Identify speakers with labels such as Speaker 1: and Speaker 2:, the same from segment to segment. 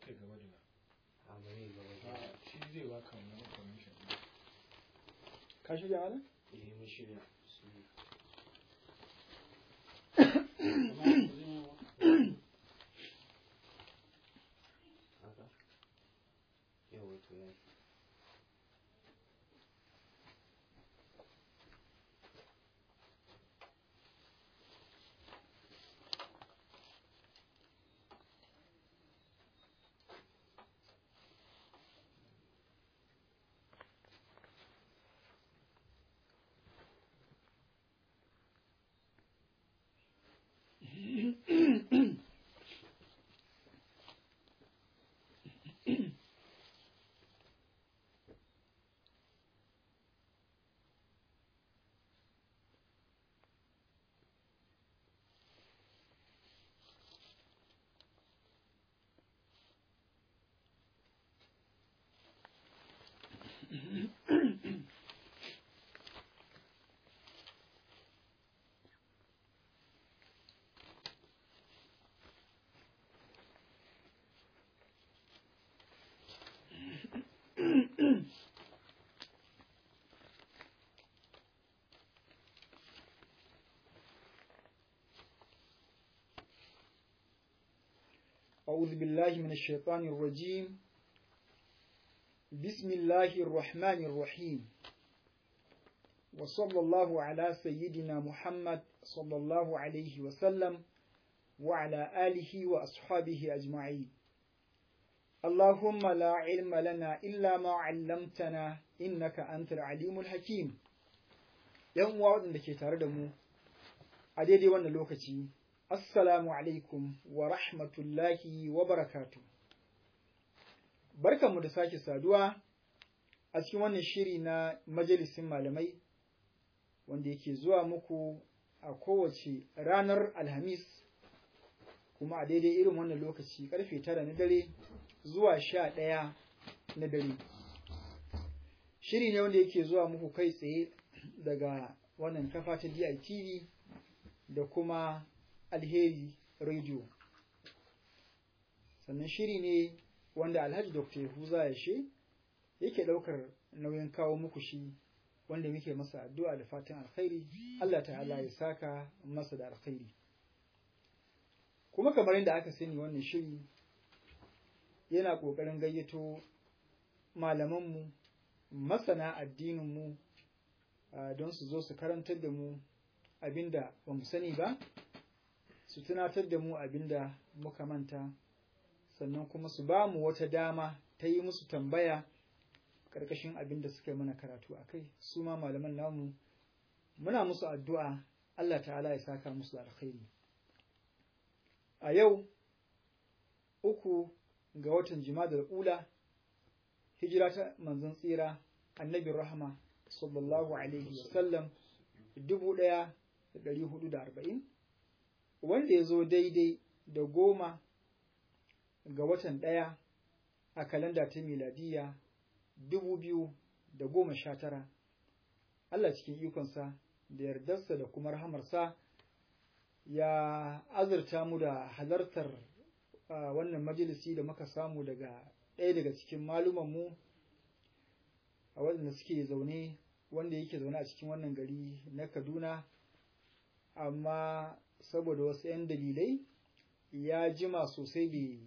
Speaker 1: kakkai gaba da
Speaker 2: nan shi zai baka ka shirya
Speaker 1: wani? eh mun shirya
Speaker 2: أعوذ بالله من الشيطان الرجيم بسم الله الرحمن الرحيم وصلى الله على سيدنا محمد صلى الله عليه وسلم وعلى آله وأصحابه أجمعين اللهم لا علم لنا إلا ما علمتنا إنك أنت العليم الحكيم يوم وعد لكي تردمو أديدي وانا لوكتي Assalamu alaikum wa rahmatullahi wa barakatu. Barkanmu da sake saduwa a cikin wannan shiri na majalisin malamai wanda yake zuwa muku a kowace ranar Alhamis kuma a daidai irin wannan lokaci karfe tara na dare zuwa sha ɗaya na dare. Shiri ne wanda yake zuwa muku kai tsaye daga wannan kafa ta DITV da kuma alheri radio sannan shiri ne wanda alhaji dr yahuza ya she yake ɗaukar nauyin kawo muku shi wanda muke masa addu'a da fatan alkhairi Allah ta'ala ya saka masa da alkhairi kuma kamar yadda aka sani wannan shiri yana ƙoƙarin gayyato malamanmu masana mu ah, don su zo su karantar da mu abinda ba sani ba su tunatar da mu abinda muka manta sannan kuma su ba mu wata dama ta yi musu tambaya ƙarƙashin abinda da suka mana karatu a kai su ma malaman namu muna musu addu'a Allah ta'ala ya saka musu alkhairi a yau uku ga watan jimadar ula hijira ta manzon tsira annabi rahama sallallahu alaihi wasallam dubu ɗaya da ɗari hudu da arba'in wanda ya zo daidai da goma ga watan ɗaya a kalanda ta miladiya dubu biyu da goma sha tara Allah cikin ikonsa da yardarsa da kuma rahamarsa ya azurta mu da halartar wannan majalisi da muka samu daga ɗaya daga cikin malumanmu a waɗanda suke zaune wanda yake zaune a cikin wannan gari na kaduna amma saboda wasu 'yan dalilai ya jima sosai bai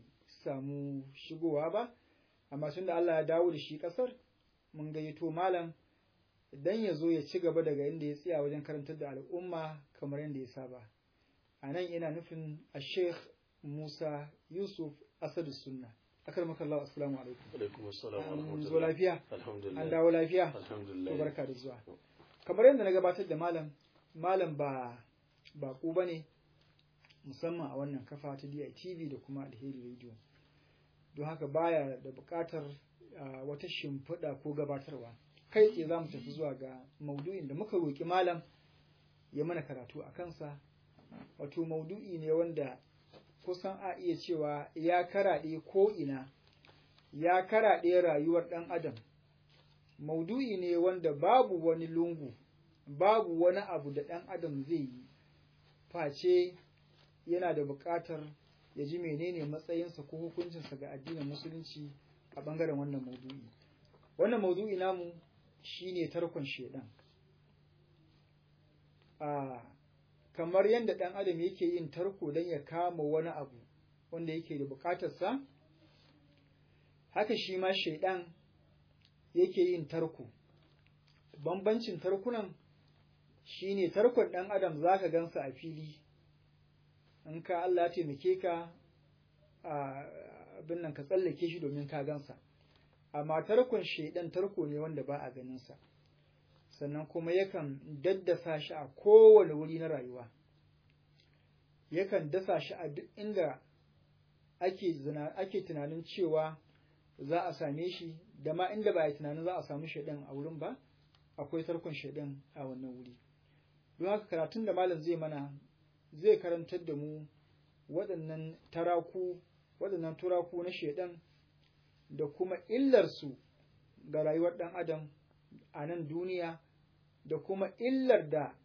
Speaker 2: samu shigowa ba amma tun da Allah ya dawo da shi ƙasar mun gayyato malam dan ya zo ya ci gaba daga inda ya tsaya wajen karantar da al'umma kamar yadda ya saba a nan ina nufin a sheikh musa yusuf asadu sunna akar Allah assalamu
Speaker 1: alaikum an zo lafiya an dawo lafiya to barka
Speaker 2: da zuwa kamar yadda na gabatar da malam malam ba baƙo ba ne musamman a wannan kafa ta DITV da kuma alheri radio don haka baya da buƙatar wata shimfiɗa ko gabatarwa kai tsaye za mu tafi zuwa ga maudu'in da muka roƙi malam ya mana karatu a kansa wato maudu'i ne wanda kusan a iya cewa ya karaɗe ko'ina ya karaɗe rayuwar ɗan adam maudu'i ne wanda babu wani lungu babu wani abu da ɗan adam zai yi face yana da buƙatar ya ji menene matsayinsa ko hukuncinsa ga addinin musulunci a ɓangaren wannan maudu'i wannan maudu'i namu shine tarkon shedan kamar yadda ɗan adam yake yin tarko don ya kama wani abu wanda yake da buƙatarsa haka shi ma shaidan yake yin tarko bambancin tarkunan Shi ne tarkon ɗan adam ka gansa a fili in ka Allah ya taimake ka abin nan ka tsallake shi domin ka gansa amma tarkon shaidan tarko ne wanda ba a ganinsa sannan kuma yakan daddasa shi a kowane wuri na rayuwa yakan dasa shi a duk inda ake zina ake tunanin cewa za a same shi da ma inda ba a tunanin za a samu shaidan a wurin ba akwai tarkon shaidan a wannan wuri don haka karatun da malam zai mana zai karantar da mu waɗannan taraku waɗannan turaku na shaidan da kuma illarsu ga rayuwar ɗan adam a nan duniya da kuma illar da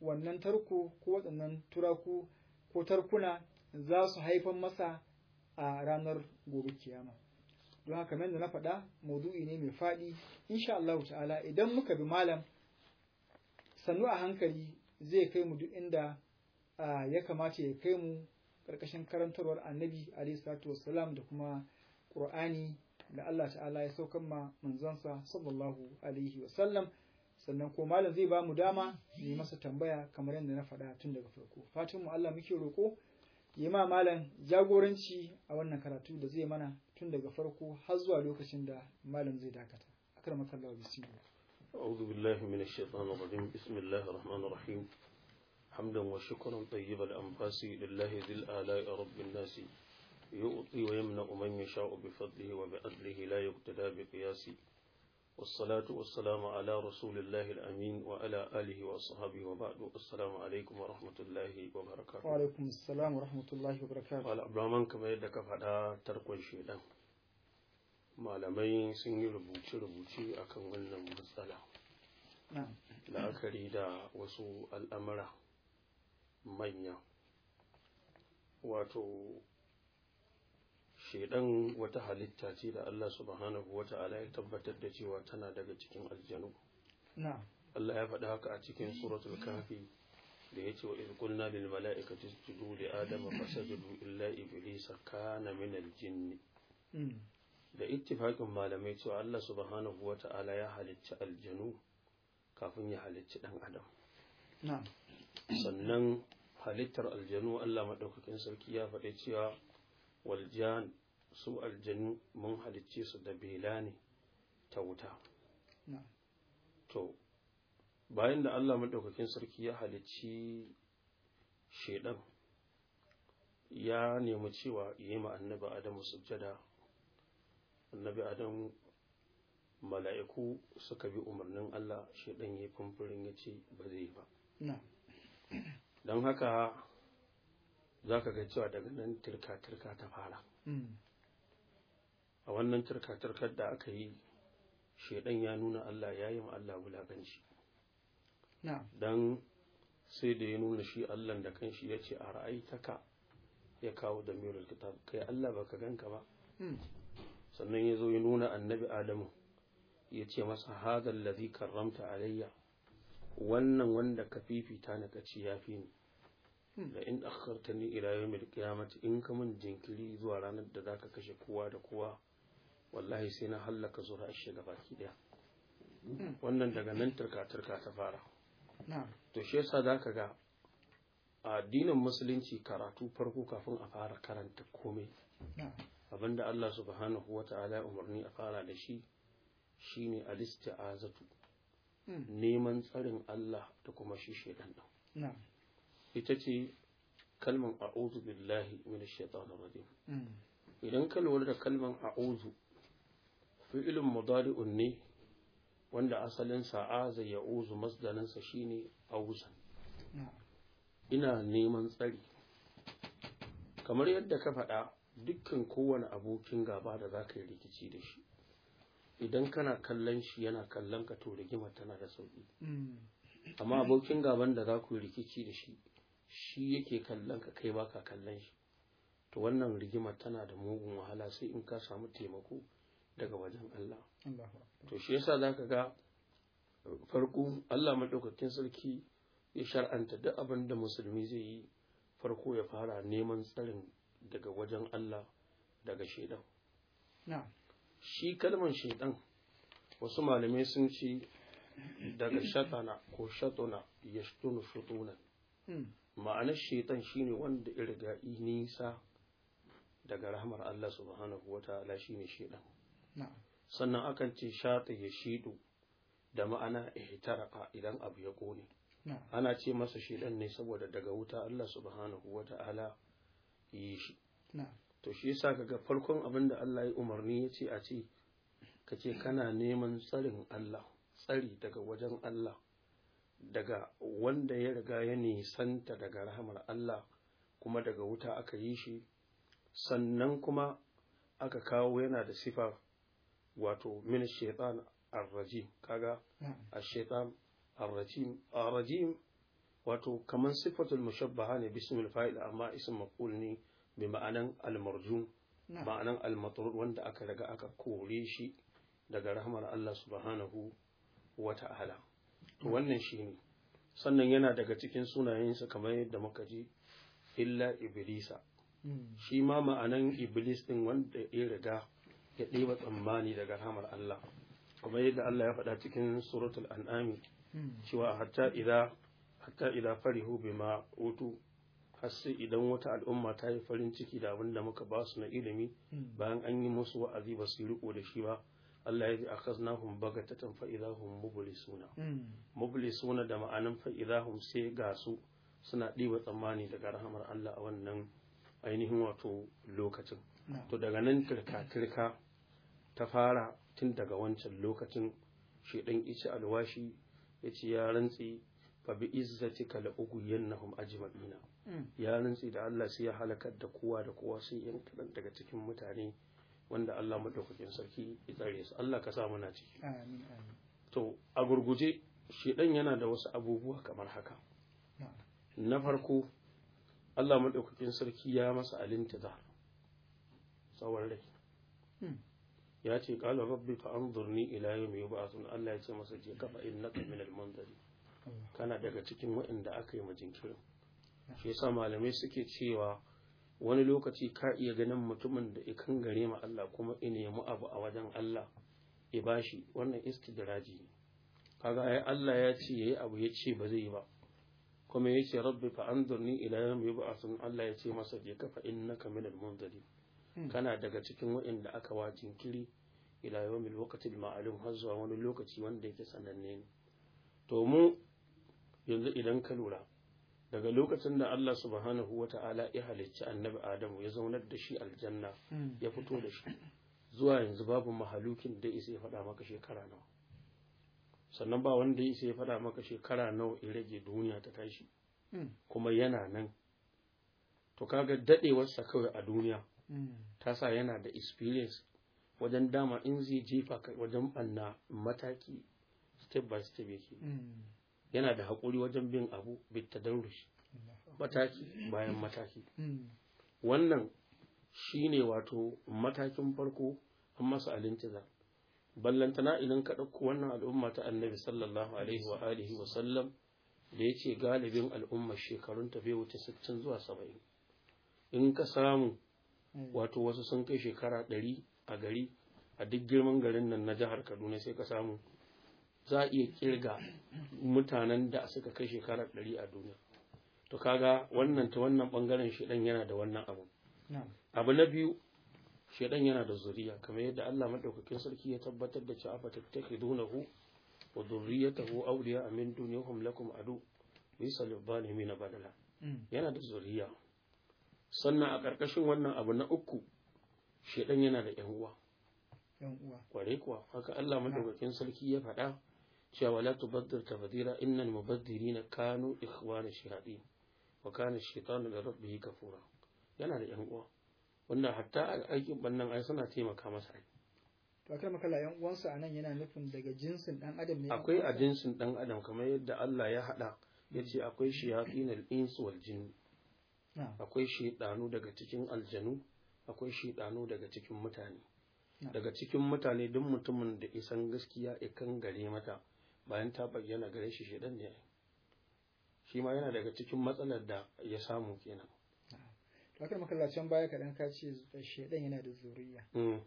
Speaker 2: wannan tarko ko waɗannan turaku ko tarkuna za su haifan masa a ranar gobe kiyama don haka da na faɗa maudu'i ne mai faɗi insha Allah ta'ala idan muka bi malam sannu a hankali zai kai mu duk inda ya kamata ya kai mu ƙarƙashin karantarwar annabi alaihi salatu da kuma ƙur'ani da Allah ta'ala ya saukan ma manzansa sallallahu alaihi wasallam sannan ko malam zai ba mu dama yi masa tambaya kamar yadda na faɗa tun daga farko fatan mu Allah muke roƙo ya ma malam jagoranci a wannan karatu da zai mana tun daga farko har zuwa lokacin da malam zai dakata akramaka Allah bismillah
Speaker 1: أعوذ بالله من الشيطان الرجيم بسم الله الرحمن الرحيم حمدا وشكرا طيب الأنفاس لله ذي الآلاء رب الناس يؤطي ويمنع من يشاء بفضله وبأدله لا يقتدى بقياس والصلاة والسلام على رسول الله الأمين وعلى آله وصحبه وبعد السلام عليكم ورحمة الله وبركاته
Speaker 2: وعليكم السلام ورحمة الله وبركاته وعلى أبرامان
Speaker 1: كما يدك فعلا ترك الشيطان malamai sun yi rubuce-rubuce a kan wannan matsala la'akari da wasu al'amura manya wato shaidan wata halitta ce da Allah subhanahu wa ta'ala ya tabbatar da cewa tana daga cikin aljanu Allah ya faɗa haka a cikin suratul kafi da ya ce wa iz na lil mala'ikati isjudu li adama fasajadu illa iblisa kana min jinni mm. da ittifakin malamai cewa Allah subhanahu wa ya halicci aljanu kafin ya halicci ɗan adam sannan halittar aljanu Allah maɗaukakin sarki ya faɗi cewa waljan su aljanu mun halicce su da bela ne ta wuta to bayan da Allah maɗaukakin sarki ya halicci shaidan ya nemi cewa yi ma annabi adamu sujjada annabi adam mala'iku suka bi umarnin Allah shi ɗan yi fumfurin yace ce ba zai yi ba don haka za ka ga cewa daga nan turka-turka ta fara hmm. a wannan turka-turkar da aka yi shaidan ya nuna Allah ya yi Allah wulakanci don sai da ya nuna shi Allah da kanshi ya ce a ra'aitaka ya kawo da mirar kitab kai Allah ba ka ganka ba hmm. sannan ya zo ya nuna annabi adamu ya ce masa hadal ladhi karramta alayya wannan wanda ka fifita na kaci fi ni hmm. da in akhartani ila yawmil qiyamati in ka mun jinkiri zuwa ranar da zaka kashe kowa da kowa wallahi sai na hallaka zura a da baki daya hmm. wannan daga nan turka-turka ta fara to shi yasa zaka ga a addinin musulunci karatu farko kafin a fara karanta komai da Allah subhanahu wa ta'ala umarni a fara da shi shi ne shine a istiazatu hmm. neman tsarin Allah da kuma shi shaidan ita ce kalman a'udhu billahi minash shaitanir rajim hmm. idan kalwar da kalman a'udhu fi'ilun mudari'un ne wanda asalin sa'aza ya'uzu shi ne shine auzan ina neman tsari kamar yadda ka faɗa dukkan kowane abokin gaba da za ka yi rikici da shi idan kana kallon shi yana kallon ka to rigima tana da sauƙi mm. amma abokin gaban da za ku yi rikici da shi shi yake kallon ka kai baka kallon shi to wannan rigima tana da mugun wahala sai in ka samu taimako daga wajen Allah to shi yasa ka ga farko Allah madaukakin sarki ya shar'anta duk abin da musulmi zai yi farko ya fara neman tsarin daga wajen Allah daga shaidan shi kalmar shaidan wasu malamai sun ce daga shatana ko shatuna ya shtunu shutunan hmm. ma'anar shi shine wanda irga nisa daga rahmar Allah subhanahu wa ta'ala shine Na. sannan akan ce shata ya shidu da ma'ana ihtaraka idan abu ya ƙone ana ce masa shaidan ne saboda daga wuta Allah subhanahu wa ta'ala yi shi to shi yasa kaga farkon abin da Allah ya umarni ya ce a ce kace kana neman tsarin Allah tsari daga wajen Allah daga wanda ya riga ya nisanta daga rahamar Allah kuma daga wuta aka yi shi sannan kuma aka kawo yana da sifa wato min shaitan arrajim kaga a shaitan arrajim rajim. wato kamar sifatul mushabbaha ne bismil fa'il amma ism maf'ul ne bi ma'anan al-marjum ma'anan al wanda aka riga aka kore shi daga rahmar Allah subhanahu wa ta'ala wannan shine sannan yana daga cikin sunayensa kamar yadda muka ji illa iblisa hmm. shi ma ma'anan iblis din wanda ya riga ya ɗeba tsammani daga rahmar Allah kamar yadda Allah ya faɗa cikin suratul an'ami hmm. cewa hatta idza hatta idan farihu ma utu har sai idan wata al'umma ta yi farin ciki da abin da muka ba su na ilimi hmm. bayan an yi musu wa'azi ba su riko da shi ba Allah ya ji akhaznahum bagatatan fa idahum mublisuna hmm. mublisuna da ma'anan fa idahum sai ga su suna diba tsammani daga rahamar Allah a wannan ainihin wato lokacin to daga nan kirka-kirka ta fara tun daga wancan lokacin shi dan ice alwashi yace ya rantsi fa bi izzatika la hum ajma'ina hmm. ya rantsi da Allah sai ya halakar da kowa da kowa sai yan kadan daga cikin mutane wanda Allah madaukakin sarki ya tsare su Allah ka sa muna ciki
Speaker 3: amin amin
Speaker 1: to a gurguje dan yana da wasu abubuwa kamar haka na farko Allah madaukakin sarki ya masa alintizar tsawon rai hmm. ya ce qala rabbi fa anzurni ila yawmi yub'athun Allah ya ce masa je ka fa innaka minal munzari kana daga cikin waɗanda aka yi ma jinkirin shi yasa malamai suke cewa wani lokaci ka iya ganin mutumin da ikan gare ma Allah kuma in nemi abu a wajen Allah ya bashi wannan istidraji ne kaga ai Allah ya ce yayi abu ya ce ba zai yi ba kuma ya ce rabbi fa anzurni ila yawm yub'athun Allah ya ce masa je ka fa innaka al munzirin hmm. kana daga cikin waɗanda aka wa jinkiri ila yawmil waqtil ma'lum har zuwa wani lokaci wanda yake sananne ne to mu yanzu idan ka lura daga lokacin da Allah subhanahu wa ta'ala ya halicci annabi Adamu ya zaunar da shi aljanna hmm. ya fito da shi zuwa yanzu babu mahalukin da isa ya faɗa maka shekara nawa sannan ba wanda ya isa ya faɗa maka shekara nawa in rage duniya ta tashi hmm. kuma yana nan to kaga daɗewarsa kawai a duniya hmm. ta sa yana da experience wajen dama in zai jefa wajen banna mataki step by step yake yana da haƙuri wajen bin abu bitta bittadarrush mataki bayan mataki wannan shi ne wato matakin farko an masa alintizar ballantana idan ka ɗauko wannan al'umma ta annabi sallallahu alaihi wa alihi wa sallam da ya ce galibin al'umma shekarun tafe wuce 60 zuwa saba'in. in ka samu wato wasu sun kai shekara 100 a gari a duk girman garin nan na jihar kaduna sai ka samu za a iya kirga mutanen da suka kai shekarar ɗari a duniya to kaga wannan ta wannan ɓangaren shedan yana da wannan abu abu na biyu shedan yana da zuriya kamar yadda Allah madaukakin sarki ya tabbatar da cewa fa tattakhidunahu wa dhurriyyatahu awliya min dunyahum lakum adu bisa mina badala mm. yana da zuriya sannan a ƙarƙashin wannan abu na uku shedan yana da yan uwa
Speaker 3: Kwarai
Speaker 1: kware kuwa haka Allah maɗaukakin sarki ya faɗa cewa wala tubaddir tabdira innal mubaddirina kanu ikhwana shayatin wa kana shaytanu li rabbih kafura yana da yan uwa wanda hatta aikin bannan ai suna taimaka masa
Speaker 3: to
Speaker 2: akai makalla yan uwansa anan yana nufin daga jinsin dan adam ne akwai a jinsin
Speaker 1: dan adam kamar yadda Allah ya hada yace akwai shayatin al-ins wal jinn akwai shaydanu daga cikin aljanu akwai shaydanu daga cikin mutane daga cikin mutane duk mutumin da isan gaskiya ikan gare mata bayan ta bayyana gare shi shedan ne shi ma yana daga cikin matsalar da ya samu kenan to
Speaker 2: Lakar can baya kadan ka ce shaidan yana da zuriya. Hmm.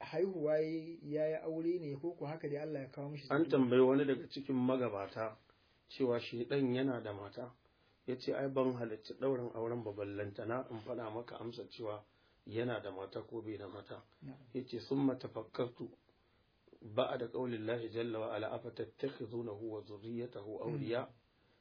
Speaker 2: Haihuwa ya yi aure ne ko ko haka dai Allah ya kawo mishi. An tambayi
Speaker 1: wani daga cikin magabata cewa shaidan yana da mata. yace ce ai ban halarci ɗaurin auren na in faɗa maka amsa cewa yana da mata ko bai da mata. yace ce sun matafakkartu بعد قول الله جل وعلا أفتتخذونه وذريته أولياء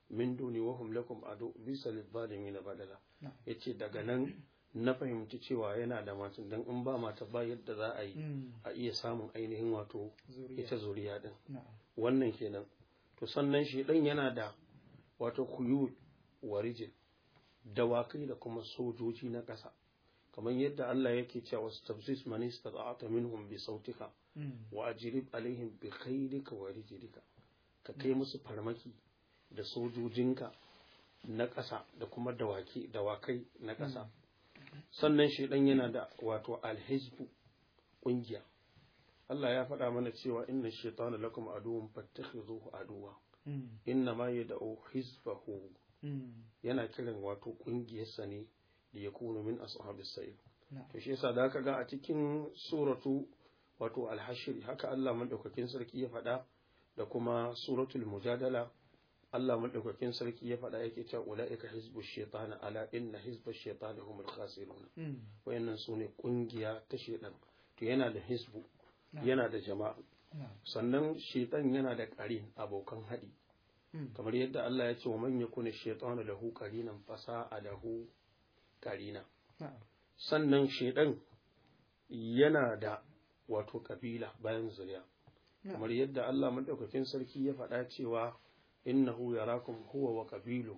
Speaker 1: من دوني وهم لكم عدو bisa للظالمين badala yace daga nan na fahimci cewa yana da matan dan in ba mata ba yadda za a yi a iya samun ainihin wato ita zuriya din wannan kenan to sannan shi dan yana da wato khuyul wa dawakai da kuma sojoji na ƙasa kamar yadda Allah yake cewa wastabsis man istata'ta minhum bi sautika hmm. wa ajrib alaihim bi khayrika wa rijlika ka kai hmm. musu farmaki da sojojinka na ƙasa da kuma dawaki dawakai na ƙasa hmm. sannan shi dan yana da wato alhizbu ƙungiya Allah ya faɗa mana cewa inna shaytana lakum aduwwun fattakhidhuhu aduwa inna ma yad'u hizbahu yana kiran wato ƙungiyarsa ne liyakunu min ashabis sa'ir to shi yasa da ga a cikin suratu wato alhashiri haka Allah madaukakin sarki ya faɗa da kuma suratul mujadala Allah madaukakin sarki ya faɗa yake cewa ulaika hizbush shaitani ala inna hizbash shaitani humul khasirun hmm. wayannan sune kungiya ta shaitan to yana da hizbu yana da jama'a sannan shaitan yana da ƙarin abokan haɗi hmm. kamar yadda Allah ya ce wa man yakuna shaytanu lahu qarinan fasa'a lahu karina sannan shaidan yana da wato kabila bayan zuriya kamar yadda Allah madaukakin sarki ya faɗa cewa innahu rakun huwa wa kabilu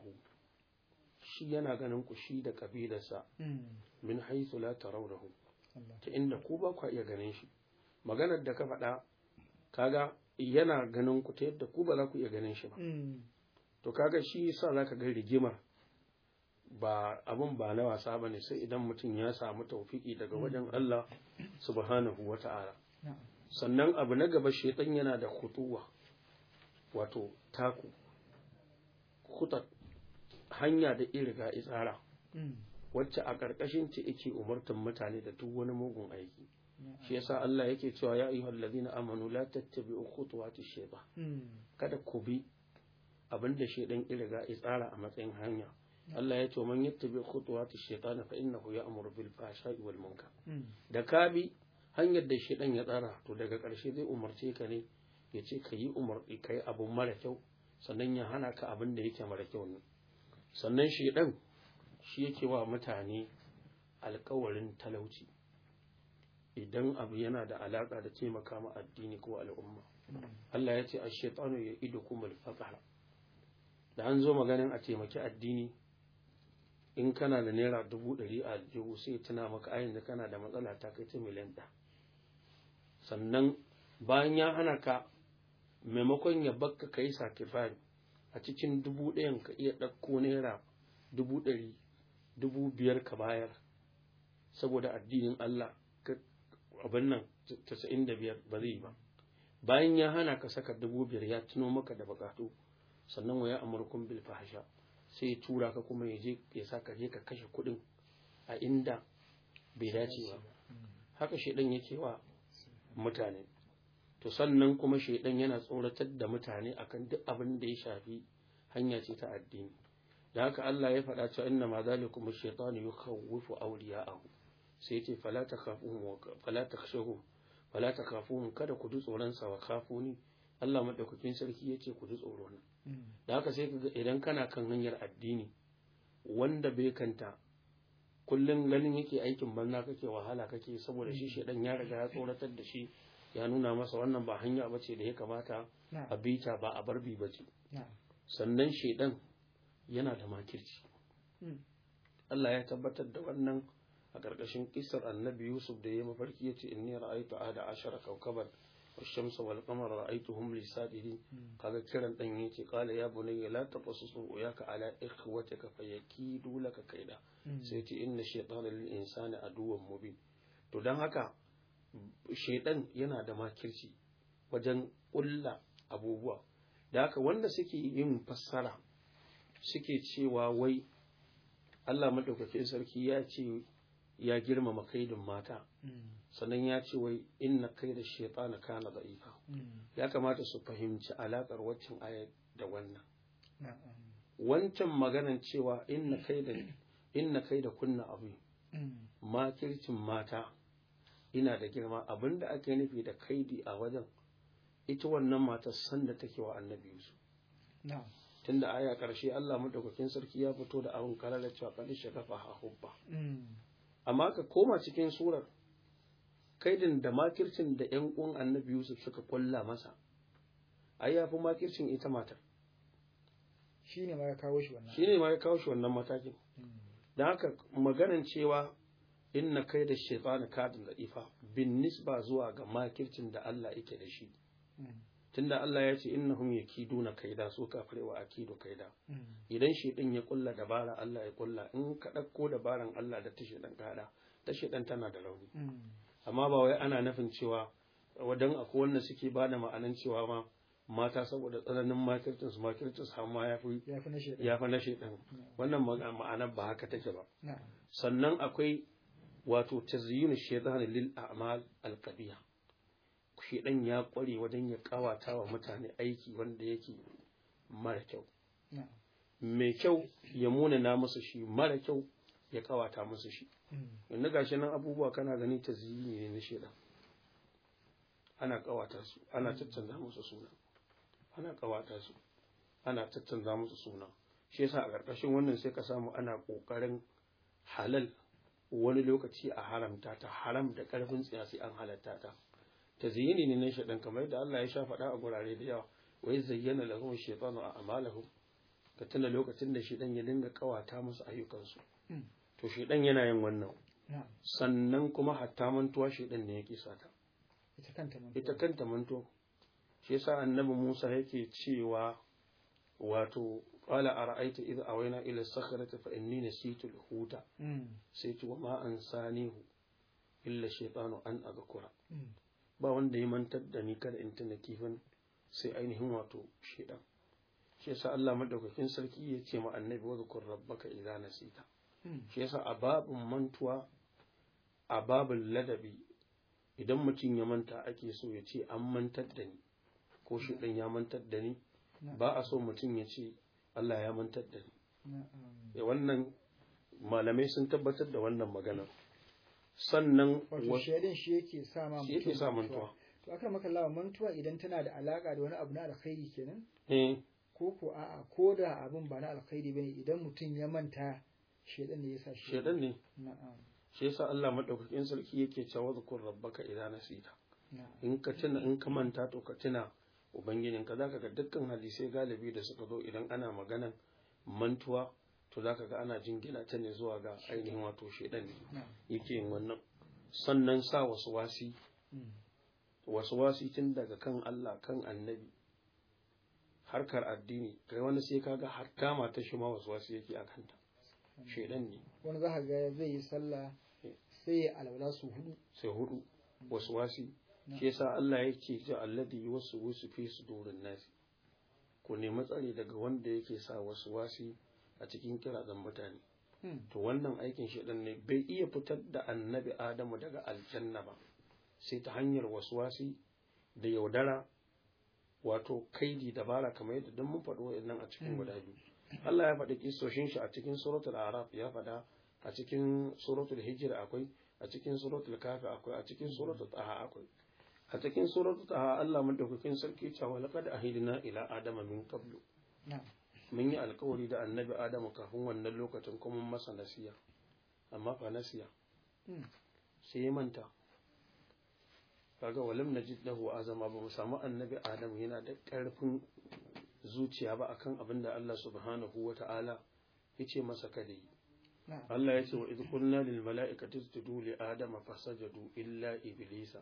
Speaker 1: shi yana ganin ku shi da kabilarsa hmm. min haithu la tarawnahu ta inda ku ba kwa iya ganin shi maganar da ka faɗa kaga yana ganin ku ta yadda ku ba za ku iya ganin shi ba hmm. to kaga shi sa za ka ga rigimar ba abin ba na wasa ba ne sai idan mutum ya samu taufiki daga wajen hmm. Allah subhanahu wa ta'ala sannan abu na gaba shaitan yana da hutuwa wato taku hutar hanya da irga itsara hmm. wacce a ƙarƙashin ta yake umartar mutane da duk wani mugun aiki shi yasa Allah yake cewa ya yi ladina amanu la tattabi'u khutuwati shaytan hmm. kada ku bi abinda shaitan irga itsara a matsayin hanya Allah ya ce man bi khutuwati shaytan fa innahu ya'muru bil fahsha'i wal munkar hmm. da ka bi hanyar da shaytan ya tsara to daga karshe zai umarce ka ne ya ce ka yi umarni ka yi abu mara kyau sannan ya hana ka abin da yake mara kyau ne sannan shaytan shi yake wa mutane alƙawarin talauci idan abu yana da alaƙa da taimaka ma addini ko al'umma hmm. Allah ya ce a shaitanu ya ido kuma da an zo maganin a taimaki addini in kana da naira dubu ɗari a aljihu sai tana maka ayin da kana da matsala ta kai ta miliyan ɗaya sannan bayan ya hana ka maimakon ya bakka ka yi sakifari a cikin dubu ɗayan ka iya ɗauko naira dubu ɗari dubu biyar ka bayar saboda addinin Allah abin nan tasa'in da biyar ba zai ba bayan ya hana ka saka dubu biyar ya tuno maka da bukatu sannan waya amurkun bil sai ya tura ka kuma ya je ya sa ka je ka kashe kuɗin a inda bai dace ba haka shaidan yake wa mutane to sannan kuma shaidan yana tsoratar da mutane akan duk abin da ya shafi hanya ce ta addini da haka Allah ya faɗa cewa inna ma zalikum ash-shaytanu yukhawwifu awliya'ahu sai yace fala takhafuhum wa fala takhshawhum fala takhafuhum kada ku ji tsoron sa wa khafuni Allah maɗaukakin sarki ya ce ku ji tsoro na hmm. da haka sai kaga idan kana kan hanyar addini wanda bai kanta kullum ganin yake aikin banza kake wahala kake saboda shi hmm. shedan ya riga ya tsoratar da shi ya nuna masa wannan ba hanya ba ce da ya kamata a bita ba a barbi ba ce sannan shaidan yana da makirci hmm. Allah ya tabbatar da wannan a ƙarƙashin kisar annabi Yusuf da ya mafarki ya ce inni ra'aytu ahada ashara kaukabar والشمس والقمر رأيتهم لي ساجدين ya كرن دنيتي قال يا بني لا تقصص رؤياك على إخوتك فيكيدوا لك كيدا سيتي إن a للإنسان mu مبين to don haka shaidan yana da makirci wajen ƙulla abubuwa da haka wanda suke yin fassara suke cewa wai Allah maɗaukakin sarki ya ce ya girmama kaidin mata sannan ya ce wai inna kai da shaitana kana da'ifa mm. ya kamata su fahimci alakar waccan aya da wannan wancan maganan cewa inna kai da kai da kunna abu mm. makircin mata ina da girma abinda ake nufi da kaidi a wajen ita wannan mata sanda take wa annabi Yusuf tunda aya karshe Allah madaukakin sarki ya fito da abin kalalar cewa kan shagafa hubba mm. amma ka koma cikin surar kaidin da makircin da ‘yan uwan annabi Yusuf suka kulla masa, ai ya fi makircin ita matar.
Speaker 2: Shi ne ma ya kawo
Speaker 1: shi wannan. matakin. Hmm. Don haka maganan cewa inna kai da shaitana kadin la'ifa bin nisba zuwa ga makircin da Allah yake da shi. Hmm. Tunda Allah ya ce innahum yakiduna kaida su a akidu kaida. Hmm. Idan shi ɗin ya kulla dabara Allah ya kulla in ka ɗauko dabaran Allah da ta shaitan kada ta shaitan tana da rauni. amma ba wai ana nufin cewa wadan akwai wanda suke bada ma'anan cewa ma mata saboda tsananin makircinsu su amma ya fi ya fi na shedan wannan ma'anar ba haka take ba sannan akwai wato tazyinu shaytan lil a'mal al qabiha shedan ya kware wajen ya kawata wa mutane aiki wanda yake mara kyau mai kyau ya muna na musu shi mara kyau ya kawata musu shi Mm. yanzu gashi nan abubuwa kana gani ta ne na shaidan ana kawata su ana tattanza musu suna ana kawata su ana tattanza musu suna shi yasa a ƙarƙashin wannan sai ka samu ana ƙoƙarin halal wani lokaci a haramta ta haram da ƙarfin tsiya sai an halatta ta ta zini ne na shaɗan kamar yadda Allah ya sha faɗa a gurare da yawa wai zayyana lahum shaytanu a amalahum ka tuna lokacin da dan ya dinga kawata musu ayyukansu mm. to shedan yana yin wannan sannan kuma hatta mantuwa shedan ne yake sata ita kanta mantuwa shi yasa annabi Musa yake cewa wato qala ara'aita idh awayna ila as-sakhrati fa inni nasitu al-huta mm. sai ce wa ma ansanihu illa shaytanu an azkura mm. ba wanda ya mantar da ni kada in tuna kifin sai ainihin wato shaytan shi yasa Allah madaukakin sarki ya ce ma annabi wa zkur rabbaka idza nasita shi yasa a babin mantuwa a babin ladabi idan mutum ya manta ake so ya ce an mantar da ni ko shi ɗan ya mantar da ni ba a so mutum ya ce Allah ya mantar da ni eh, wannan malamai sun tabbatar da wannan magana sannan wasu
Speaker 2: shi yake sa sa mantuwa to aka maka lawa mantuwa idan tana da alaka da wani abu na alkhairi kenan eh. ko ko a'a ko da abin ba na alkhairi bane idan mutum ya manta shedan ne yasa shi shedan
Speaker 3: ne na'am
Speaker 1: shi yasa Allah madaukakin sarki yake cewa zkur rabbaka idan nasita in ka tuna in ka manta to ka tuna ka zaka ga dukkan hadisai galibi da suka zo idan ana maganan mantuwa to zaka ga ana jingina ta ne zuwa ga ainihin wato shedan ne yake yin wannan sannan sa wasu wasi mm. wasu wasi tun daga kan Allah kan annabi harkar addini kai wani sai kaga har kama ta shi ma wasu wasi yake a kanta Hmm. shaidan ne
Speaker 2: wani za ka ga zai yi sallah sai ya alwala su hudu
Speaker 1: sai hudu hmm. wasu wasi hmm. shi sa Allah ya ce ja wasu wasu fi sudurin nasi ku nemi tsari daga wanda yake sa wasu wasi a cikin kirazan mutane to wannan aikin shaidan ne bai iya fitar da annabi Adamu daga aljanna ba sai ta hanyar wasu wasi da yaudara wato kaidi dabara kamar yadda don mun faɗo nan a cikin guda biyu Allah ya faɗi kisoshin shi a cikin suratul araf ya faɗa a cikin suratul hijr akwai a cikin suratul kafi akwai a cikin suratul taha akwai a cikin suratul taha Allah madaukakin sarki cewa laqad ahidna ila adama min qablu mun yi alkawari da annabi adamu kafin wannan lokacin kuma masa nasiya amma fa nasiya hmm. sai ya manta kaga walam najid lahu azama ba mu samu annabi adamu yana da karfin zuciya ba akan abin da Allah subhanahu wa ta'ala ya ce masa kada yi Allah ya ce wa idkunna lil mala'ikati isjudu li adama fasajadu illa iblisa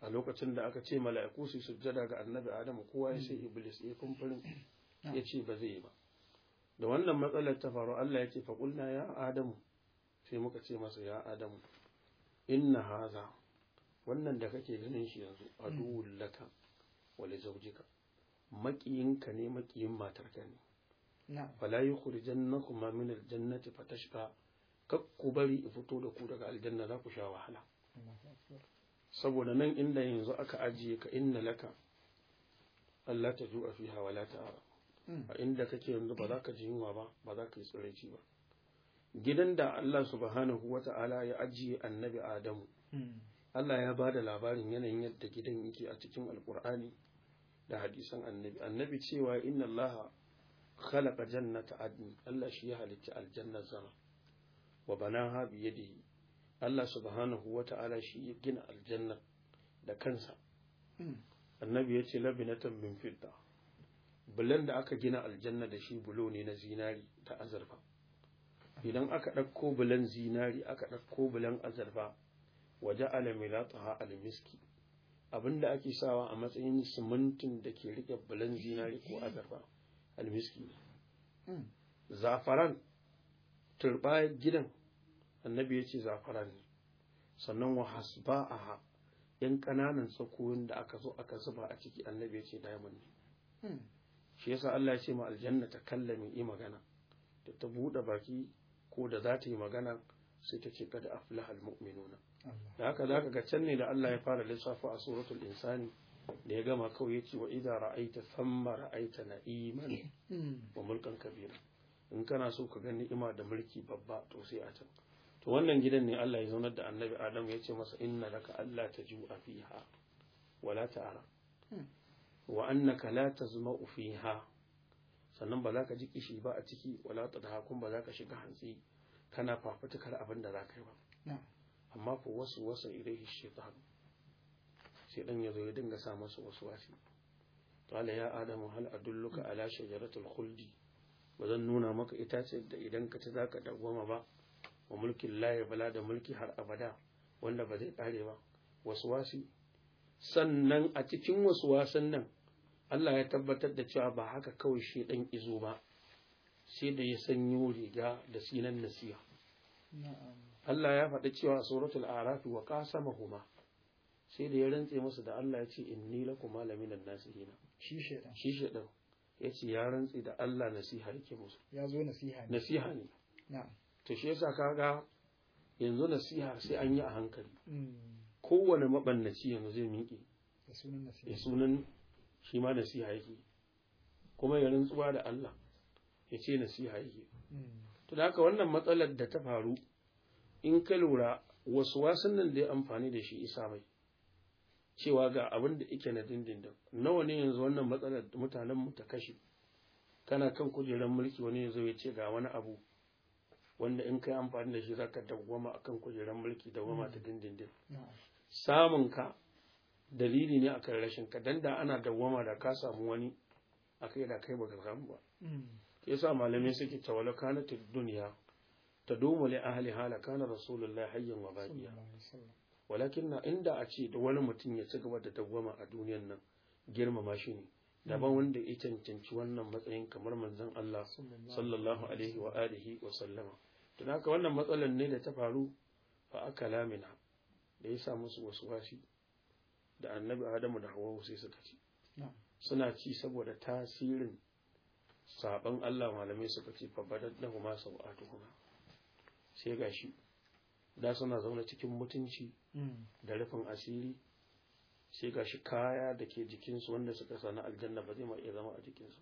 Speaker 1: a lokacin da aka ce mala'iku su sujjada ga annabi Adamu kowa ya ce iblis ya kumfurin ya ce ba zai yi ba da wannan matsalar ta faru Allah ya ce fa qulna ya adamu sai muka ce masa ya adamu inna haza wannan da kake ganin shi yanzu aduwwul laka wa li maƙiyinka ne maƙiyin matarka ne janna fala yukhrijannakuma min aljannati fatashqa kakku bari in fito da ku daga aljanna za ku sha wahala saboda nan inda yanzu aka ajiye ka inna laka Allah ta fi hawa wala ta'ara hmm. a inda kake yanzu ba za ka ji yunwa ba ba za ka yi tsiraici ba gidan da Allah subhanahu ta'ala ya ajiye annabi Adamu hmm. Allah ya ba da labarin yanayin yadda gidan yake a cikin alkur'ani da hadisan annabi annabi cewa inna allaha khalaqa jannata adn Allah shi ya halitta aljanna zama wa banaha bi yadihi Allah subhanahu wata'ala shi ya gina aljanna da kansa hmm. annabi ya ce labinatan min fidda bulan da aka gina aljanna da shi bulo ne na zinari ta azurfa idan aka ɗauko bulan zinari aka ɗauko bulan azurfa waje alamilataha almiski abin da ake sawa a matsayin simintin da ke rike bulan zinari ko azurfa almiski hmm. zafaran turba gidan annabi ya ce zafaran ne sannan wa hasba ha yan ƙananan tsakoyin da aka zo aka zuba a ciki annabi ya ce diamond ne hmm. shi yasa Allah ya ce ma aljanna ta kallame yi magana da ta buɗe baki ko da za ta yi magana sai ta ce kada aflaha almu'minuna da haka zaka ga can ne da Allah ya fara lissafa a suratul insani da ya gama kawai yace wa idza ra'aita thamma ra'aita na'iman eh, hmm. wa mulkan kabira in kana so ka ga ni'ima da mulki babba to sai a can to wannan gidan ne Allah ya zaunar da annabi Adam ya ce masa inna laka Allah taju'a fiha wa la ta'ara hmm. wa annaka la tazma'u fiha sannan ba za ka ji kishi ba a ciki wala tadha kun ba za ka shiga hantsi kana fafutukar abin da za ka yi ba amma fa wasu wasa ilaihi shaitan sai dan ya zo ya dinga sa masa wasu wasi qala ya adamu hal adulluka ala shajaratul khuldi ba zan nuna maka itace da idan ka ci zaka dawwama ba wa mulkin laye bala da mulki har abada wanda ba zai kare ba wasu wasi sannan a cikin wasu wasan nan Allah ya tabbatar da cewa ba haka kawai shi dan izo ba sai da ya sanyo riga da sinan nasiha Allah ya faɗi cewa suratul arafi wa qasamahuma sai da ya rantse masa da Allah ya ce inni lakum malaminan nasihina shi shedan shi shedan ya ce ya rantse da Allah nasiha yake musu
Speaker 2: ya zo nasiha ne nasiha ne na'am
Speaker 1: to shi yasa kaga yanzu nasiha sai an yi a hankali mm. kowane mabannaci yanzu zai miƙe da sunan nasiha sunan shi ma nasiha yake kuma ya rantsuwa da Allah ya ce nasiha yake hmm. to da haka wannan matsalar da ta faru in ka lura wasu wasan nan da ya amfani da shi isa mai cewa ga abin da ike na dindindin nawa ne yanzu wannan matsalar mutanen mu ta kashe kana kan kujerar mulki wani yanzu ya ce ga wani abu wanda in ka yi amfani da shi za zaka dawwama kan kujerar mulki dawwama ta hmm. dindindin samun ka dalili ne akan rashin ka dan da ana dawwama da ka samu wani a kai da kai baka samu ba hmm. yasa malamai suke ta duniya ta tadumu li ahli hala kana rasulullahi hayyan wa baqiya walakin na inda a ce da wani mutum ya ci gaba da dawwama a duniyan nan girmama shi ne daban hmm. wanda ya cancanci wannan matsayin kamar manzon Allah sallallahu alaihi wa alihi wa sallama don haka wannan matsalar ne da ta faru fa aka lamina da ya sa musu wasu wasi da annabi Adamu da Hawwa sai suka ci suna ci saboda tasirin saban Allah malamai suka ce fabadar da kuma sau'atu tukuna. sai ga shi da suna zaune cikin mutunci hmm. da rufin asiri sai ga shi kaya da ke jikinsu wanda suka sani aljanna ba zai ma zama a jikinsu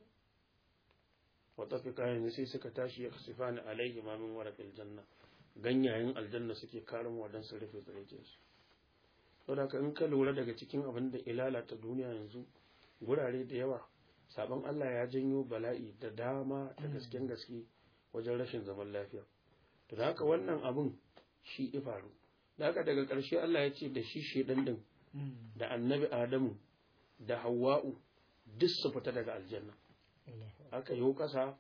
Speaker 1: wata fi kayan sai suka tashi ya kasifa ni alaihi ma min warafil janna ganyayen aljanna suke karin wadan su rufe tsarkinsu saboda in ka lura daga cikin abin da ilalata duniya yanzu gurare da yawa sabon Allah ya janyo bala'i da dama da gasken gaske wajen rashin zaman lafiya to da haka wannan abun shi ifaru da haka daga ƙarshe Allah ya ce da shi ɗan din da annabi Adamu da Hawwa'u duk su fita daga aljanna aka yi ƙasa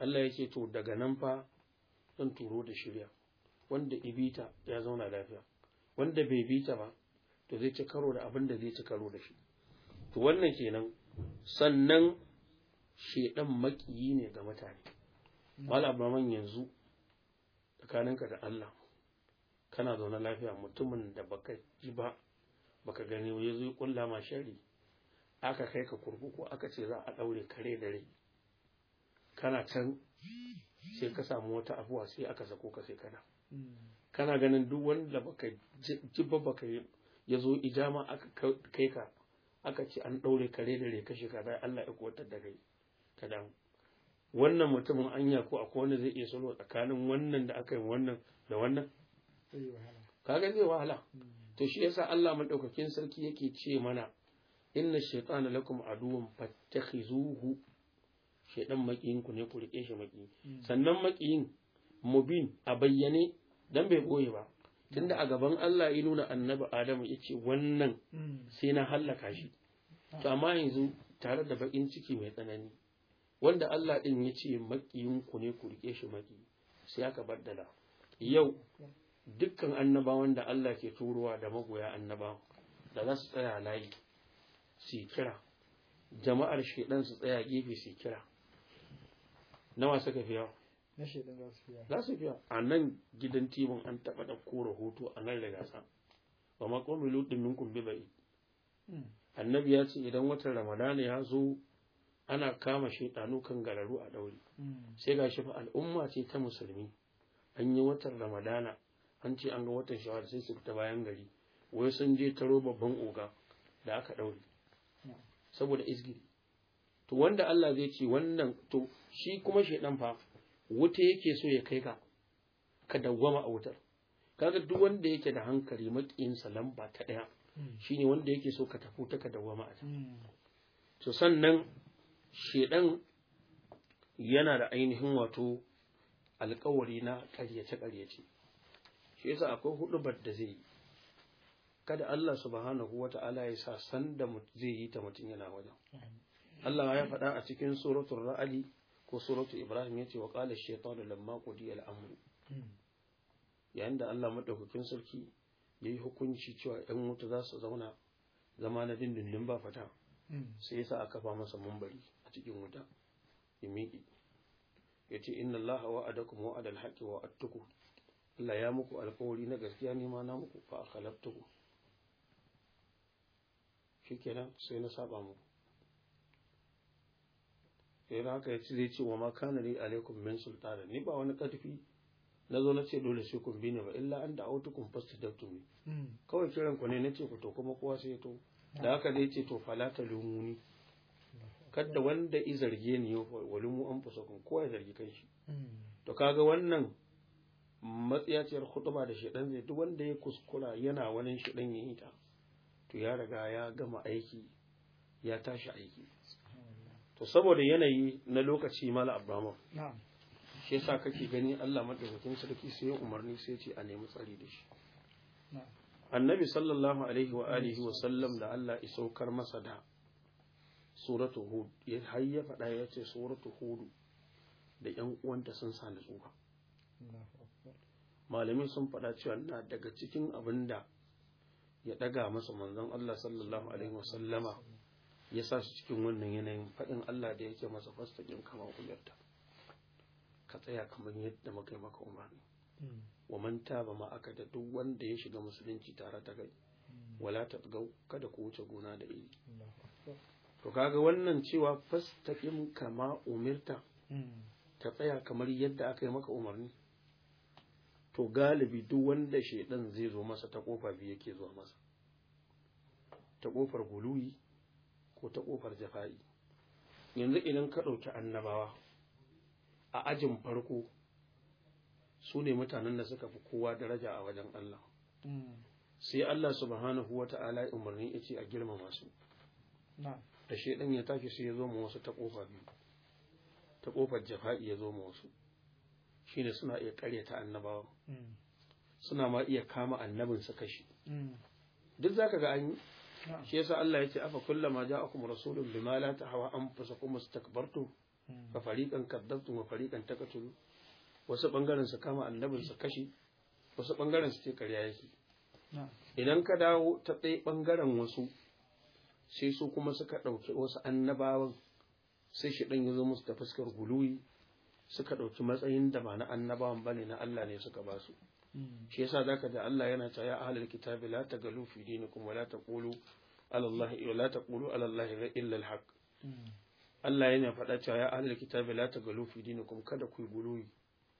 Speaker 1: Allah ya ce to daga nan fa zan turo da shirya wanda ibita ya zauna lafiya wanda bai bita ba to zai ci karo da abin da zai ci karo da shi to wannan kenan sannan shaidan makiyi ne ga mutane mala abraman yanzu tsakaninka da Allah kana zaune lafiya mutumin da baka ji ba baka gani ya zo kulla ma shari aka kai ka kurkuku aka ce za a daure kare da rai kana can sai ka samu wata abuwa sai aka sako ka sai kana kana ganin duk wanda baka ji ba baka ya zo ijama aka kai ka aka ce an ɗaure kare da reka shekara Allah ya kuwatar da kai ka wannan mutumin anya ko akwai wanda zai iya sulhu tsakanin wannan da aka yi wannan da wannan kaga zai wahala hmm. to shi yasa Allah madaukakin sarki yake ce mana inna shaytana lakum aduwwan fattakhizuhu shaydan makiyin ku ne ku rike shi maki hmm. sannan makiyin mubin a bayyane dan bai boye ba tunda a gaban Allah ya nuna annabi Adamu ya ce wannan hmm. sai na hallaka shi ah. to amma yanzu tare da bakin ciki mai tsanani wanda Allah din ya ce makiyin ku ne ku rike shi maki sai aka baddala yau dukkan annaba wanda Allah ke turowa da magoya annaba da za su tsaya layi su kira jama'ar shedan su tsaya gefe su kira nawa suka fi
Speaker 2: na za su
Speaker 1: fiya a nan gidan tibin an taɓa ɗauko rahoto a nan da gasa ba ma ƙomi lutin minkum bi bai hmm. annabi ya ce idan watan ramadana ya zo ana kama shaidanu kan gararu a ɗauri hmm. sai ga fa al'umma ce ta musulmi an yi watan ramadana an ce an ga watan shawar sai su ta bayan gari wai sun je taro babban oga da aka ɗaure hmm. saboda izgiri to wanda Allah zai ce wannan to shi kuma shaidan fa wuta yake so ya kai ka ka dawwama a wutar kaga duk wanda yake da hankali sa lamba ta ɗaya hmm. shine wanda yake so ka tafi ta ka dawwama a ta hmm. to sannan shedan yana da ainihin wato alƙawari na ƙaryace ƙaryace shi yasa akwai huɗubar da zai kada Allah subhanahu wata'ala ya sa sanda zai yi ta mutum yana wajen hmm. Allah ya faɗa a cikin suratul ra'adi ko suratu ibrahim yace wa qala ash-shaytanu lamma qudi al-amru hmm. yayin da Allah madaukakin sarki yayi hukunci cewa ɗan wuta za su zauna zama na dindindin ba fata hmm. sai yasa aka fa masa mumbari a cikin wuta ya yace inna Allah wa'adakum wa'ada al-haqqi wa attuku Allah ya muku alƙawari na gaskiya ne ma na muku fa akhlaftuku shikenan sai na saba muku sai da haka ya ci zai ce wa ma kana li alaikum min sultana ni ba wani karfi na zo na ce dole sai kun bi ni ba illa an da autukum fastadabtum hmm. kawai kiran ku ne na ce ku to kuma kowa sai to da haka dai ce to lumu ni kadda wanda i zarge ni walumu an fusakun kowa ya zargi shi hmm. to kaga wannan matsiyaciyar hutuba da shedan zai duk wanda ya kuskura yana wani shedan ya yi ta to ya riga ya gama aiki ya tashi aiki to saboda yanayi na lokaci mala abraham shi yasa kake gani Allah madaukakin sarki sai ya umarni sai ce a nemi tsari da shi annabi sallallahu alaihi wa alihi wa sallam da Allah ya saukar masa da suratu hud ya har ya faɗa ya ce suratu hud da ƴan uwanta sun sa nutsuwa malamai sun faɗa cewa na daga cikin abinda ya ɗaga masa manzon Allah sallallahu alaihi wa sallama ya sa su cikin wannan yanayin faɗin Allah da yake masa fastaƙin kama umarta ka tsaya kamar yadda muka yi maka umarni wa man taba ma aka da duk wanda ya shiga musulunci tare ta kai wala ta gau kada ku wuce gona da iri to kaga wannan cewa fastaƙin kama umarta ka tsaya kamar yadda aka yi maka umarni to galibi duk wanda shaidan zai zo masa ta kofa biyu yake zuwa masa ta kofar guluyi ko ta ƙofar jafa'i yanzu idan ka ɗauki annabawa a ajin farko su ne mutanen da suka fi kowa daraja a wajen Allah hmm. sai Allah subhanahu wa ta'ala umarni ya ce a girmama su da ɗan ya tashi sai ya zo mu wasu ta ƙofa biyu ta ƙofar jafa'i ya zo mu wasu shine suna iya ta annabawa hmm. suna ma iya kama annabin su kashi hmm. duk zaka ga an shi yasa Allah ya ce afa kullama ja'akum rasulun bima la tahwa anfusakum istakbartum fa fariqan kadabtu wa fariqan taqtulu wasu bangaren su kama annabin su kashi wasu bangaren su ce kariya yake idan ka dawo ta tsaye bangaren wasu sai su kuma suka ɗauki wasu annabawan sai shi dan ya zo musu ta fuskar guluyi suka ɗauki matsayin da ba na annabawan bane na Allah ne suka ba su shi yasa zaka ji Allah yana cewa ya ahlul kitabi la tagalu fi dinikum wa la taqulu ala Allah la taqulu ala Allah illa al-haq Allah yana faɗa cewa ya ahlul kitabi la tagalu fi dinikum kada ku guluyi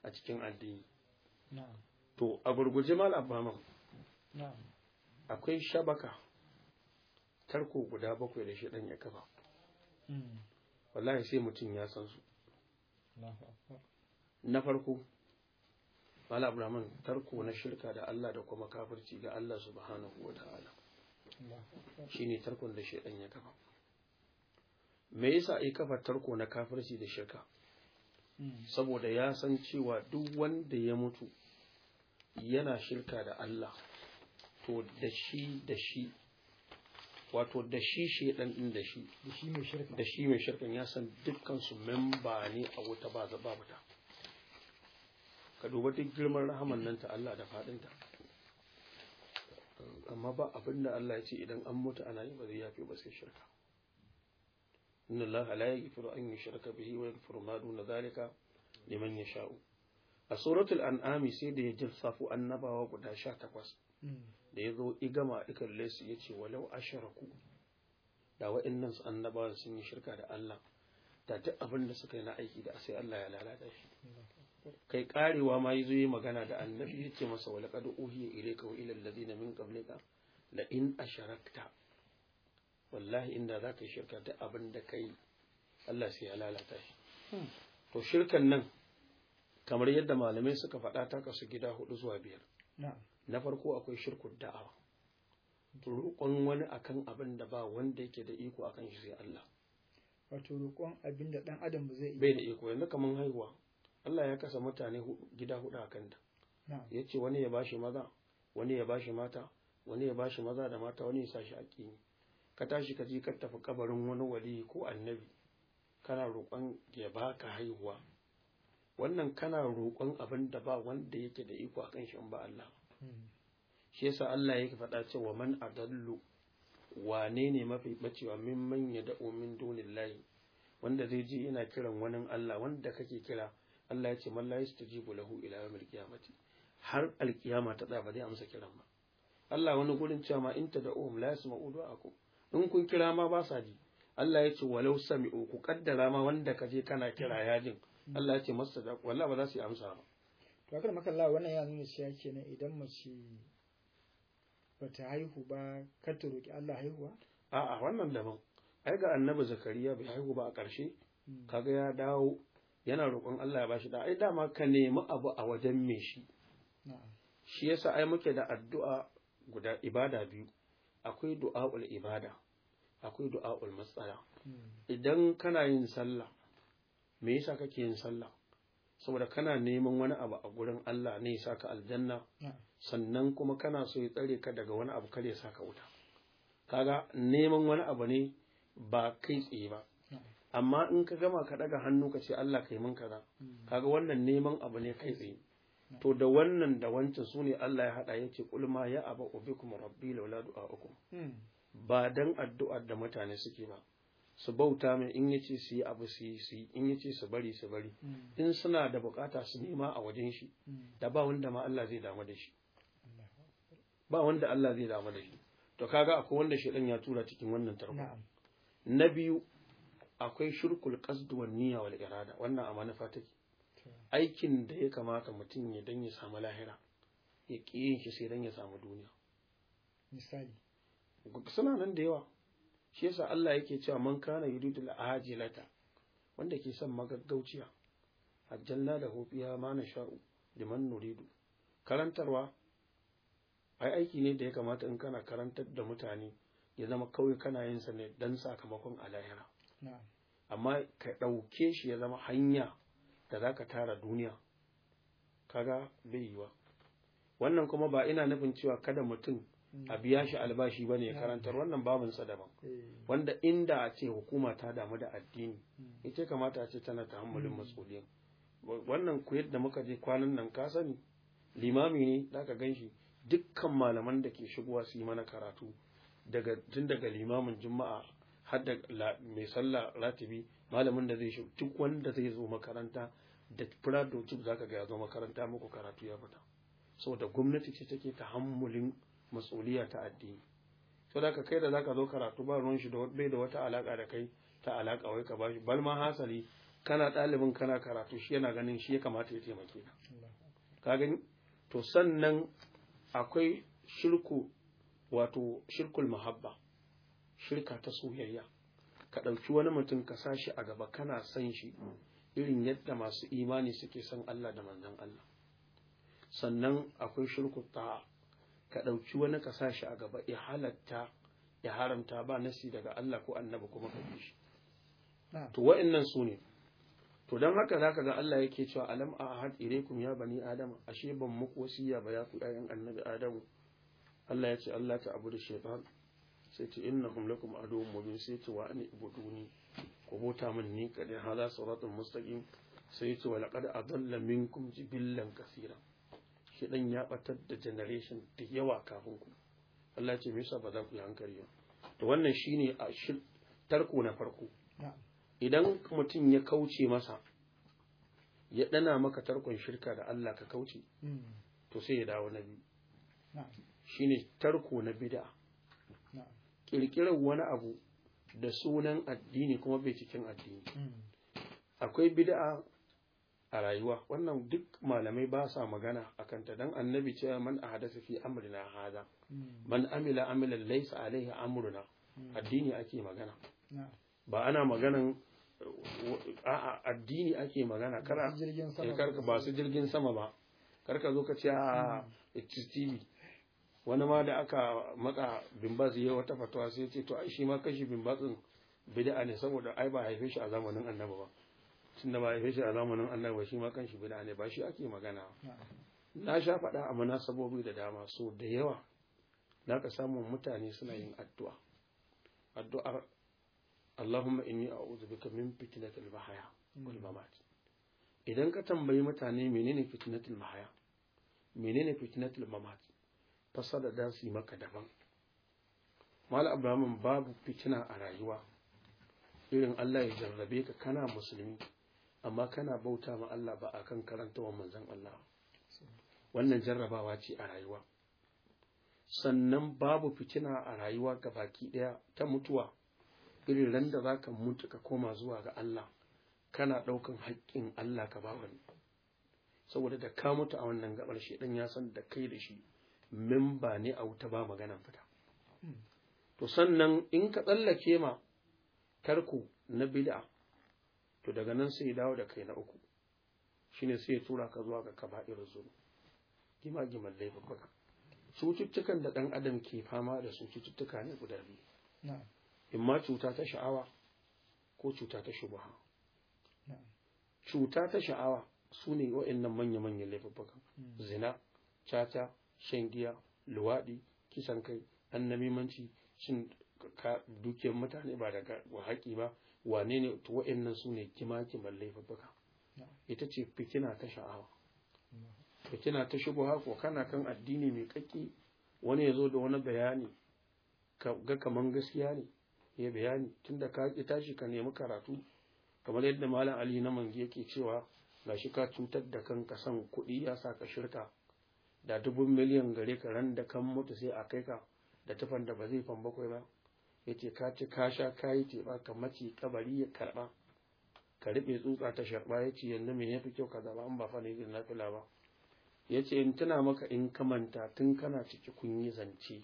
Speaker 1: a cikin addini to a gurguje mal abama akwai shabaka tarko guda bakwai da shi dan ya kafa hmm. wallahi sai mutum ya san su na farko mala abraman tarko na shirka da Allah da kuma kafirci ga Allah subhanahu wa ta'ala shine tarkon da shaidan ya kafa me yasa ayi kafa tarko na kafirci da shirka saboda ya san cewa duk wanda ya mutu yana shirka da Allah to da shi da shi wato da shi shaidan din da shi da shi mai shirkan ya san dukkan su memba ne a wuta ba zaba ka duba duk girman rahaman nan ta Allah da faɗinta amma ba abin da Allah ya ce idan an mutu ana yi ba zai yafe ba sai shirka inna Allah la yaghfiru an yushraka bihi wa yaghfiru ma duna zalika liman yasha'u a suratul an'ami sai da ya jirsafu annabawa guda 18 da ya zo igama ikalle su ya walau asharaku da wa'annan annabawan sun yi shirka da Allah da duk abin da suka yi na aiki da sai Allah ya lalata shi kai karewa ma yazo yi magana da annabi yace masa wala kadu uhi ilayka ka ila alladhina min qablika la in asharakta wallahi inda za ka shirka duk abin da ka yi Allah sai ya lalata shi hmm. to shirkan nan kamar yadda malamai suka faɗa ta kasu gida hudu zuwa biyar na farko akwai shirkun da'awa roƙon wani akan abin da ba wanda yake da iko akan shi sai Allah
Speaker 2: wato roƙon abin da dan adam ba zai bai da iko
Speaker 1: yanzu kaman haihuwa Allah ya kasa mutane gida hudu a kanta ya ce wani ya bashi maza wani ya bashi mata wani ya bashi maza da mata wani ya sa shi aƙini ka tashi ka je ka tafi kabarin wani wali ko annabi kana roƙon ya baka haihuwa wannan kana roƙon abin da ba wanda yake da iko akan shi ba Allah hmm. shi yasa Allah yake faɗa cewa man adallu wane ne mafi bacewa mimman ya da'o min dunillahi wanda zai je yana kiran wani Allah wanda kake kira Allah ya ce man la yastajibu lahu ila yawmil qiyamati har alkiyama ta tsaya ba zai amsa kiran ba Allah wani gurin cewa ma in tad'uhum la yasma'u du'akum in kun kira ma ba sa ji Allah ya ce walau sami'u ku kaddara ma wanda kaje kana kira ya jin Allah ya ce masa wallahi ba za su yi amsa ba
Speaker 2: to akar maka Allah wannan ya nuna cewa kenan idan mace bata haihu ba ka ta roki Allah haihuwa
Speaker 1: a'a wannan daban ai ga annabi zakariya bai haihu ba a ƙarshe hmm. kaga ya dawo yana roƙon Allah ya bashi da ai dama ka nemi abu a wajen me shi shi yasa ai muke da addu'a guda ibada biyu akwai du'a'ul ibada akwai du'a'ul matsala hmm. idan kana yin sallah me yasa kake yin sallah saboda kana neman wani abu a gurin Allah ne ya ka aljanna sannan kuma kana so ya tsare ka daga wani abu kare ya ka wuta kaga neman wani abu ne ba kai tsaye ba amma in ka gama ka daga hannu ka ce Allah ka kai mun kaza mm. kaga wannan neman abu ne kai tsaye to da wannan da wancan su ne Allah ya haɗa ya ce kulma ya aba ubikum rabbi laula du'a'ukum hmm. ba dan addu'a da mutane suke ba su bauta mai in yace su yi abu su yi su yi in yace su bari su bari hmm. in suna da bukata su nema a wajen shi hmm. da ba wanda ma Allah zai damu da shi ba wanda Allah zai damu da shi to kaga akwai wanda shedan ya tura cikin wannan tarko na biyu akwai shirkul qasd niyya wal irada wannan a manufa take aikin da ya kamata mutum ya dan ya samu lahira ya kiyin shi sai dan ya samu duniya misali suna nan da yawa shi yasa Allah yake cewa man kana yuridul ajilata wanda ke son magaggauciya ajalla da fiha ma sha'u, liman nuridu karantarwa ai aiki ne da ya kamata in kana karantar da mutane ya zama kawai kana yin sa ne dan sakamakon a lahira amma ka ɗauke shi ya zama hanya da za ka tara duniya kaga bai yiwa wannan kuma ba ina nufin cewa kada mutum a biya shi albashi bane ya karantar wannan babin sa daban eh. wanda inda a ce hukuma ta damu da addini hmm. ita kamata a ce tana ta tahammulin hmm. mas'uliyan wannan ku yadda muka je kwanan nan ka sani limami ne zaka shi dukkan malaman da ke shigowa su yi mana karatu daga tun daga limamin juma'a har da mai sallah ratibi malamin da zai shi duk wanda zai zo makaranta da prado duk zaka ga ya zo makaranta muku karatu ya fita saboda gwamnati ce take ta hammulin mas'uliya ta addini to da kai da zaka zo karatu ba ruwan shi da bai da wata alaka da kai ta alaka wai ka bashi bal ma hasali kana ɗalibin kana karatu shi yana ganin shi ya kamata ya taimake ka ka gani to sannan akwai shirku wato shirkul mahabba shirka ta soyayya ka ɗauki wani mutum ka sa shi a gaba kana san shi irin yadda masu imani suke san Allah da manzon Allah sannan akwai shirku ta'a ka ɗauki wani ka sa a gaba ya halatta ya haramta ba nasi daga Allah ko annabi kuma ka bi shi to wa'annan su ne to don haka zaka ga Allah yake cewa alam a ahad ilaikum ya bani adam ashe ban muku wasiya ba ya ku ƴaƴan annabi adamu Allah ya ce Allah ta abu da shaitan sai ce innakum lakum aduwwun mubin sai ce wa ani ibuduni ko bota min ni kadai hada siratul mustaqim sai ce wa laqad adalla minkum jibillan kaseera shi dan ya batar da generation da yawa kafin ku Allah ce me yasa ba za ku yi hankali ba to wannan shine a tarko na farko idan mutum ya kauce masa ya dana maka tarkon shirka da Allah ka kauce hmm. to sai ya dawo na shine tarko na bid'a ƙirƙirar wani abu da sunan addini kuma bai cikin addini hmm. akwai bid'a a rayuwa wannan duk malamai ba sa magana a kanta don annabi cewa man a hadasa fi amrina haza hmm. man amila amilan laisa alaihi amruna hmm. addini ake magana ba ana maganan a'a addini ake magana kara eh, ba su jirgin sama ba karka zo ka ce a TV wani ma da aka matsa bimbas ya wata fatuwa sai ce to ai shi ma kashi bimbatsin bid'a ne saboda ai ba haife shi a zamanin annabi ba tunda ba haife shi a zamanin annabi ba shi ma kanshi bid'a ne ba shi ake magana na sha faɗa a
Speaker 3: munasabobi
Speaker 1: da dama so da yawa na ka samu mutane suna yin addu'a addu'ar Allahumma inni a'udhu bika min fitnatil mahaya wal mamat idan ka tambayi mutane menene fitnatil mahaya menene fitnatil mamat fasara da su yi maka daban mal abrahamin babu fitina a rayuwa irin Allah ya jarrabe ka kana musulmi amma kana bauta ma Allah ba akan karantawar manzon Allah wannan jarrabawa ce a rayuwa sannan babu fitina a rayuwa ga baki ɗaya ta mutuwa irin ran da za mutu ka koma zuwa ga Allah kana ɗaukan haƙƙin Allah ka ba wani saboda da ka mutu a wannan gabar shi ya san da kai da shi memba ne a wuta ba maganan fita hmm. to sannan in ka tsallake ma tarku na bid'a to daga nan sai dawo da kai na uku shine sai ya tura ka zuwa ga kaba'ir zuru gima giman laifuka cututtukan da ɗan adam ke fama da su cututtuka ne guda biyu In ma cuta ta sha'awa ko cuta ta shubaha cuta ta sha'awa su ne nan manya-manyan laifuka hmm. zina caca. shan giya luwaɗi kisan kai annamimanci cin dukiyar mutane ba daga haƙi ba wane ne wa'annan su ne kima-kiman laifuffuka ita ce fikina ta sha'awa fikina ta shigo hako kana kan addini mai kaki wani ya zo da wani bayani ga kaman gaskiya ne ya bayani tunda ka ki tashi ka nemi karatu kamar yadda malam ali na mangi yake cewa gashi ka cutar da kanka san kuɗi ya sa ka shirka da dubun miliyan gare ka ran da kan mutu sai a kai ka da tufan da ba zai fan bakwai ba ya ce ka ci ka sha ka yi teɓa ka mace kabari ya karɓa ka riɓe tsutsa ta sharɓa ya ce yanzu me ya fi kyau ka zaba an ba fa ne na fila ba ya ce in tuna maka in ka manta tun kana ciki kun yi zance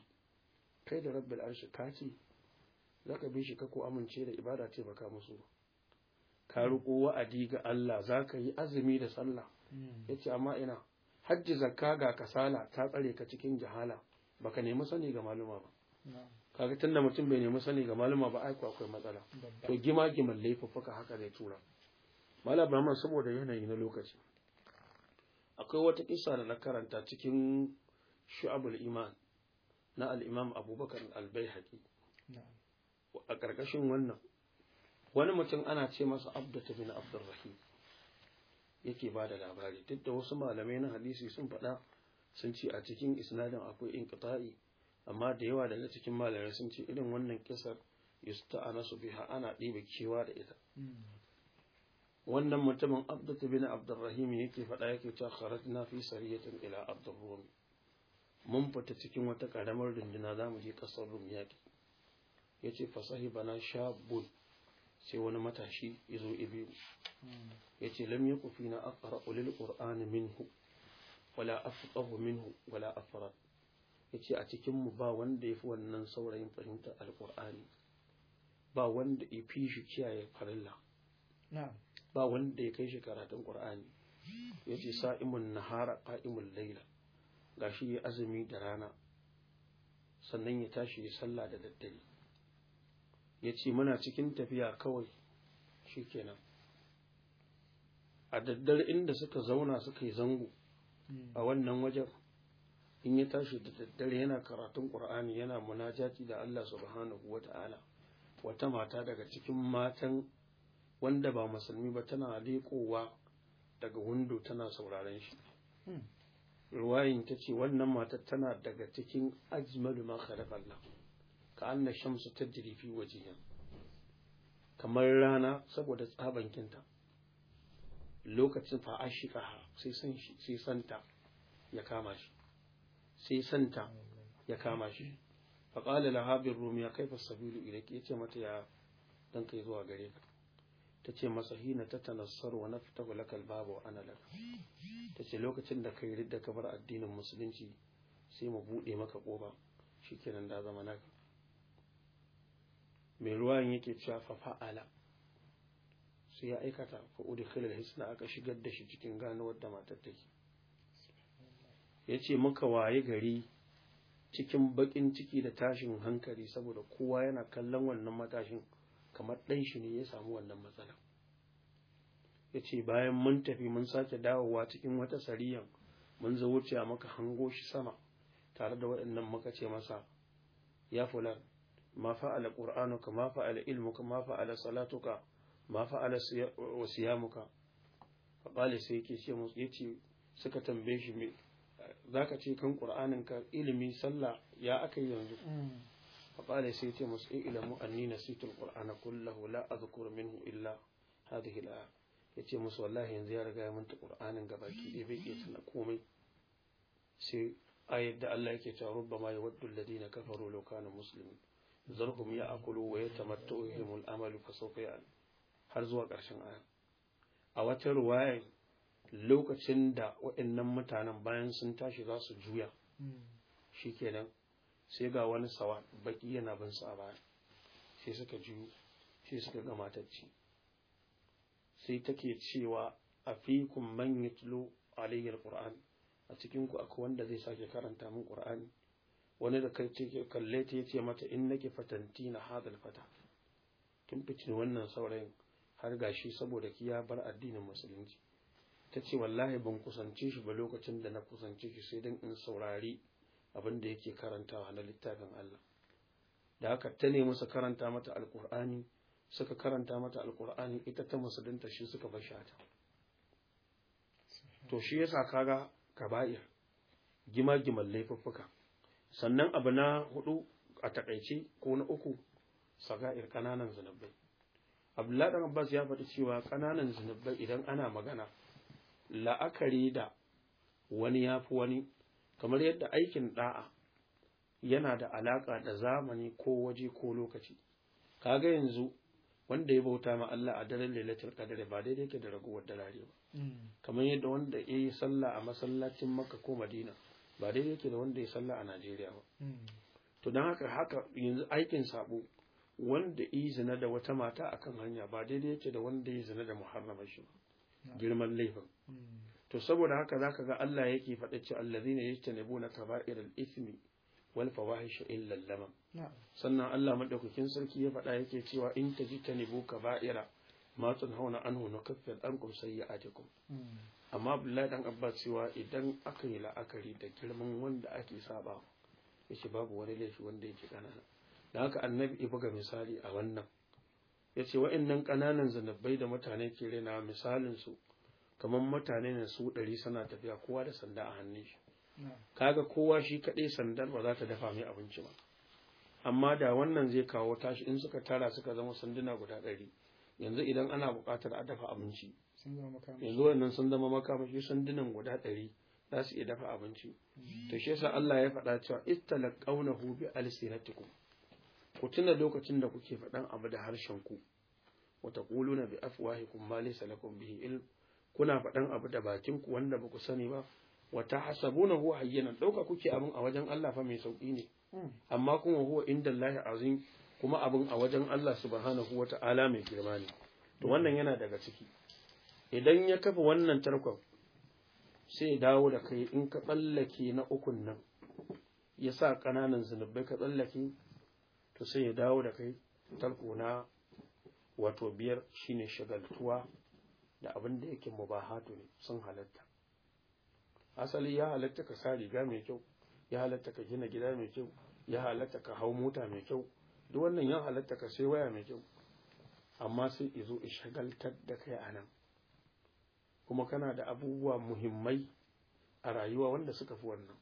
Speaker 1: kai da rabbil arshi ka ce za ka bi shi ka ko amince da ibada ce baka musu ba ka riƙo wa'adi ga Allah za ka yi azumi da sallah hmm. ya ce amma ina hajji zakka ga kasala ta tsare ka cikin jahala baka nemi sani ga maluma ba kaga tunda mutum bai nemi sani ga maluma ba akwai matsala to gima giman laifuffuka haka zai tura mala brahman saboda yanayi na lokaci akwai wata kissa da na karanta cikin shu'abul iman na al-imam abubakar al-baihaqi a ƙarƙashin wannan wani mutum ana ce masa abdata bin abdurrahim yake ba da labari duk da wasu malamai na hadisi sun faɗa sun ce a cikin isnadin akwai inqita'i amma da yawa daga cikin malamai sun ce irin wannan kisar yusta'anasu biha ana ɗiba kewa da ita wannan mutumin abdatu bin abdurrahim yake faɗa yake cewa kharajna fi sariyatin ila abdurrum mun fita cikin wata karamar runduna za mu je ƙasar rum yaƙi ya ce fasahi bana sai wani matashi ya zo ibi hmm. ya ce lam yaku fi na aqra ulil qur'ani minhu wala afqahu minhu wala afra yace a cikin mu ba wanda yafi wannan saurayin fahimtar alqur'ani ba wanda ya fi shi kiyaye farilla ba wanda ya kai shi karatun qur'ani yace sa'imun nahara qa'imul layla gashi ya azumi da rana sannan ya tashi ya sallah da daddare ya ce muna cikin tafiya kawai shi kenan a daddare inda suka zauna suka yi zango a wannan wajen in ya tashi da daddare yana karatun ƙur'ani yana munajati da Allah subhanahu wa ta'ala wata mata daga cikin matan wanda ba musulmi ba tana leƙowa daga wando tana sauraren shi hmm. ruwayin ta ce wannan matar tana daga cikin ajmalu ma khalaqa Allah ka anna shamsu tajri fi wajhiha kamar rana saboda tsabankinta lokacin fa ashika sai san santa ya kama shi sai santa ya kama shi fa qala laha bir ya kaifa sabilu ilayki yace mata ya dan kai zuwa gare ka tace masa hina tatanassar wa naftahu lakal babu wa ana laka tace lokacin da kai ridda ka bar addinin musulunci sai mu bude maka kofa shikenan da zama naka mai ruwan yake cewa fa fa'ala su ya aikata fa khilal hisna aka shigar da shi cikin ganuwar da matar take yace muka waye gari cikin bakin ciki da tashin hankali saboda kowa yana kallon wannan matashin kamar dan shi ne ya samu wannan matsala yace bayan mun tafi mun sake dawowa cikin wata sariyan mun zo wuce maka hango shi sama tare da waɗannan muka ce masa ya fulan ma fa'ala qur'anuka ma fa'ala ilmuka ma fa'ala salatuka ma fa'ala wasiyamuka fa qala sai yake ce musu yace suka tambaye shi me zaka ce kan qur'aninka ilimi sallah ya akai yanzu fa qala sai yace musu ilamu anni nasitu kulla hula la adhkuru minhu illa hadhihi al yace musu wallahi yanzu ya riga ya manta qur'anin gabaki ɗaya tana komai sai ayar da Allah yake cewa rubbama yawaddu alladhina kafaru law zarhum ya akulu wa ya tamattu ihimul amalu fa sawfa ya'lam har zuwa ƙarshen aya a wata ruwaya lokacin da waɗannan mutanen bayan sun tashi za su juya shikenan sai ga wani sawa baki yana bin su a baya sai suka juyo sai suka ga matacci sai take cewa a fikum man yatlu alayhi alquran a cikin ku akwai wanda zai sake karanta min qur'ani wani da kai ce kalle ta yace mata in nake fatanti na hadal fata kin fitin wannan saurayin har gashi saboda ki ya bar addinin musulunci ta ce wallahi ban kusance shi ba lokacin da na kusance shi sai dan in saurari abin da yake karantawa na littafin Allah da haka ta ne masa karanta mata alkur'ani suka karanta mata alkur'ani ita ta musulunta shi suka bar shata to shi yasa kaga kaba'ir gima-giman laifuffuka sannan abu na hudu a takaice ko na uku saga'ir ƙananan zunubai abdullahi dan abbas ya faɗi cewa ƙananan zunubai idan ana magana la'akari da wani ya fi wani kamar yadda aikin ɗa'a yana da alaƙa da zamani ko waje ko lokaci kaga yanzu wanda ya bauta ma Allah a daren lailatul qadr ba daidai yake da raguwar dalare ba hmm. kamar yadda wanda ya sallah a masallacin makka ko madina ba daidai yake da wanda ya sallah a Najeriya ba hmm. to don haka haka yanzu aikin sabo wanda yi zina da wata mata akan hanya ba daidai yake da wanda ya zina da muharrama shi
Speaker 3: hmm.
Speaker 1: girman laifin hmm. to saboda haka zaka ga Allah yake faɗa cewa allazina yajtanibuna al-ithmi wal fawahisha illa lamam sannan Allah madaukakin sarki ya faɗa yake cewa in ta tajtanibu kaba'ira ma tunhauna anhu nukaffir ankum sayyi'atikum amma abdullahi dan abbas cewa idan aka yi la'akari da girman wanda ake saba yace babu wani laifi wanda yake kanana da haka annabi ya buga misali a wannan yace wa'annan kananan zanabbai da mutane ke rena misalin su kamar mutane ne su ɗari suna tafiya kowa da sanda a hannun shi kaga kowa shi kaɗai sandar ba za ta dafa mai abinci ba amma da wannan zai kawo tashi in suka tara suka zama sanduna guda ɗari yanzu idan ana buƙatar a dafa abinci yanzu wannan sun zama makamashi sandunan guda ɗari za su iya dafa abinci to shi yasa Allah ya faɗa cewa istalaqawnahu bi alsinatikum ku tuna lokacin da kuke faɗan abu da harshen ku wa taquluna bi afwahikum ma laysa lakum bihi ilm kuna faɗan abu da bakin ku wanda ba ku sani ba wa tahsabunahu hayyanan dauka kuke abin a wajen Allah fa mai sauki ne hmm. amma kuma huwa indallahi azim kuma abin a wajen Allah subhanahu ta'ala mai girma ne to wannan yana daga ciki idan ya kafa wannan tarkon sai dawo da kai in ka tsallake na ukun nan ya sa ƙananan zunubai ka tsallake to sai ya dawo da kai tarko na wato biyar shine shagaltuwa da abin da yake mubahatu ne sun halatta asali ya halatta ka sa riga mai kyau ya halatta ka gina gida mai kyau ya halatta ka hau mota mai kyau duk wannan ya halatta ka sai waya mai kyau amma sai izo shagaltar da kai a nan kuma kana da abubuwa muhimmai a rayuwa wanda suka fi wannan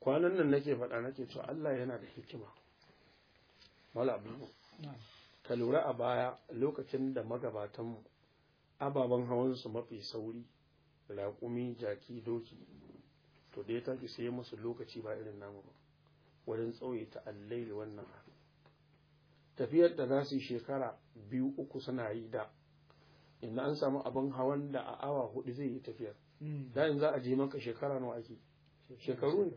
Speaker 1: kwanan nan nake faɗa nake cewa Allah yana da hikima wala abu ka lura a baya lokacin da magabatanmu ababen hawansu mafi sauri raƙumi jaki doki to da ya taki sai musu lokaci ba irin namu ba wajen ta allaili wannan tafiyar da za su yi shekara biyu uku suna yi da inda an samu abin hawan da a awa hudu zai yi tafiyar hmm. da in za a je maka shekara nawa ake shekaru ne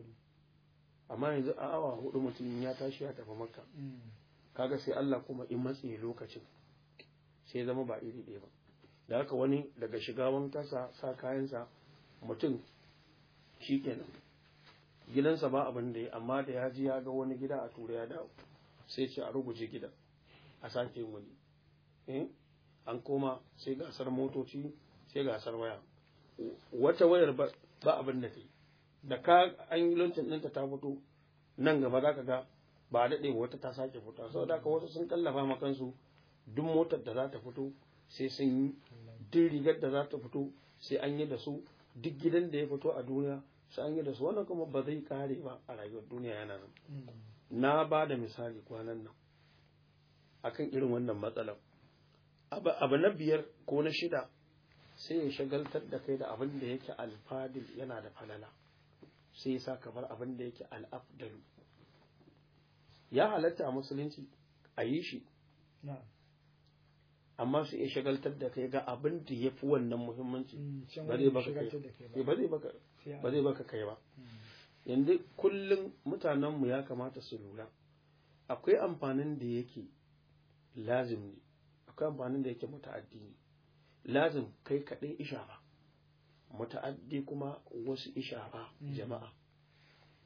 Speaker 1: amma yanzu a awa hudu mutum ya tashi ya tafi makka hmm. kaga sai Allah kuma in matsi lokacin sai zama ba iri ɗaya ba da haka wani daga shiga wanka sa sa kayansa mutum shi kenan gidansa ba abin da ya amma da ya ji ya ga wani gida a tura ya dawo sai ce a ruguje gidan a sake wani eh? an koma sai gasar motoci sai gasar waya wata wayar ba abin da ta yi da ka an yi lantin ɗinta ta fito nan gaba za ka ga ba daɗe wata ta sake fito saboda haka wasu sun kallafa ma kansu duk motar da za ta fito sai sun yi duk rigar da za ta fito sai an yi da su duk gidan da ya fito a duniya sai an yi da su wannan kuma ba zai kare ba a rayuwar duniya yana
Speaker 3: nan hmm.
Speaker 1: na ba da misali kwanan nan akan irin wannan matsalar abu na biyar ko na shida sai ya shagaltar da kai da abin da yake alfadil yana da falala sai ya sa ka bar abin da yake al'afdalu ya halatta a musulunci a yi shi amma su ya shagaltar da kai ga abin da ya fi wannan muhimmanci mm, eh, ba zai baka kai ba mm. yanzu kullum mutanenmu ya kamata su lura akwai amfanin da yake lazim akwai amfanin da yake muta'addi ne lazim kai kaɗai ishara muta'addi kuma wasu ishara mm. jama'a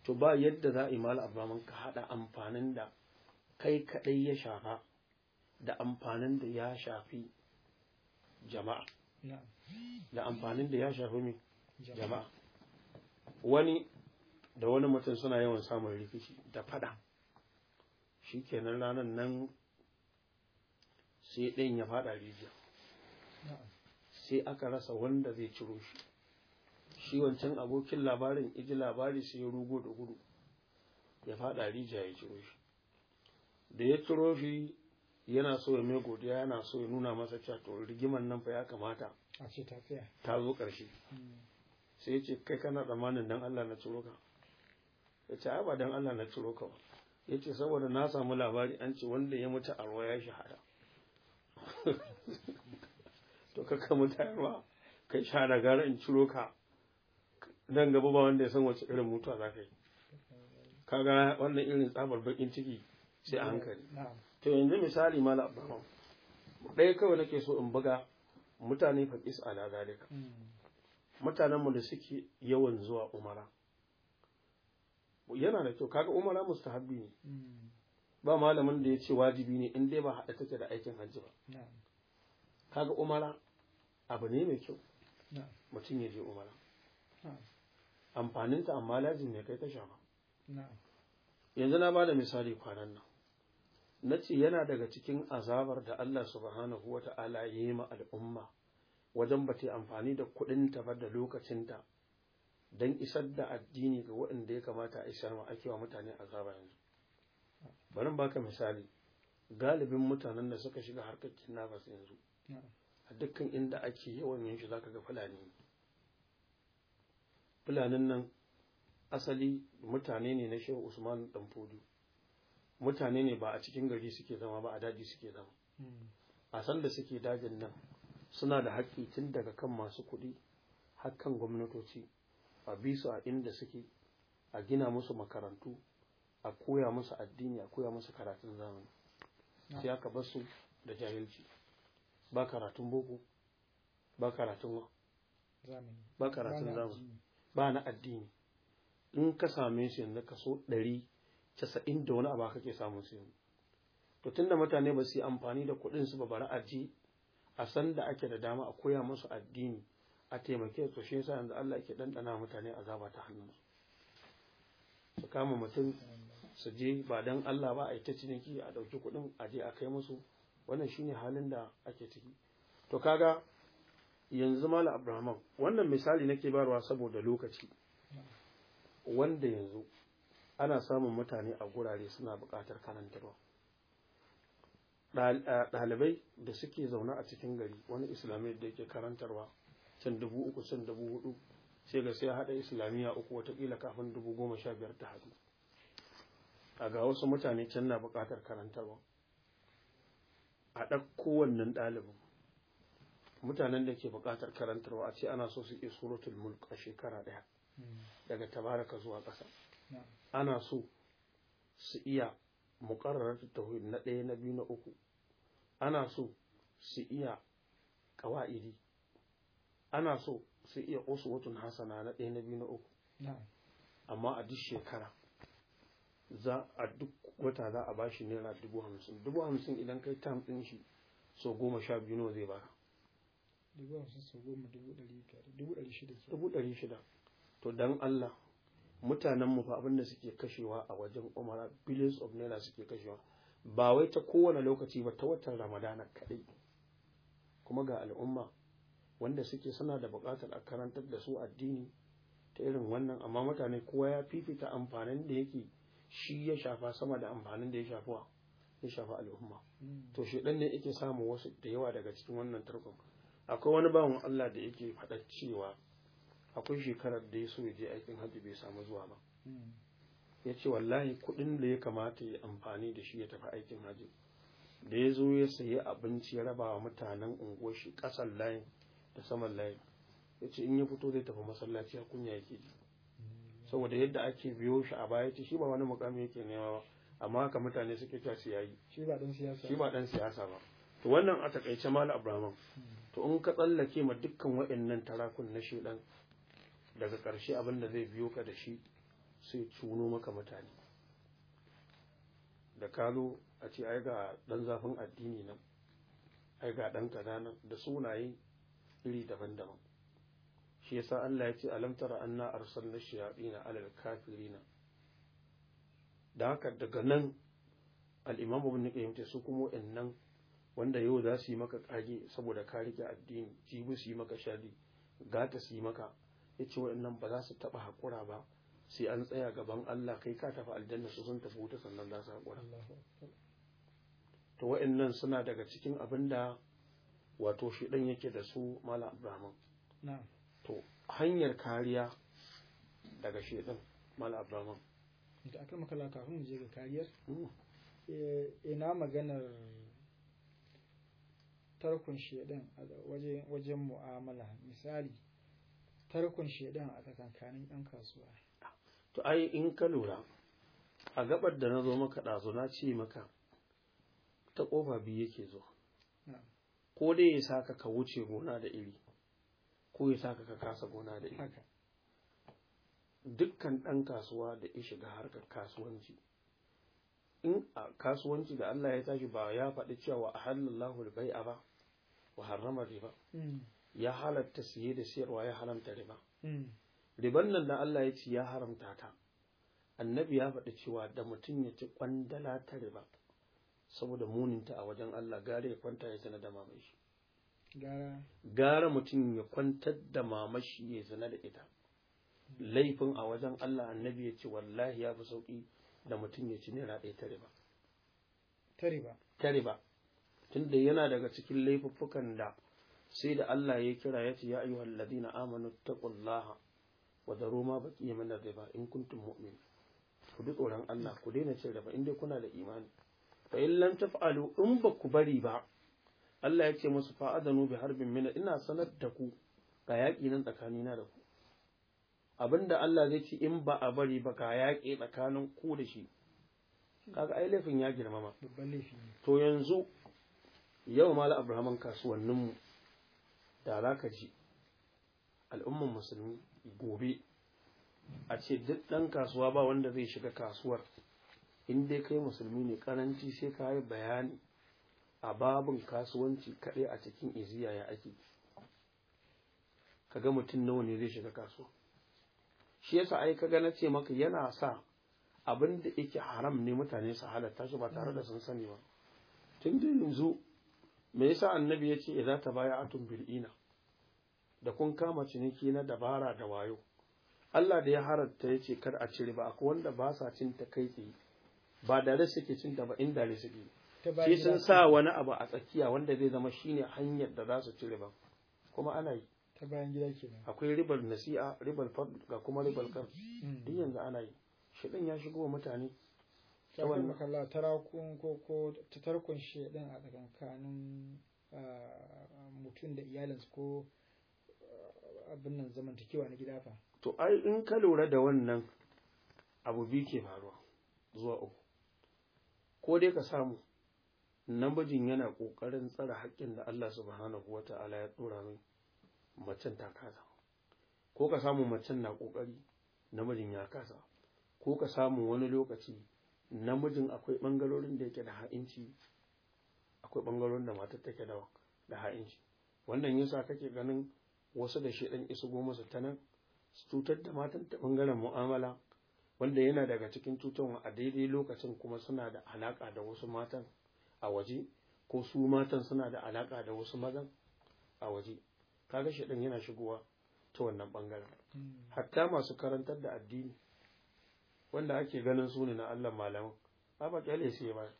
Speaker 1: to ba yadda za a yi mala abraman ka haɗa amfanin da kai kaɗai ya shafa da amfanin da ya shafi jama'a da amfanin da ya shafi mai jama'a wani da wani mutum suna yawan samun rikici da fada shi kenan ranar nan sai ɗayan ya faɗa rijiya sai aka rasa wanda zai ciro shi shi wancan abokin labarin iji labari sai ya rugo da gudu ya faɗa rijiya ya ciro shi da ya ciro shi yana so ya mai godiya yana so ya nuna masa cewa to rigiman nan fa ya kamata a ce ta ta zo ƙarshe hmm. sai ya ce kai kana tsammanin dan Allah na ciro ka ya ce ba dan Allah na ciro ka ba ya ce saboda na samu labari an ce wanda ya mutu a ruwa ya shahada to kakka mun ba kai sha da gara in ciro ka nan gaba ba wanda ya san wace irin mutuwa za ka yi kaga wannan irin tsabar bakin ciki sai a hankali to yanzu misali mala abdurrahman ɗaya kawai nake so in buga mutane faƙis ala zalika hmm. mutanenmu da suke yawan zuwa umara yana da kyau kaga umara habbi ne hmm. ba malamin da ya ce wajibi ne in dai ba haɗa take da aikin hajji ba kaga umara abu ne mai kyau mutum ya je umara amfaninta amma lajin ne kai ta ba. yanzu na bada misali kwanan nan na ce yana daga cikin azabar da Allah subhanahu wa ta'ala ya yi ma al'umma wajen ba ta amfani da kuɗinta ba da lokacinta don isar da addini ga waɗanda ya kamata a isar ma ake wa mutane azaba yanzu bari ka misali galibin mutanen da suka shiga harkar kidnappers yanzu a dukkan inda ake yawan yin shi zaka ga fulani fulanin nan asali mutane ne na shehu usman fudu mutane ne ba a cikin gari suke zama ba a daji suke zama hmm. a san da suke dajin nan suna da haƙƙi tun daga kan masu kuɗi har gwamnatoci a bi a inda suke a gina musu makarantu a koya musu addini a koya musu karatun zamani sai aka bar su da jahilci ba karatun boko ba karatun ba karatun zamani ba na addini in ka same shi yanzu kaso ɗari casa'in da wani abu kake samun su yanzu to tunda mutane ba su yi amfani da kuɗin su ba bara a ji a san da ake da dama a koya musu addini a taimake su shi yasa yanzu Allah ke ɗanɗana mutane azaba ta hannu. su kama mutum su je ba don Allah ba a yi ta ciniki a ɗauki kuɗin a je a kai musu wannan shine halin da ake ciki to kaga yanzu mala abrahaman wannan misali nake barwa saboda lokaci wanda yanzu ana samun mutane a gurare suna buƙatar karantarwa eh, ɗalibai da suke zaune a cikin gari wani islamiyyar da yake karantarwa can dubu uku can dubu hudu sai ga sai haɗa islamiyya uku watakila kafin dubu goma sha biyar ta haɗu a ga wasu mutane can na bukatar karantarwa a ɗauko wannan ɗalibin mutanen da ke bukatar karantarwa a ce ana so su iya suratul mulk a shekara ɗaya hmm. daga tabaraka zuwa ƙasa ana so su iya ta tauhid na ɗaya na biyu na uku ana so su iya ƙawa'idi ana so su iya uswatun hasana na ɗaya na biyu na uku amma a duk shekara za a duk wata za a bashi naira dubu hamsin dubu hamsin idan kai tam ɗin shi so goma sha biyu nawa zai baka
Speaker 2: dubu hamsin so goma dubu ɗari
Speaker 1: biyar dubu ɗari shida dubu ɗari shida to don Allah mutanen mu fa abinda suke kashewa a wajen umara billions of naira suke kashewa ba wai ta kowane lokaci ba ta watan ramadana kaɗai kuma ga al'umma wanda suke suna da buƙatar a karantar da su addini ta irin wannan amma mutane kowa ya fifita amfanin da yake shi ya shafa sama da amfanin da ya shafa ya shafa al'umma hmm. to shi dan ne yake samu wasu da yawa daga cikin wannan tarkon akwai wani bawan Allah da yake faɗa cewa akwai shekarar da ya so je aikin hajji bai samu zuwa ba hmm. ya ce wallahi kuɗin da ya kamata ya amfani da shi ya tafi aikin hajji da ya zo ya sayi abinci ya raba wa mutanen unguwar shi ƙasan layin da saman layin ya ce in ya fito zai tafi masallaci a kunya yake ji saboda yadda ake biyo shi a baya shi ba wani mukami yake nema ba amma haka mutane suke cewa su yayi
Speaker 2: shi ba dan siyasa ba
Speaker 1: dan siyasa ba to wannan a takaice mal abraman to in ka tsallake ma dukkan waɗannan tarakun na shedan daga karshe abin da zai biyo ka da shi sai cuno maka mutane da ka a ce ai ga dan zafin addini nan ai ga dan kaza nan da sunaye iri daban-daban shi yasa Allah ya ce alam tara anna arsalna shayatin alal kafirina da haka daga nan al-imamu ibn qayyim ce su kuma wannan wanda yau za su yi maka kage saboda ka rike addini jibi su yi maka shadi gata su yi maka yace wannan ba za su taba hakura ba sai an tsaya gaban Allah kai ka tafi aljanna su sun tafi wuta sannan za su hakura to wa'annan suna daga cikin abinda wato shi yake da su malam abrahaman. na'am to hanyar kariya daga shedan mal da
Speaker 2: aka makala kafin mu je ga kariyar hmm. e, ina maganar tarkun shedan wajen mu'amala misali tarkun shedan a tsakankanin yan kasuwa
Speaker 1: to ai in ka lura a gabar da na zo maka ɗazu na ce maka ta ƙofa biyu yake zo ko dai ya sa ka wuce gona da iri ko ya saka ka kasa gona da ita dukkan ɗan kasuwa da ya shiga harkar kasuwanci in a kasuwanci da Allah ya tashi ba ya faɗi cewa a al bai'a ba wa harrama riba hmm. ya halatta siye da siyarwa ya haramta riba hmm. riban nan da Allah ya ci ya haramta ta annabi ya faɗi cewa da mutum ya ci kwandala ta riba saboda muninta a wajen Allah gare ya kwanta ya sanadama mai shi gara mutum ya kwantar da mamashi ya zina da ita laifin a wajen Allah annabi ya ce wallahi ya fi sauƙi da mutum ya ci nera ɗaya ta riba ta riba tunda yana daga cikin laifuffukan da sai da Allah ya kira ya ce ya ayyuhal na amanu taqullaha wa daru ma da min riba in kuntum mu'min ku bi tsoron Allah ku daina cin riba in dai kuna da imani fa in lam taf'alu in ba ku bari ba Allah ya ce musu fa'adanu bi harbin mina ina sanar da ku ga yaƙi nan tsakanina da ku abinda Allah zai ci in ba a bari ba ga yaƙi tsakanin ku da shi kaga ai laifin ya girmama to yanzu yau mala abrahaman kasuwanninmu da za ji al'umman musulmi gobe a ce duk ɗan kasuwa ba wanda zai shiga kasuwar in dai kai musulmi ne karanci sai ka yi bayani a babin kasuwanci kaɗai a cikin iziya ya ake ka ga mutum nawa ne zai shiga kasuwa shi yasa ai ka ga na ce maka yana sa abin da yake haram ne mutane su halatta shi ba tare da sun sani ba tun da yanzu me yasa annabi ya ce ta baya atun bil'ina da kun kama ciniki na dabara da wayo Allah da ya haratta ya ce kar a cire ba akwai wanda ba sa cin ta kai tsaye ba da suke cin ta ba inda suke shi sun sa wani abu a tsakiya wanda zai zama shine hanyar da za su ci riba kuma ana yi ta bayan gida nan akwai ribar nasi'a ribar fad ga kuma ribar kan hmm. duk yanzu ana yi din ya shigo wa mutane ta wani
Speaker 2: kalla tarakun ko ko tarkon din a tsakankanin mutum da iyalinsu ko abin nan zamantakewa na gida fa
Speaker 1: to ai in ka lura da wannan abu biyu ke faruwa zuwa uku ko dai ka samu namijin yana ƙoƙarin tsara haƙƙin da Allah subhanahu wa ta'ala ya tsora min macen ta kasa ko ka samu macen na ƙoƙari namijin ya kasa ko ka samu wani lokaci namijin akwai ɓangarorin da yake da ha'inci akwai ɓangarorin da matar take da da ha'inci wannan yasa kake ganin wasu da shi ɗan isu goma su ta su cutar da matan ta ɓangaren mu'amala wanda yana daga cikin cutarwa a daidai lokacin kuma suna da alaƙa da wasu matan a waje ko su matan suna da alaka da wasu mazan a waje kaga shi din yana shigowa ta wannan bangaren hmm. hatta masu karantar da addini wanda ake ganin su ne na Allah malamin ba ba kyale sai ba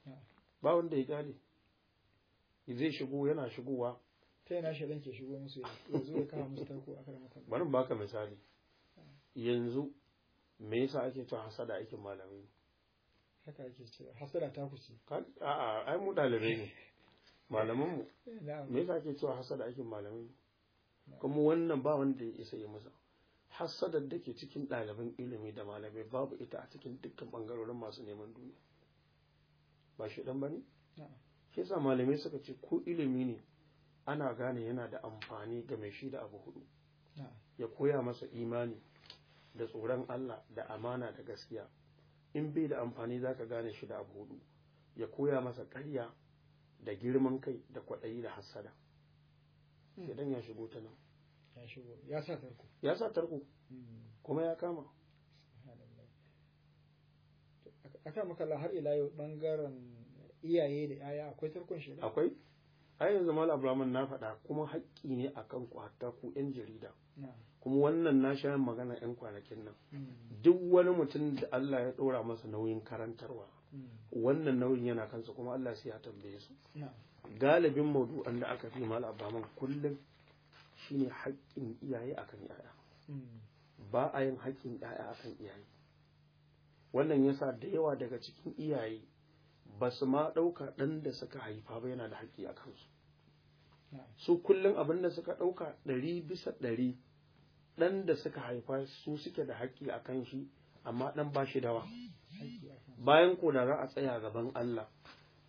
Speaker 1: ba wanda ya kyale zai shigo yana shigowa
Speaker 2: ta yana shaidan ke shigo musu yanzu ya kawo musu tarko a karamata
Speaker 1: bari baka misali yanzu me yasa ake cewa hasada aikin malamai
Speaker 2: haka ake cewa hasada ta kuce a'a ai mu dalibai
Speaker 1: ne malaman mu eh, me yasa ake cewa hasada aikin malamai kuma wannan ba wanda ya isa yi masa hasada da ke cikin ɗaliban ilimi da malamai babu ita a cikin dukkan bangarorin masu neman duniya ba shi ɗan bane shi malamai suka ce ko ilimi ne ana gane yana da amfani ga mai shi da abu hudu ya koya masa imani da tsoron Allah da amana da gaskiya in bai da amfani za ka gane shi da abu hudu ya koya masa ƙarya da girman kai da kwaɗayi da hassada hmm. idan ya shigo ta nan
Speaker 2: ya sa tarko ya sa tarko hmm. kuma ya kama a aka makalla har ila yau bangaren iyaye da yaya akwai tarkon shi akwai
Speaker 1: ai yanzu mal abraman na faɗa kuma haƙƙi ne akan ku hatta ku yan jarida kuma wannan na sha magana 'yan kwanakin nan mm. duk wani mutum da Allah ya ɗora masa nauyin karantarwa mm. wannan nauyin yana kansa kuma Allah sai ya tambaye su galibin maudu'an da aka fi mal abaman kullum shine haƙƙin iyaye akan yaya mm. ba a yin haƙƙin yaya akan iyaye wannan yasa da yawa daga cikin iyaye ba su ma ɗauka ɗan da suka haifa ba yana da haƙƙi a kansu su kullum abin da suka ɗauka ɗari bisa ɗari ɗan da suka haifa su suke da haƙƙi a kan shi amma ɗan ba shi dawa bayan ko da za a tsaya gaban Allah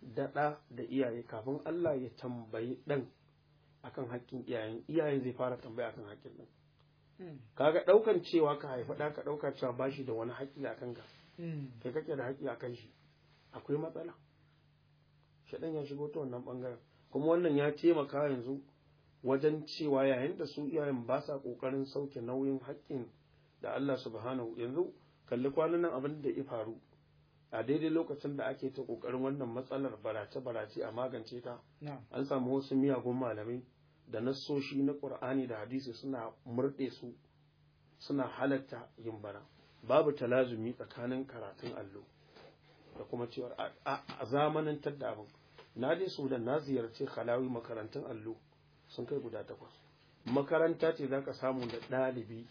Speaker 1: da ɗa da iyaye kafin Allah ya tambayi ɗan akan haƙƙin iyayen iyayen zai fara tambaya akan haƙƙin ɗan hmm. kaga ɗaukan cewa ka haifa ɗa ka ɗauka cewa ba shi da wani haƙƙi a kanka hmm. kai kake da haƙƙi a kan shi akwai matsala shaɗan ya shigo ta wannan ɓangaren kuma wannan ya taimaka yanzu wajen cewa yayin da su iyayen ba sa ƙoƙarin sauke nauyin haƙƙin da Allah subhanahu yanzu kalli kwanan nan abin da ya faru a daidai lokacin da ake ta ƙoƙarin wannan matsalar barace-barace a magance ta an samu wasu miyagun malamai da nassoshi na ƙur'ani da hadisi suna murɗe su suna halatta yin bara babu talazumi tsakanin karatun allo da kuma cewar a zamanin da abin na je sudan na ziyarci halawi makarantun allo sun kai guda takwas makaranta ce za ka samu da ɗalibi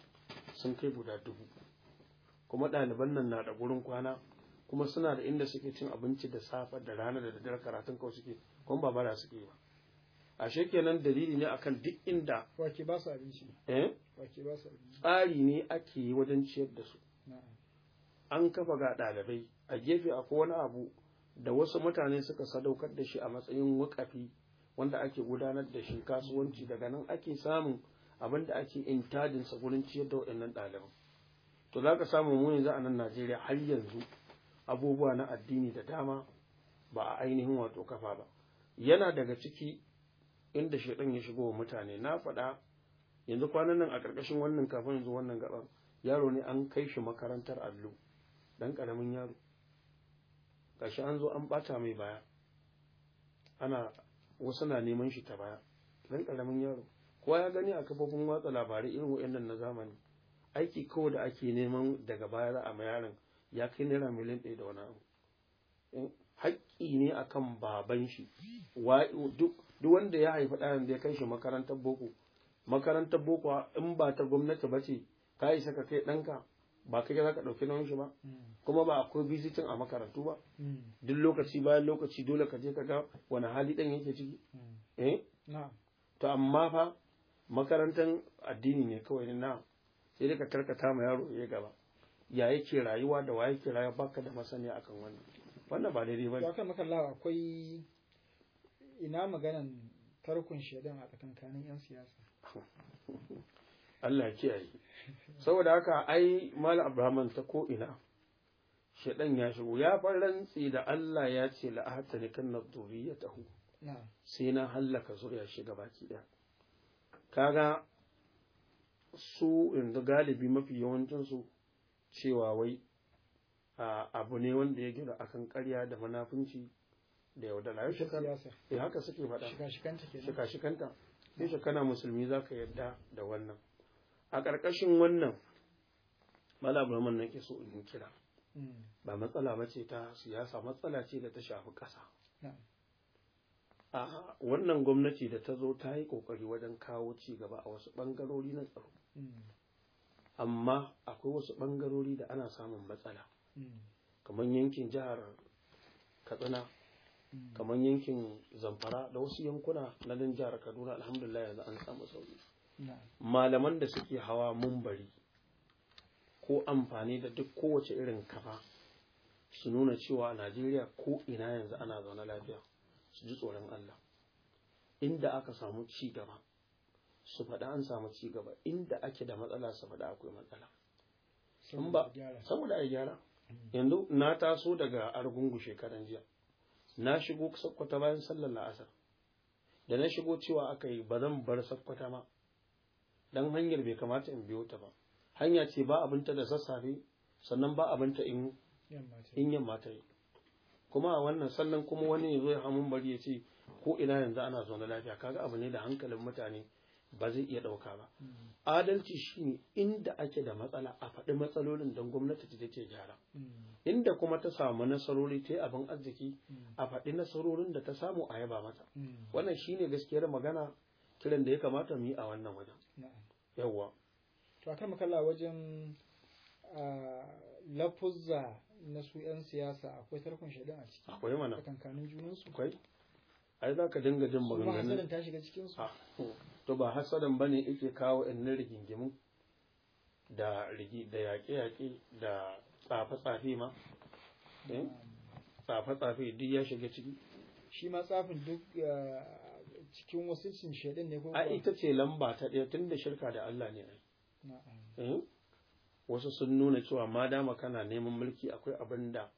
Speaker 1: sun kai guda dubu kuma ɗaliban nan na da gurin kwana kuma suna da inda suke cin abinci da safa da rana da daddare karatun kawai suke kuma ba bara suke ba ashe nan dalili ne akan duk inda
Speaker 2: wake ba su abinci eh?
Speaker 1: tsari ne ake yi wajen ciyar da su an kafa ga ɗalibai a gefe akwai wani abu da wasu mutane suka sadaukar da shi a matsayin wakafi wanda ake gudanar da shi kasuwanci daga nan ake samun abin da ake sa gurin ciyar da waɗannan ɗaliban to za ka samu mu yanzu a nan najeriya har yanzu abubuwa na addini da dama ba a ainihin wato kafa ba yana daga ciki inda shaidan ya shigo wa mutane na faɗa yanzu kwanan nan a ƙarƙashin wannan kafin yanzu wannan gaban yaro ne an kai shi makarantar allo dan ƙaramin yaro gashi an zo an ɓata mai baya ana wasu na neman shi ta baya dan karamin yaro kowa ya gani a kafofin watsa labarai irin waɗannan na zamani aiki kawai da ake neman daga baya za a ma yaron ya kai naira miliyan ɗaya da wani abu haƙƙi ne akan baban shi duk wanda ya haifi ɗayan da ya kai shi makarantar boko makarantar boko in ba ta gwamnati ba ce ka isa ka kai ɗanka ba kai za ka ɗauki nauyin shi ba hmm. kuma ba akwai bizitin a makarantu ba hmm. duk lokaci bayan lokaci dole ka je ka ga wani hali ɗan yake ciki hmm. eh to amma fa makarantar addini ne kawai na sai dai ka karkata ma yaro ya gaba ya yake rayuwa da waye ke rayuwa baka da masaniya akan wannan wannan ba daidai ba ne. Akan
Speaker 2: makallawa akwai ina maganan tarkun shaidan a tsakankanin 'yan siyasa.
Speaker 1: Allah kiyaye saboda haka ai mal Abrahaman ta ko ina shaɗan ya shigo ya farantsi da Allah ya ce la'ata ne kan nabduri ya tahu sai na hallaka zuriya shi baki ɗaya kaga su inda galibi mafi yawancinsu cewa wai abu ne wanda ya gina akan ƙarya da manafinci da yaudara yau shekara eh, haka suke faɗa shika shikanta sai kana musulmi zaka yadda da wannan a ƙarƙashin wannan nan ke so in kira hmm. ba matsala ba ce ta siyasa matsala ce da ta shafi ƙasa
Speaker 3: a wannan
Speaker 1: gwamnati da ta zo ta yi ƙoƙari wajen kawo ci gaba a wasu ɓangarori na tsaro hmm. amma akwai wasu ɓangarori da ana samun matsala hmm. kamar yankin jihar katsina kamar yankin zamfara da wasu yankuna na jihar kaduna alhamdulillah yanzu an samu sauki malaman da suke hawa mumbari ko amfani da duk kowace irin kafa su nuna cewa a najeriya ko ina yanzu ana zaune lafiya su ji tsoron allah inda aka samu ci gaba su faɗa an samu ci gaba inda ake da matsala su faɗa akwai matsala saboda a gyara yanzu na taso daga argungu shekaran jiya na shigo sakkwata bayan sallar la'asar da na shigo cewa aka yi ba zan bar sakkwata ma dan hanyar bai kamata in biyo ta ba hanya ce ba abinta da sassafe sannan ba abinta in in yamma ta yi kuma a wannan sannan kuma wani ya zo ya hamun bari ya ce ko ina yanzu ana zo na lafiya kaga abu ne da hankalin mutane ba zai iya ɗauka ba mm. adalci shine inda ake da matsala a faɗi matsalolin don gwamnati ta take gyara mm. inda kuma ta samu nasarori ta abin arziki mm. a faɗi nasarorin da ta samu a yaba mata wannan shine gaskiyar magana kiran da ya kamata mu yi a wannan wajen yawwa
Speaker 2: to akan makalla wajen lafuzza na su 'yan siyasa akwai tarkon shaidan a ciki akwai mana kankanin junansu
Speaker 1: akwai ai za ka dinga jin maganganu su hasadan ta shiga cikin su ah, to ba hasadan bane yake kawo innin rigingimu da rigi da yaƙe yaƙe da tsafe tsafe ma eh? tsafe tsafe duk ya shiga ciki
Speaker 2: shi ma tsafin duk eh, cikin wasu shaidan ne ko ita
Speaker 1: ce lamba ta ɗaya tun da shirka da Allah ne ai eh? wasu sun nuna cewa ma dama kana neman mulki akwai abin da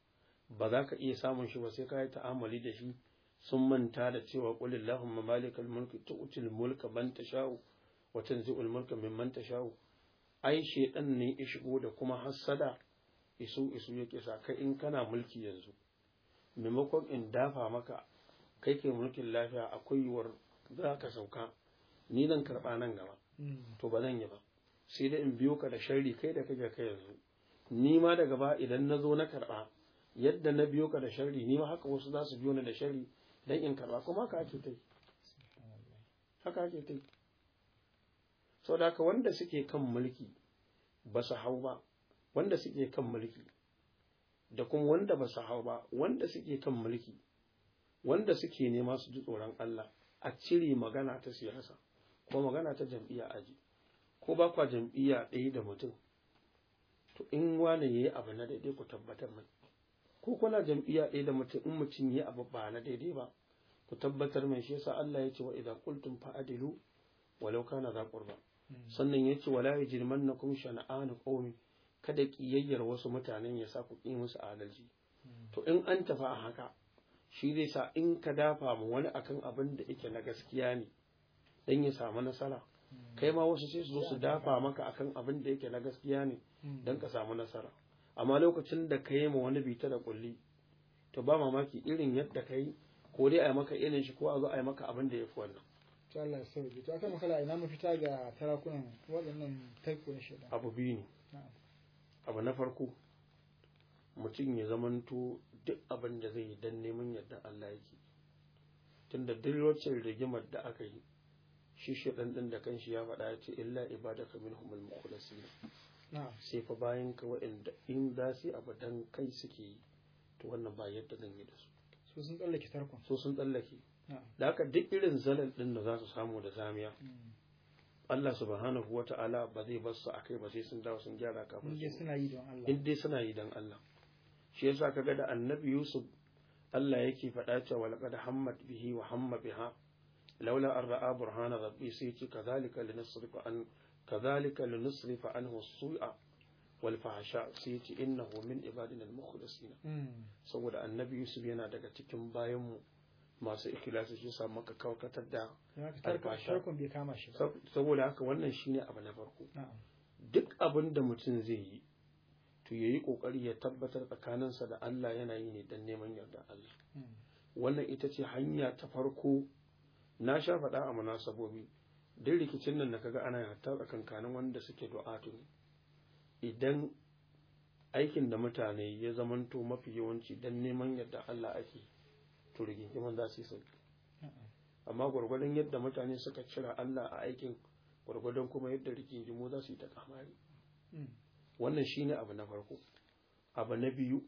Speaker 1: ba za ka iya samun shi ba sai ka yi ta'amali da shi sun manta da cewa qul allahumma malikal mulki tu'til mulka man tasha'u wa tanzi'ul mulka mimman tasha'u ai shaidan ne ya shigo da kuma hassada isu isu ya kisa kai in kana mulki yanzu maimakon in dafa maka kai ke mulkin lafiya akwai yiwuwar za ka sauka ni zan karɓa nan gaba to ba zan yi ba sai dai in biyo ka da sharri kai da kake kai yanzu ni ma da gaba idan na zo na karɓa yadda na biyo ka da sharri ni ma haka wasu za su biyo ni da sharri dan in karɓa kuma haka ake ta haka ake ta da ka wanda suke kan mulki ba su hau ba wanda suke kan mulki da kuma wanda ba su hau ba wanda suke kan mulki wanda suke nema su ji tsoron Allah a cire magana ta siyasa ko magana ta jam'iyya aji ko ba kwa jam'iyya ɗaya da mutum to in wane yi abu na daidai ku tabbatar mai ko kuna jam'iyya ɗaya da mutum in mutum yi abu ba na daidai ba ku tabbatar mai shi yasa Allah ya ce wa idan kultum fa adilu walau na za qurba hmm. sannan ya ce wala yajrimannakum shana'an qawmi kada kiyayyar wasu mutanen ya sa ku ƙi musu adalci hmm. to in an tafi a haka shi zai sa in ka dafa mu wani akan abin da yake na gaskiya ne dan ya samu nasara kai ma wasu sai su zo su dafa maka akan abin da yake na gaskiya ne hmm. dan ka samu nasara amma lokacin da ka yi ma wani bita da kulli to ba mamaki irin yadda ka yi ko dai a yi maka irin shi ko a zo a yi maka abin da ya fi wannan
Speaker 2: Insha Allah ya sauke to akan makala ina mafita ga sarakunan waɗannan taiko na shaidan
Speaker 1: abu biyu ne abu na farko mutum ya zamanto duk abin da zai yi don neman yadda Allah yake tunda duk wacce rigimar da aka yi shi shi ɗanɗan da kanshi ya faɗa ya ce illa ibadaka minhumul mukhlasin sai fa bayan ka wa'inda in za su yi abu don kai suke yi to wannan ba yadda zan yi da su
Speaker 2: so sun tsallake tarkon
Speaker 1: so sun tsallake da haka duk irin zalal da za su samu da zamiya hmm. Allah subhanahu ta'ala ba zai bar su akai ba sai sun dawo sun gyara kafin
Speaker 2: su yi in
Speaker 1: dai suna yi don Allah shi yasa kaga da annabi yusuf Allah yake faɗa cewa laqad hammat bihi wa hamma biha laula an ra'a burhana rabbi sai ce kadhalika linusrifa an kadhalika linusrifa anhu su'a wal fahsha sai ce innahu min ibadina al mukhlisin hmm. saboda annabi yusuf yana daga cikin bayan mu masu ikhlasi shi sa maka kawkatar da alfasha saboda haka wannan shine abu na farko duk abin da mutum zai yi to ya yi ƙoƙari ya tabbatar tsakaninsa da Allah yana yi ne don neman yarda Allah hmm. wannan ita ce hanya ta farko na sha faɗa a munasabobi duk rikicin nan da kaga ana hatta tsakankanin wanda suke du'atu ne idan aikin da mutane ya zamanto mafi yawanci don neman yadda Allah ake to rigingiman za su yi sauki hmm. amma gwargwadon yadda mutane suka cira Allah a aikin gwargwadon kuma yadda rigingimu za su yi ta kamari hmm. wannan shi ne abu na farko abu na biyu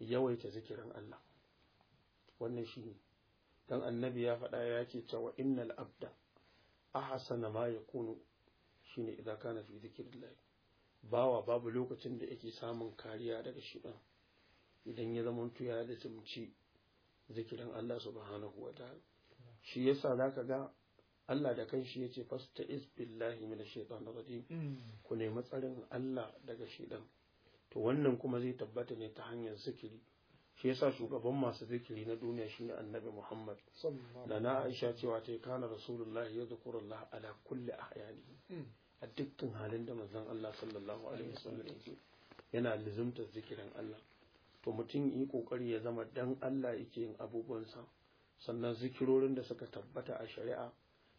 Speaker 1: yawaita zikirin Allah wannan shi ne. Don annabi ya faɗa ya ce cewa innal abda ahsana ma ya shi shine idan kana fi zikirin lai bawa babu lokacin da yake samun kariya daga shiɗan idan ya zama tuya da zumci zikirin Allah subhanahu wa ta'ala shi yasa ka ga Allah da kanshi yace fasta'iz billahi minash shaitanir rajim mm. ku nemi tsarin Allah daga shaitan to wannan kuma zai tabbata ne ta hanyar zikiri shi yasa shugaban masu zikiri na duniya shine annabi Muhammad
Speaker 3: da na Aisha
Speaker 1: cewa ta kana rasulullahi yadhkurullah ala kulli ahyani mm. a dukkan halin da manzon Allah sallallahu alaihi wasallam yake yana lizumta zikirin Allah to mutum yi kokari ya zama dan Allah yake yin abubuwansa sannan zikirorin da suka tabbata a shari'a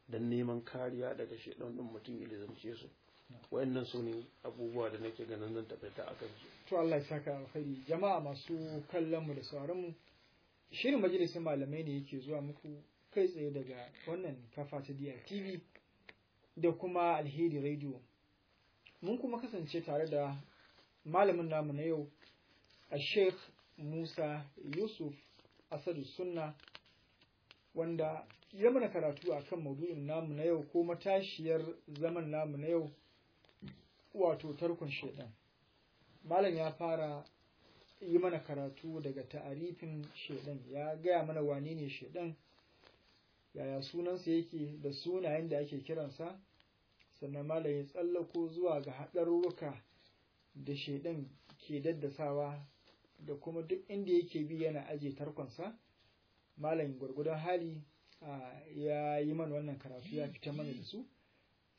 Speaker 1: don neman kariya daga shaidan din mutum ya lizamce su wayannan su ne abubuwa da nake ganin zan tabbata a kan su
Speaker 2: to Allah ya saka alkhairi jama'a masu kallon mu da sauran mu shirin majalisin malamai ne yake zuwa muku kai tsaye daga wannan kafa ta tv da kuma Alheri Radio mun kuma kasance tare da malamin namu na yau a Sheikh Musa Yusuf Asadu Sunna wanda ya mana karatu a kan maudu'in namu na yau ko matashiyar zaman namu na yau wato tarkon shaidan malam ya fara yi mana karatu daga ta'arifin shaidan ya gaya mana wane ne shaidan yaya sunansa yake da sunayen da ake kiransa sannan malam ya tsallako zuwa ga haɗarurruka da shaidan ke daddasawa da kuma duk inda yake bi yana ajiye tarkonsa malam gwargwadon hali ya yi mana wannan karatu ya fita mana da su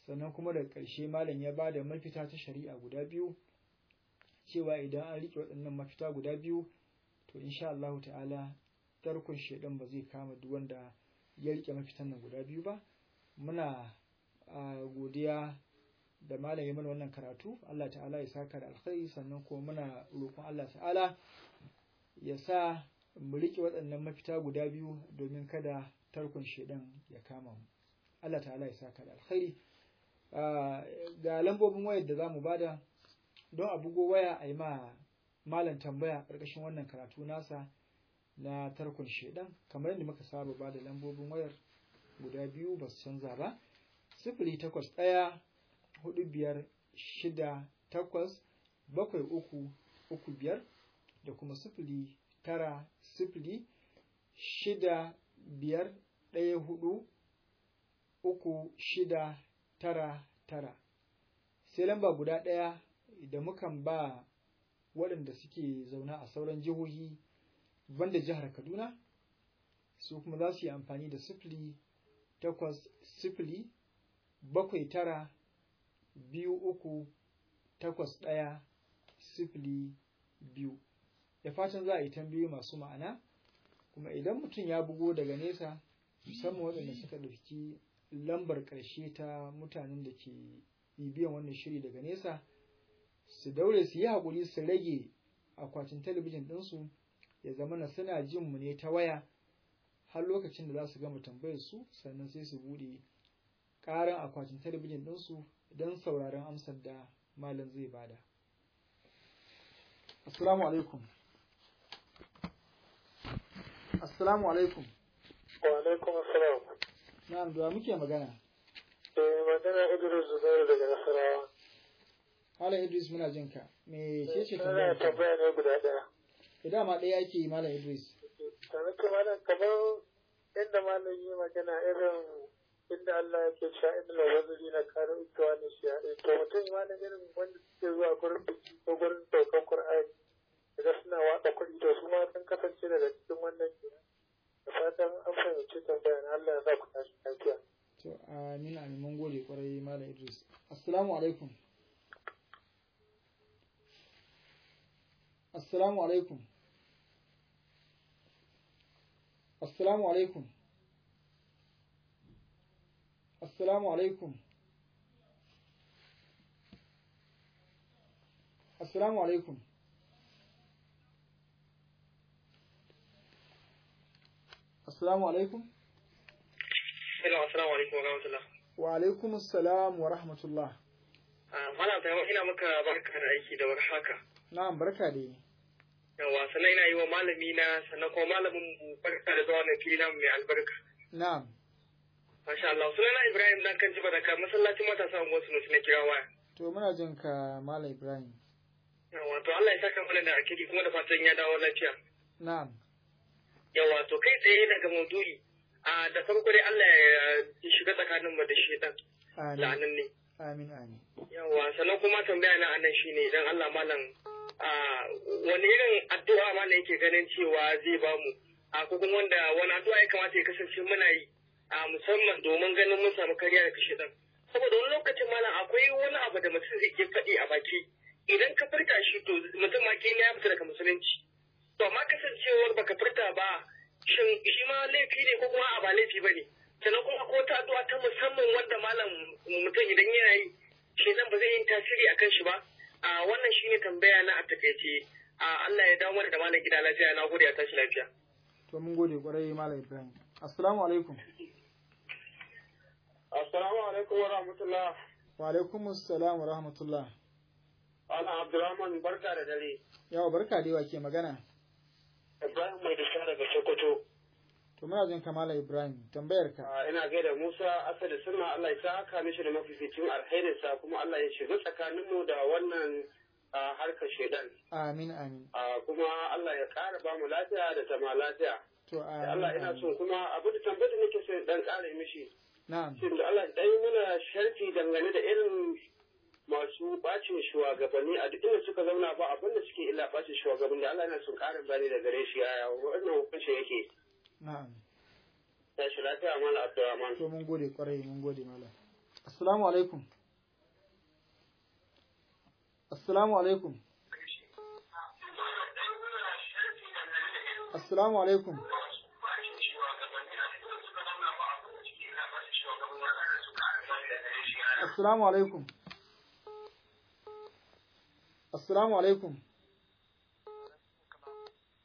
Speaker 2: sannan kuma da ƙarshe malam ya ba da mafita ta shari'a guda biyu cewa idan an riƙe waɗannan mafita guda biyu to insha Allah ta'ala tarkon shaidan ba zai kama duk wanda ya riƙe mafitan nan guda biyu ba muna godiya da malam ya mana wannan karatu Allah ta'ala ya saka da alkhairi sannan kuma muna roƙon Allah ta'ala ya sa mu riƙe waɗannan mafita guda biyu domin kada tarkon shaidan ya kama mu Allah ta'ala ya saka da alkhairi ah, ga lambobin wayar da zamu bada don a bugo waya a yi ma malam tambaya ƙarƙashin wannan karatu nasa na tarkon shaidan kamar yadda muka saba bada lambobin wayar guda biyu ba su canza ba sifili takwas ɗaya hudu biyar shida takwas bakwai uku uku biyar da kuma sifili tara sifili shida biyar ɗaya hudu uku shida tara tara sai lamba guda ɗaya da mukan ba waɗanda suke zauna a sauran jihohi banda jihar kaduna su kuma za su yi amfani da sifili takwas sifili bakwai tara biyu uku takwas ɗaya sifili biyu da fatan za a yi tambayi masu ma'ana kuma idan mutum ya bugo daga nesa musamman waɗanda suka ɗauki lambar ƙarshe ta mutanen da ke bibiyan wannan shiri daga nesa su daure su yi haƙuri su rage akwatin talabijin ɗinsu ya zamana suna jin mu ne ta waya har lokacin da za su gama tambayar su sannan sai su buɗe ƙarin akwatin talabijin ɗinsu don sauraron amsar da malam zai bada. Assalamu alaikum. assalamu alaikum
Speaker 4: wa alaikum assalam
Speaker 2: na'am da muke magana
Speaker 5: eh magana Idris Zubairu daga Nasarawa
Speaker 2: Malam Idris muna jin ka me ke ce eh, tambaya ta tambaya ne guda daya idan ma dai yake Malam Idris
Speaker 5: kamar malam kamar inda malam yi magana irin inda Allah ya ce sha inda lawazuri na karu ikawa ne shi ya eh, to mutum ma irin wanda suke zuwa gurin ko gurin saukan Qur'ani daga suna watsa kuɗi to su ma sun kasance daga cikin wannan kenan da fatan an fahimci tambayar Allah ya
Speaker 3: sa ku tashi lafiya
Speaker 2: to amin amin mun gode kwarai malam Idris assalamu alaikum assalamu alaikum assalamu alaikum assalamu alaikum assalamu alaikum assalamu alaikum
Speaker 5: assalamu alaikum wa rahmatullah
Speaker 2: wa alaikum assalam wa rahmatullah
Speaker 5: ah, malam ta ina maka barka da aiki da haka.
Speaker 2: na'am barka da yi
Speaker 5: yawa sannan ina yi wa malami na sannan kuma malamin mu barka da zuwa na fili na mai albarka na'am masha Allah sunan na Ibrahim dan kan jiba ka, masallacin matasa unguwar sunu na kira waya
Speaker 2: to muna jin ka malam Ibrahim
Speaker 5: yawa to Allah ya saka wani da akidi kuma da fatan ya dawo
Speaker 2: lafiya na'am
Speaker 5: yawa to kai tsaye daga maudu'i a da farko dai Allah ya shiga tsakanin mu da shedan la'anan ne amin amin yawa sannan kuma tambaya na anan shine idan Allah malam wani irin addu'a ma yake ganin cewa zai ba mu a ko kuma wanda wani addu'a ya kamata ya kasance muna yi a musamman domin ganin mun samu kariya daga shedan saboda wani lokacin malam akwai wani abu da mutum zai iya faɗi a baki idan ka furta shi to mutum ma ke ya fita daga musulunci ba ma kasancewar baka furta ba shin shi ma laifi ne ko kuma a ba laifi ba ne sannan kuma ko ta zuwa ta musamman wanda malam mutum idan yana yi shi zan ba zai yi tasiri a kan shi ba a wannan ne tambaya na a takaice a Allah ya dawo da malam gida lafiya na gode a tashi lafiya
Speaker 2: to mun gode kwarai malam Ibrahim assalamu alaikum
Speaker 5: assalamu alaikum wa rahmatullah
Speaker 2: wa alaikum assalam wa rahmatullah
Speaker 5: ana Abdulrahman barka da dare
Speaker 2: yawa barka da yawa ke magana
Speaker 5: Ibrahim mai dasa daga Sokoto.
Speaker 2: To muna jin kamala Ibrahim tambayar ka.
Speaker 5: Ah, ina gaida Musa Asali suna Allah ya sa aka mishi da mafificin alherinsa kuma Allah ya shiga tsakaninmu da wannan ah, harkar shaidan.
Speaker 3: Amin amin.
Speaker 5: Ah, kuma Allah ya ƙara ba mu lafiya da zama lafiya.
Speaker 2: To Allah ina so
Speaker 5: kuma abu da tambayar da nake sai dan ƙara mishi. Na'am. Shin Allah dai muna sharfi dangane da irin masu bacin shugabanni a duk inda suka zauna ba abin da suke illa bacin shugabanni Allah yana sun ƙara bani da gare shi yaya wannan hukunci yake na'am shi lafiya mala
Speaker 2: Abdurrahman to mun gode kwarai mun gode mallam assalamu alaikum assalamu alaikum
Speaker 3: assalamu alaikum assalamu
Speaker 2: alaikum Assalamu alaikum.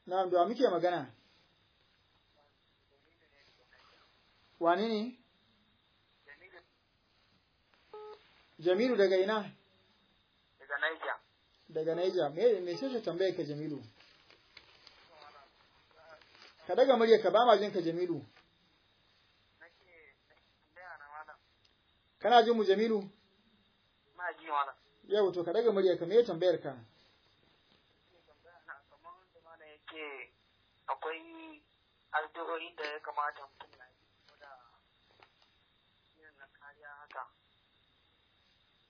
Speaker 2: Na'am da muke magana. Wani ne? Jamilu daga ina? Daga Naija. Daga Naija. Me me sai tambaye ka Jamilu? Ka daga murya ka ba ma jin ka Jamilu. Kana jin mu Jamilu? Ma ji malam. yau to ka daga murya ka me tambayar ka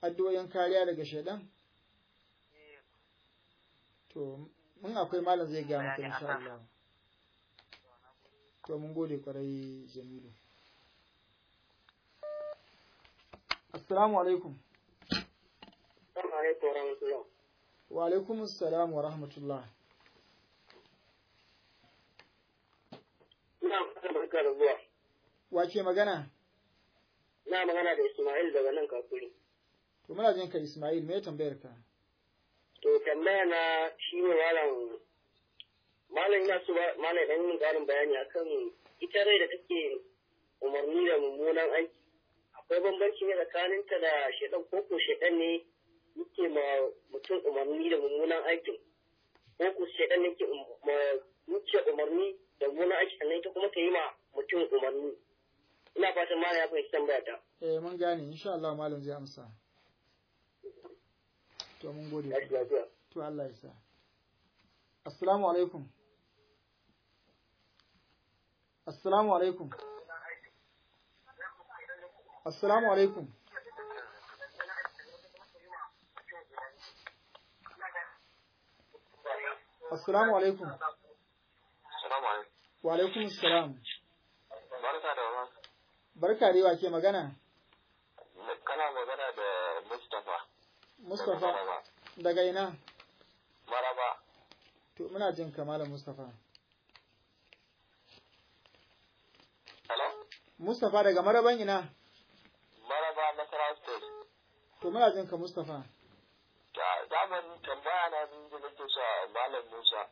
Speaker 2: addu'o'in yi kariya daga shaidan to mun akwai malam zai ga maka insha Allah to mun gode kwarai Jamilu assalamu alaikum
Speaker 5: Assalamu alaikum wa rahmatullah.
Speaker 2: Wa alaikum wa rahmatullah.
Speaker 5: Ina barka da zuwa.
Speaker 2: Wa ke magana?
Speaker 5: Ina magana da Ismail daga nan kakuri.
Speaker 2: To muna jin ka Ismail me tambayar ka?
Speaker 5: To tambaya na shi ne malam malam ina so malam dan yin karin bayani akan ita rai da take umarni da mummunan aiki akwai bambanci ne tsakaninta da shedan koko shedan ne yake ma mutum umarni da mummunan aikin ko ku sai dan nake muke um, umarni da mummunan aikin sannan ita kuma ta yi ma mutum umarni ina fatan malam ya fahimci tambaya ta
Speaker 2: eh mun gane insha Allah malam zai amsa to mun gode to Allah ya sa assalamu alaikum assalamu alaikum
Speaker 3: assalamu alaikum Assalamu alaikum.
Speaker 4: Assalamu alaikum.
Speaker 2: Wa alaikum assalam.
Speaker 4: Barka da wa.
Speaker 2: Barka da wa ke magana?
Speaker 4: Kana magana da Mustapha.
Speaker 2: Mustapha. Daga ina? Maraba. To muna jin ka malam Mustapha. Hello? Mustapha daga Maraban ina?
Speaker 4: Maraba Nasarawa State.
Speaker 2: To muna jin ka Mustapha.
Speaker 4: da daman tambaya na sun ji nake so malam Musa.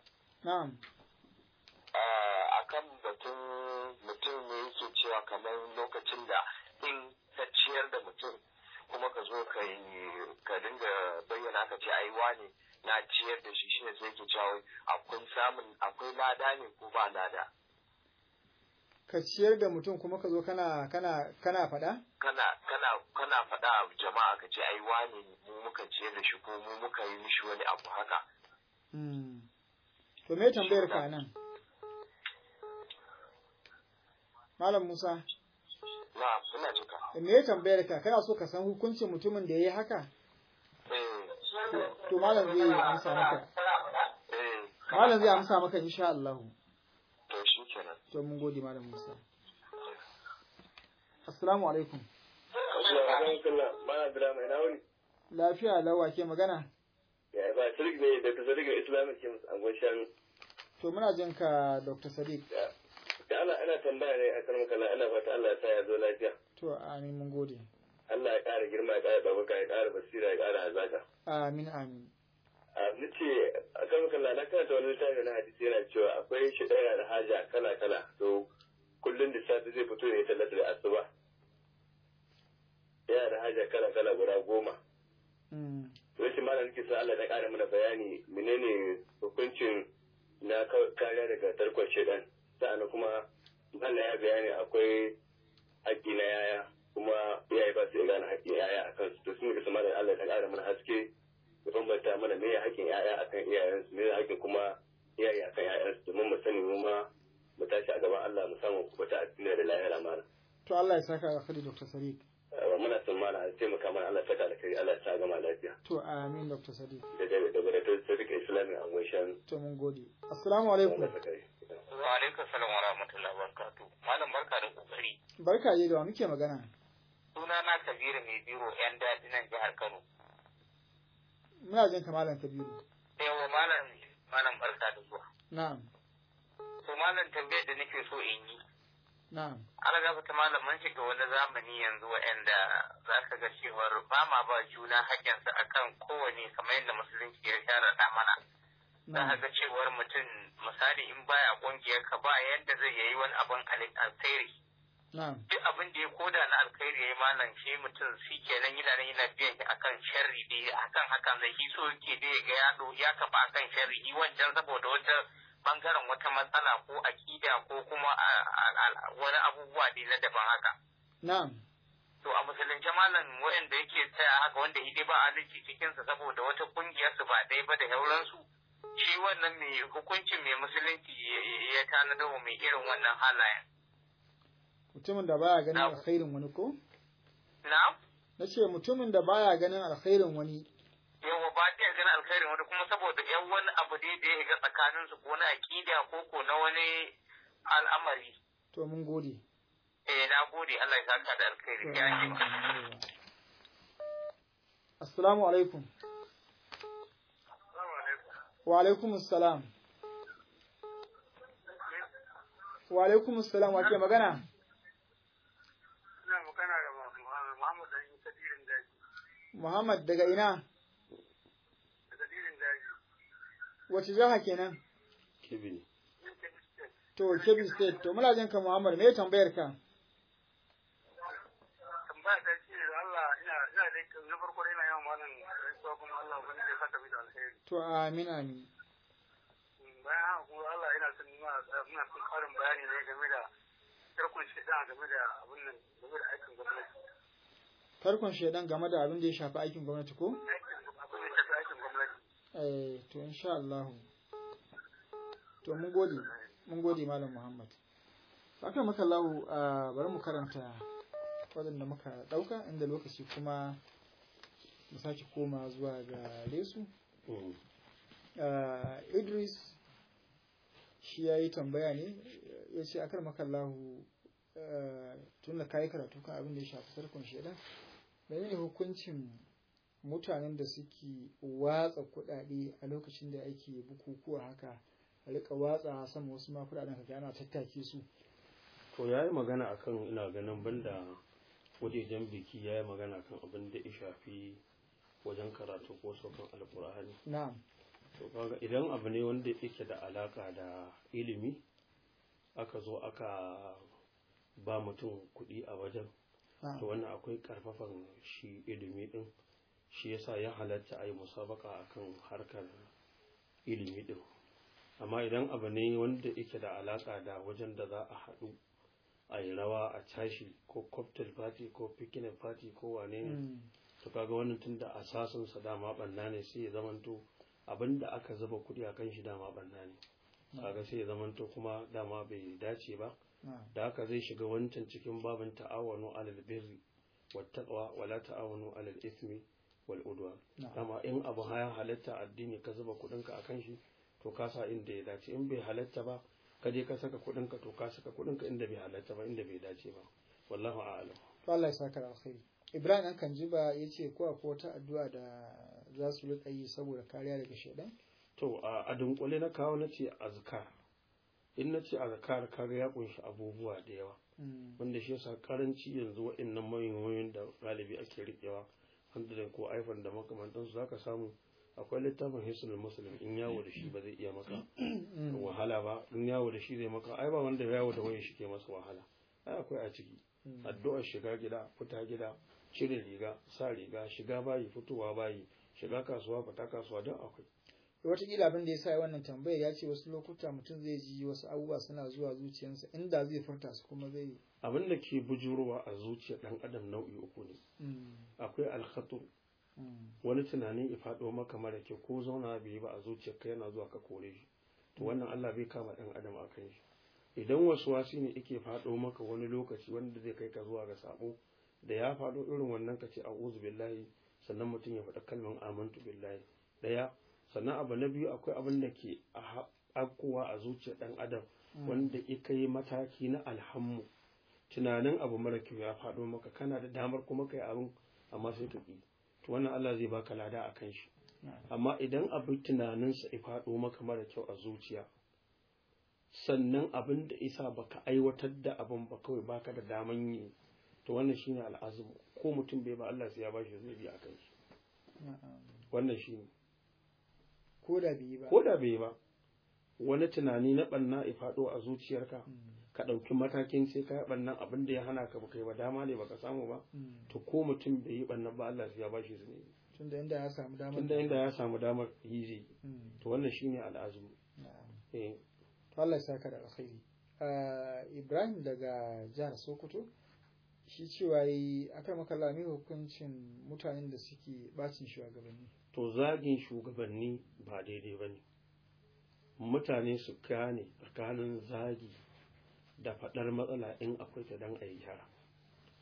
Speaker 3: Na'am. A kan batun mutum ne yake cewa kamar
Speaker 4: lokacin da in ka ciyar da mutum kuma ka zo ka ka dinga bayyana ka ce ai wani na ciyar da shi shine zai ke cewa akwai samun akwai lada ne ko ba lada.
Speaker 2: ka ciyar da mutum kuma ka zo kana kana kana faɗa?
Speaker 4: Kana kana kana faɗa jama'a ka ce ai wani mu muka ciyar da shi ko mu muka yi mishi wani abu haka.
Speaker 2: Hmm. To me tambayar ka nan? Malam Musa.
Speaker 4: Na, ina jika.
Speaker 2: Me tambayar ka? Kana so ka san hukuncin mutumin da ya yi haka?
Speaker 4: Eh. To malam zai amsa maka. Eh. Malam zai
Speaker 2: amsa maka insha Allah.
Speaker 4: to shi kenan
Speaker 2: to mun gode malam Musa assalamu alaikum
Speaker 6: Lafiya drama ina
Speaker 2: lafiya lawa ke magana
Speaker 6: ya ba sadiq ne dr sadiq ga islamic ke musu angon shanu
Speaker 2: to muna jin ka dr sadiq
Speaker 6: da Allah ana tambaya ne a kan makala ana fata Allah ya sa ya zo lafiya
Speaker 2: to amin mun gode
Speaker 6: Allah ya ƙara girma ya ƙara ɗaukaka ya ƙara basira ya ƙara hazaka amin amin Ah, na ce a kan kalla na kana ta wani littafi na hadisi yana cewa akwai shi ɗaya da haja kala kala to kullum da safe zai fito ne ta da asuba yana da haja kala kala guda goma hmm. to shi malam nake sa Allah ta ƙara mana bayani menene hukuncin na kariya daga tarkon shedan sa'an kuma Allah ya bayani akwai haƙƙi na yaya kuma iyaye ba su iya gane haƙƙi yaya a kansu to sun ga su malam Allah ta ƙara mana haske bambanta mana me ya hakin yaya a akan iyayensu me ya hakin kuma iyaye 'ya'yan yayansu domin mu sani mu ma mu tashi a gaban Allah mu samu kubata bata duniya da lahira mana
Speaker 3: to
Speaker 2: Allah ya saka alkhairi Dr. Sadiq
Speaker 6: muna son mana a taimaka mana Allah saka alkhairi Allah ya gama lafiya
Speaker 2: to amin Dr. Sadiq
Speaker 6: da da da da Sadiq Islamic Foundation
Speaker 2: to mun gode assalamu alaikum wa
Speaker 4: alaikum salam wa rahmatullahi wa barakatuh malam barka da kokari
Speaker 2: barka je da muke magana
Speaker 4: Suna na Kabiru mai biro yan dadi nan jihar Kano
Speaker 2: muna jin kamalan kabiru
Speaker 4: yawa malam malam barka da zuwa na'am to malam tambayar da nake so in yi na'am ana ga ta malam mun shiga wani zamani yanzu wa'anda za ka ga cewa ba ma ba juna haƙƙinsa akan kowane kamar yadda musulunci ya da mana za ka ga cewar mutum misali in baya ƙungiyar ka ba yadda zai yi wani abin alkhairi duk abin da ya koda na alkhairi ya yi malam shi mutum shi kenan yana nan yana biyan shi akan sharri dai akan hakan da shi so yake dai ga ya ya kafa akan sharri yi wancan saboda wata bangaren wata matsala ko akida ko kuma wani abubuwa dai na daban haka to a musulunci malam wa'anda yake tsaya haka wanda dai ba cikin cikinsa saboda wata kungiyar su ba ɗaya ba da yauransu shi wannan mai hukuncin mai musulunci ya tanadar mai irin wannan halayen
Speaker 2: mutumin da baya ganin alkhairin wani ko Na ce mutumin da baya ganin alkhairin wani
Speaker 4: yawa ba ta ganin alkhairin wani kuma saboda yan wani abu dai da ya ga tsakanin su ko na akida ko ko na wani al'amari to mun gode eh na gode Allah ya saka da alkhairi ya ke
Speaker 2: assalamu alaikum wa alaikum assalam wa alaikum assalam wa ke magana Muhammad daga ina? Wace jiha kenan? Kebbi. To, Kebbi State. To, muna jinka Muhammad, me tambayar ka?
Speaker 4: Tambaya ta ce Allah ina ina da na farko ina yawan malam rantsuwa kuma Allah wani zai saka mita alheri.
Speaker 2: To, amin amin.
Speaker 4: Mm, bayan haka kuma Allah ina son muna son karin bayani ne da tarkon shaidan game da abin nan
Speaker 3: game da aikin gwamnati.
Speaker 2: karkon shaidan game da abin da ya shafi aikin gwamnati ko? Eh, to insha Allah. To mun gode, mun gode Malam Muhammad. Aka maka a bari mu karanta waɗanda muka ɗauka inda lokaci kuma mu sake koma zuwa ga Lesu. Idris shi ya yi tambaya ne ya ce akar makallahu tun da kayi karatu kan abin da ya shafi sarkon shaidan menene hukuncin mutanen da suke watsa kuɗaɗe a lokacin da ake bukukuwa haka a rika watsa sama wasu ma kuɗaɗen kaga ana tattake su
Speaker 1: to yayi magana akan ina ganin banda wajejen biki yayi magana kan abin da ya shafi wajen karatu ko saukan alkur'ani na'am to kaga idan abu ne wanda yake da alaka da ilimi aka zo aka ba mutum kuɗi a wajen Ah. to wannan akwai karfafan shi ilimi din shi yasa ya halatta a yi musabaka akan harkar ilimi din
Speaker 3: amma idan abu ne
Speaker 1: wanda yake da alaƙa da wajen da za a haɗu a yi rawa a tashi ko cocktail party ko picnic party ko wane ne hmm. to kaga wannan tun da asasin sa dama banna ne sai ya zamanto abinda aka zuba kuɗi akan shi dama banna ne hmm. kaga sai ya zamanto kuma dama bai dace ba da haka zai shiga wancan cikin babin ta'awanu alal birri wattaqwa wala ta'awanu alal ismi wal udwan kama in abu haya halatta addini ka zuba kudinka akan shi to ka sa inda ya dace in bai halatta ba ka je ka saka kudinka to ka saka kudinka inda bai halatta ba inda bai dace ba wallahu a'lam
Speaker 2: to Allah ya saka alkhairi Ibrahim an kan jiba yace ko akwai wata addu'a da za su rika yi saboda kariya daga shaidan
Speaker 1: to a dunkule na kawo na ce azkar in na ce azkar kaga ya kunshi abubuwa da yawa mm. wanda shi yasa karanci yanzu waɗannan manyan da galibi ake riƙewa wanda da ko aifan da makamantansu zaka samu akwai littafin hisnul muslim in yawo da shi ba zai iya maka
Speaker 3: mm.
Speaker 1: wahala ba in yawo da shi zai maka ai ba wanda yawo da wani shi ke masa wahala ai akwai a ciki mm. addu'ar shiga gida fita gida cire riga sa riga shiga bayi fitowa bayi shiga kasuwa fita kasuwa don akwai
Speaker 2: to wataƙila abin da ya sa wannan tambayar ya ce wasu lokuta mutum zai ji wasu abubuwa suna zuwa zuciyarsa inda zai furta su kuma zai yi
Speaker 1: abin da ke bujurowa a zuciyar dan adam nau'i uku ne mm. akwai alkhatur mm. wani tunanin ya faɗo maka mara ke ko zauna bai ba a ka yana zuwa ka kore shi to mm. wannan Allah bai kama ɗan adam a kan shi idan wasu wasi ne yake faɗo maka wani lokaci wanda zai kai ka zuwa ga sabo da ya faɗo irin wannan ka ce a'udhu billahi sannan mutum ya faɗa kalmar amintu billahi ɗaya. sannan abu na biyu akwai abin da ke akuwa a zuciyar ɗan adam hmm. wanda ika yi mataki na alhammu tunanin abu mara kyau ya faɗo maka kana da damar kuma kai abin amma sai ka ƙi to wannan Allah zai baka lada a kan shi hmm. amma idan abin tunaninsa ya faɗo maka mara kyau a zuciya sannan abin da isa baka aiwatar da abin ba kawai baka da daman yi to wannan shine al'azumu ko mutum bai ba Allah sai ya bashi zai bi a kan shi wannan shine
Speaker 2: ko da bai ba ko da
Speaker 1: bai ba wani tunani na ɓanna ya faɗo a zuciyarka hmm. ka ɗauki matakin sai ka bannan abin da ya hana ka baka yi ba dama ne baka samu ba hmm. to ko mutum bai yi bannan ba Allah ya bashi zunubi
Speaker 2: tunda inda ya samu damar tunda inda ya samu
Speaker 1: damar yi ta hmm. to wannan shine ne eh
Speaker 2: to Allah ya saka da alkhairi ah, Ibrahim daga jihar Sokoto shi cewa yi aka makalla hukuncin mutanen da suke bacin shugabanni
Speaker 1: to zagin shugabanni ba daidai ba ne mutane su gane tsakanin zagi da faɗar matsala in akwai ta don a yi gyara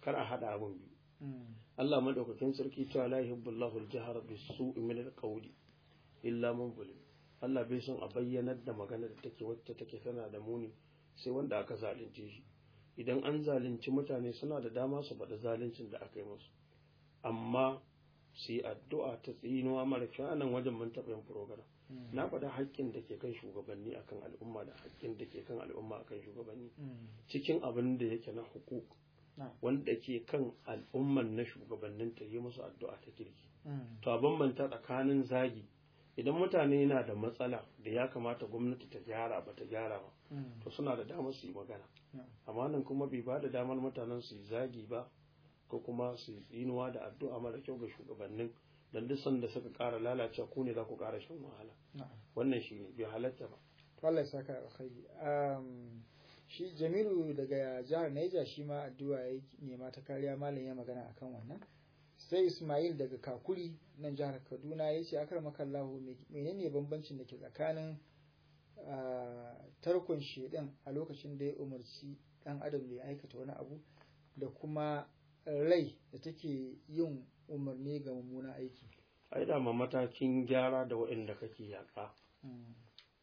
Speaker 1: kar a haɗa abin biyu hmm. Allah madaukakin sarki ta la yuhibbullahu al-jahra min illa man Allah bai son a bayyanar da magana da take wacce take tana da muni sai wanda aka zalunce shi idan an zalunci mutane suna da dama su faɗi zaluncin da aka yi musu amma sai addu'a ta tsinuwa mara kyanan wajen mun taɓa yin program hmm. na faɗa haƙƙin da ke kan shugabanni akan al'umma da haƙƙin da ke kan al'umma akan shugabanni hmm. cikin abin da yake na hukuk wanda ke kan al'umman na shugabannin ta yi musu addu'a ta kirki hmm. to a bambanta tsakanin zagi idan mutane na da matsala da ya kamata gwamnati ta gyara ba ta gyara ba hmm. to suna da damar su yi magana amma nan kuma bai ba da damar mutanen su yi zagi ba ko kuma su yi tsinuwa da addu'a mara kyau ga shugabannin dan duk sanda suka ƙara lalacewa ku ne za ku ƙara shan wahala wannan shi ne bai halatta ba
Speaker 2: Allah ya saka alkhairi um, shi Jamilu daga jihar Niger shi ma addu'a ya nema ta kariya malam ya magana akan wannan sai Ismail daga Kakuri nan jihar Kaduna ya ce akar makallahu menene bambancin da ke tsakanin tarkon shedan a lokacin da ya umarci dan adam da ya aikata wani abu da kuma rai da take yin umarni ga mumuna aiki
Speaker 1: ai dama matakin gyara da waɗanda kake yaƙa hmm.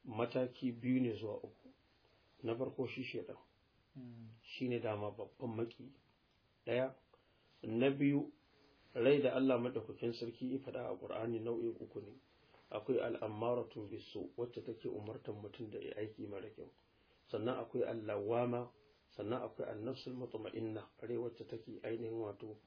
Speaker 1: mataki biyu ne zuwa uku na farko shi shedan hmm. shine dama babban maki ɗaya na biyu rai da Allah madaukakin sarki ya faɗa a ƙur'ani nau'in uku ne akwai al'amaratun bisu wacce take umartar mutum da ya aiki mara kyau sannan akwai allawama sannan akwai annafsul mutuma'inna rai wacce take ainihin wato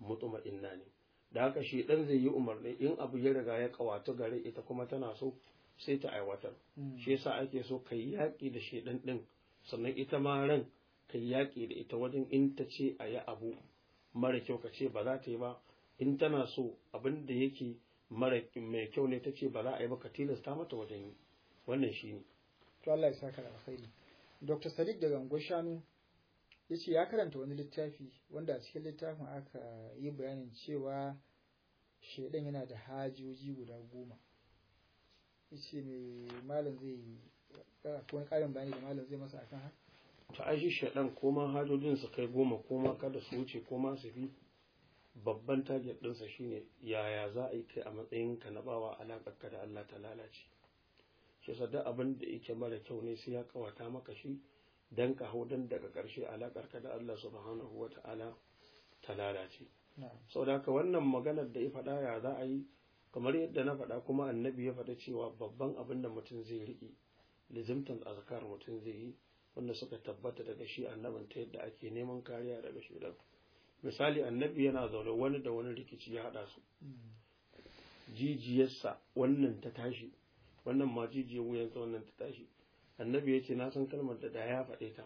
Speaker 1: mutuma'inna ne da haka shi dan zai yi umarni in abu ya riga ya kawata gare ita kuma tana so sai ta aiwatar hmm. shi yasa ake so kai yaki da shi dan din sannan ita ma ran kai yaki da ita wajen in ta ce a yi abu mara kyau ka ce ba za ta yi ba in tana so abin da yake mara mai kyau ne ta ce ba za a yi maka tilasta mata wajen yi wannan shi ne
Speaker 2: to Allah ya saka da alkhairi Dr. Sadiq da Gangon Shanu ya ce ya karanta wani littafi wanda a cikin littafin aka yi bayanin cewa shaidan yana da hajoji guda goma ya ce mai malam zai wani karin
Speaker 1: bayani da malam zai masa akan haka ta aishi shaidan koma hajojin su kai goma koma kada su wuce koma su fi? babban target ɗinsa shine yaya za a yi kai a matsayinka na bawa alaƙarka da Allah ta lalace shi abin da yake mara kyau ne sai ya kawata maka shi dan ka hau dan daga ƙarshe alaƙarka da Allah subhanahu wa ta'ala ta lalace da ka wannan maganar da ya faɗa ya za a yi kamar yadda na faɗa kuma annabi ya faɗa cewa babban abin da mutum zai riƙe lizimtan azkar mutum zai yi wanda suka tabbata daga shi annabin ta yadda ake neman kariya daga shi misali annabi yana zaune wani da wani rikici ya haɗa su jijiyarsa wannan ta tashi wannan ma jijiyar wuyansa wannan ta tashi annabi ya ce na san kalmar da da ya faɗe ta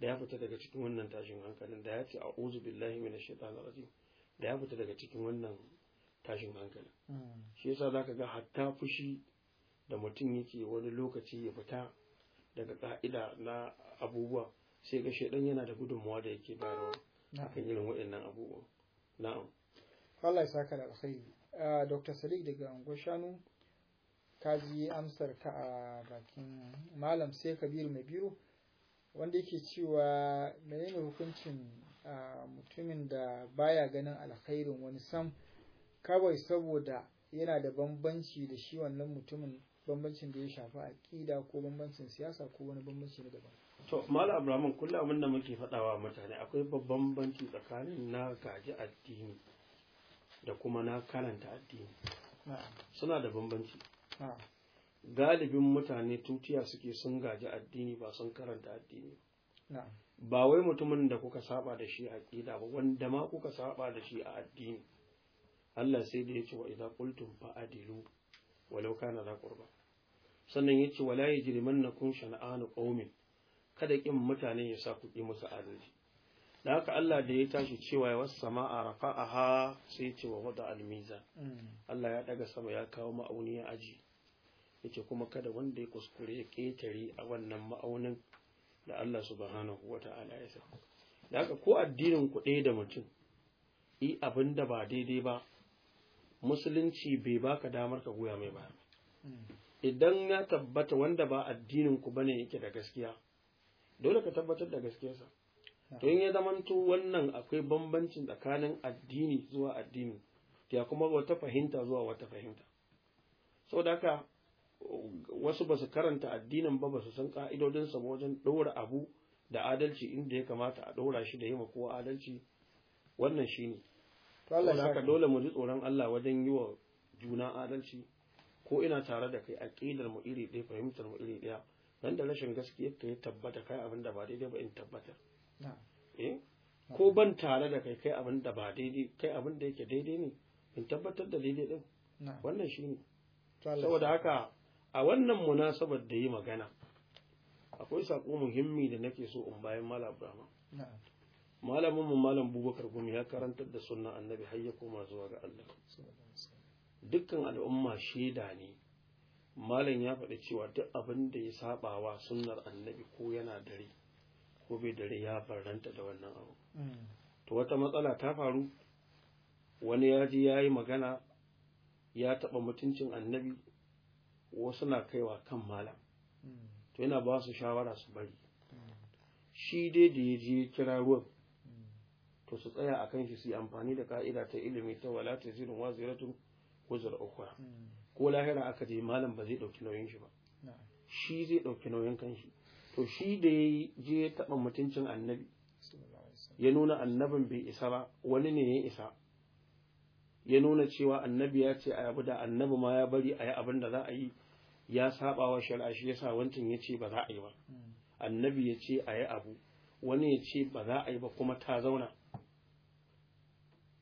Speaker 1: da ya fita daga cikin wannan tashin hankalin da ya ce a'udhu billahi minash shaitanir rajim da ya fita daga cikin wannan tashin hankalin shi yasa zaka ga hatta fushi da mutum yake wani lokaci ya fita daga ka'ida na abubuwa sai ga shaidan yana da gudunmawa da yake bayarwa akan irin waɗannan abubuwa na'am
Speaker 2: Allah ya saka da alkhairi Dr. Sadiq daga Ango Shanu ka ji amsar ka a bakin Malam sai Kabir mai biyu wanda yake cewa menene hukuncin mutumin da baya ganin alkhairin wani sam kawai saboda yana da bambanci da shi wannan mutumin bambancin da ya shafi aƙida ko bambancin siyasa ko wani bambanci na daban.
Speaker 1: To, Malam Abraman, kullum abin da muke faɗawa mutane akwai babban banci tsakanin na gaji addini da kuma na karanta addini. Suna da bambanci. Galibin mutane tutiya suke sun gaji addini ba sun karanta addini. Ba wai mutumin da kuka saba da shi a aƙida ba, wanda ma kuka saba da shi a addini. Allah sai da ya ce wa idan qultum fa'adilu walau kana za qurba sannan yace wala kun shana'anu ƙaumin kada ƙin mutane ya sa kuɗi musu adalci
Speaker 3: da haka Allah da ya tashi
Speaker 1: cewa ya wasu sama a rafa a ha sai ya ce wa wada almiza Allah ya ɗaga sama ya kawo ma'auni ya aji yace kuma kada wanda ya kuskure ya ketare a wannan ma'aunin da Allah subhanahu wata'ala ya sa da haka ko addinin ku da mutum yi abin ba daidai ba musulunci bai baka damar ka goya mai baya hmm. idan ya tabbata wanda ba addinin ku bane yake da gaskiya dole ka tabbatar da gaskiyarsa hmm. to in ya zamanto wannan akwai bambancin tsakanin addini zuwa addini ya kuma wata fahimta zuwa wata fahimta saboda haka wasu ba su karanta addinin ba ba su san ka'idodinsa ba wajen ɗora abu da adalci inda ya kamata a ɗora shi da yi kowa adalci wannan shine Allah ya ka dole mu ji tsoron Allah wajen yi wa juna adalci ko ina tare da kai aqidar mu iri ɗaya fahimtar mu iri ɗaya nan da rashin gaskiya ta tabbata kai abin da ba daidai ba in na'am eh ko ban tare da kai kai abin da ba daidai kai abin da yake daidai ne in tabbatar da daidai din wannan shine saboda haka a wannan munasabar da yi magana akwai sako muhimmi da nake so in bayan mala Ibrahim Malaminmu mu malam bubakar gumi ya karantar da sunan annabi har ya koma zuwa ga Allah dukkan al'umma shaida ne malam ya faɗi cewa duk abin da ya saba wa sunnar annabi ko yana dare ko bai dare ya barranta da wannan abu mm. to wata matsala ta faru wani ya ji ya yi magana ya taɓa mutuncin annabi wasu na kaiwa kan malam mm. to yana ba su shawara su bari mm. shi dai da ya je kira ruwan to su tsaya a kan shi su yi amfani da ka'ida ta ilimi ta wala ta zirin wa ziratun wuzar ukwa hmm. ko lahira aka je malam ba zai ɗauki nauyin shi ba shi zai ɗauki nauyin kanshi to shi da ya je ya taɓa mutuncin annabi ya nuna annabin bai isa ba wani ne ya isa ya nuna cewa annabi ya ce a yabu da annabi ma ya bari a yi abin da za a yi ya saba wa shari'a shi yasa wancan ya ce ba za a yi ba hmm. annabi ya ce a yi abu wani ya ce ba za a yi ba kuma ta zauna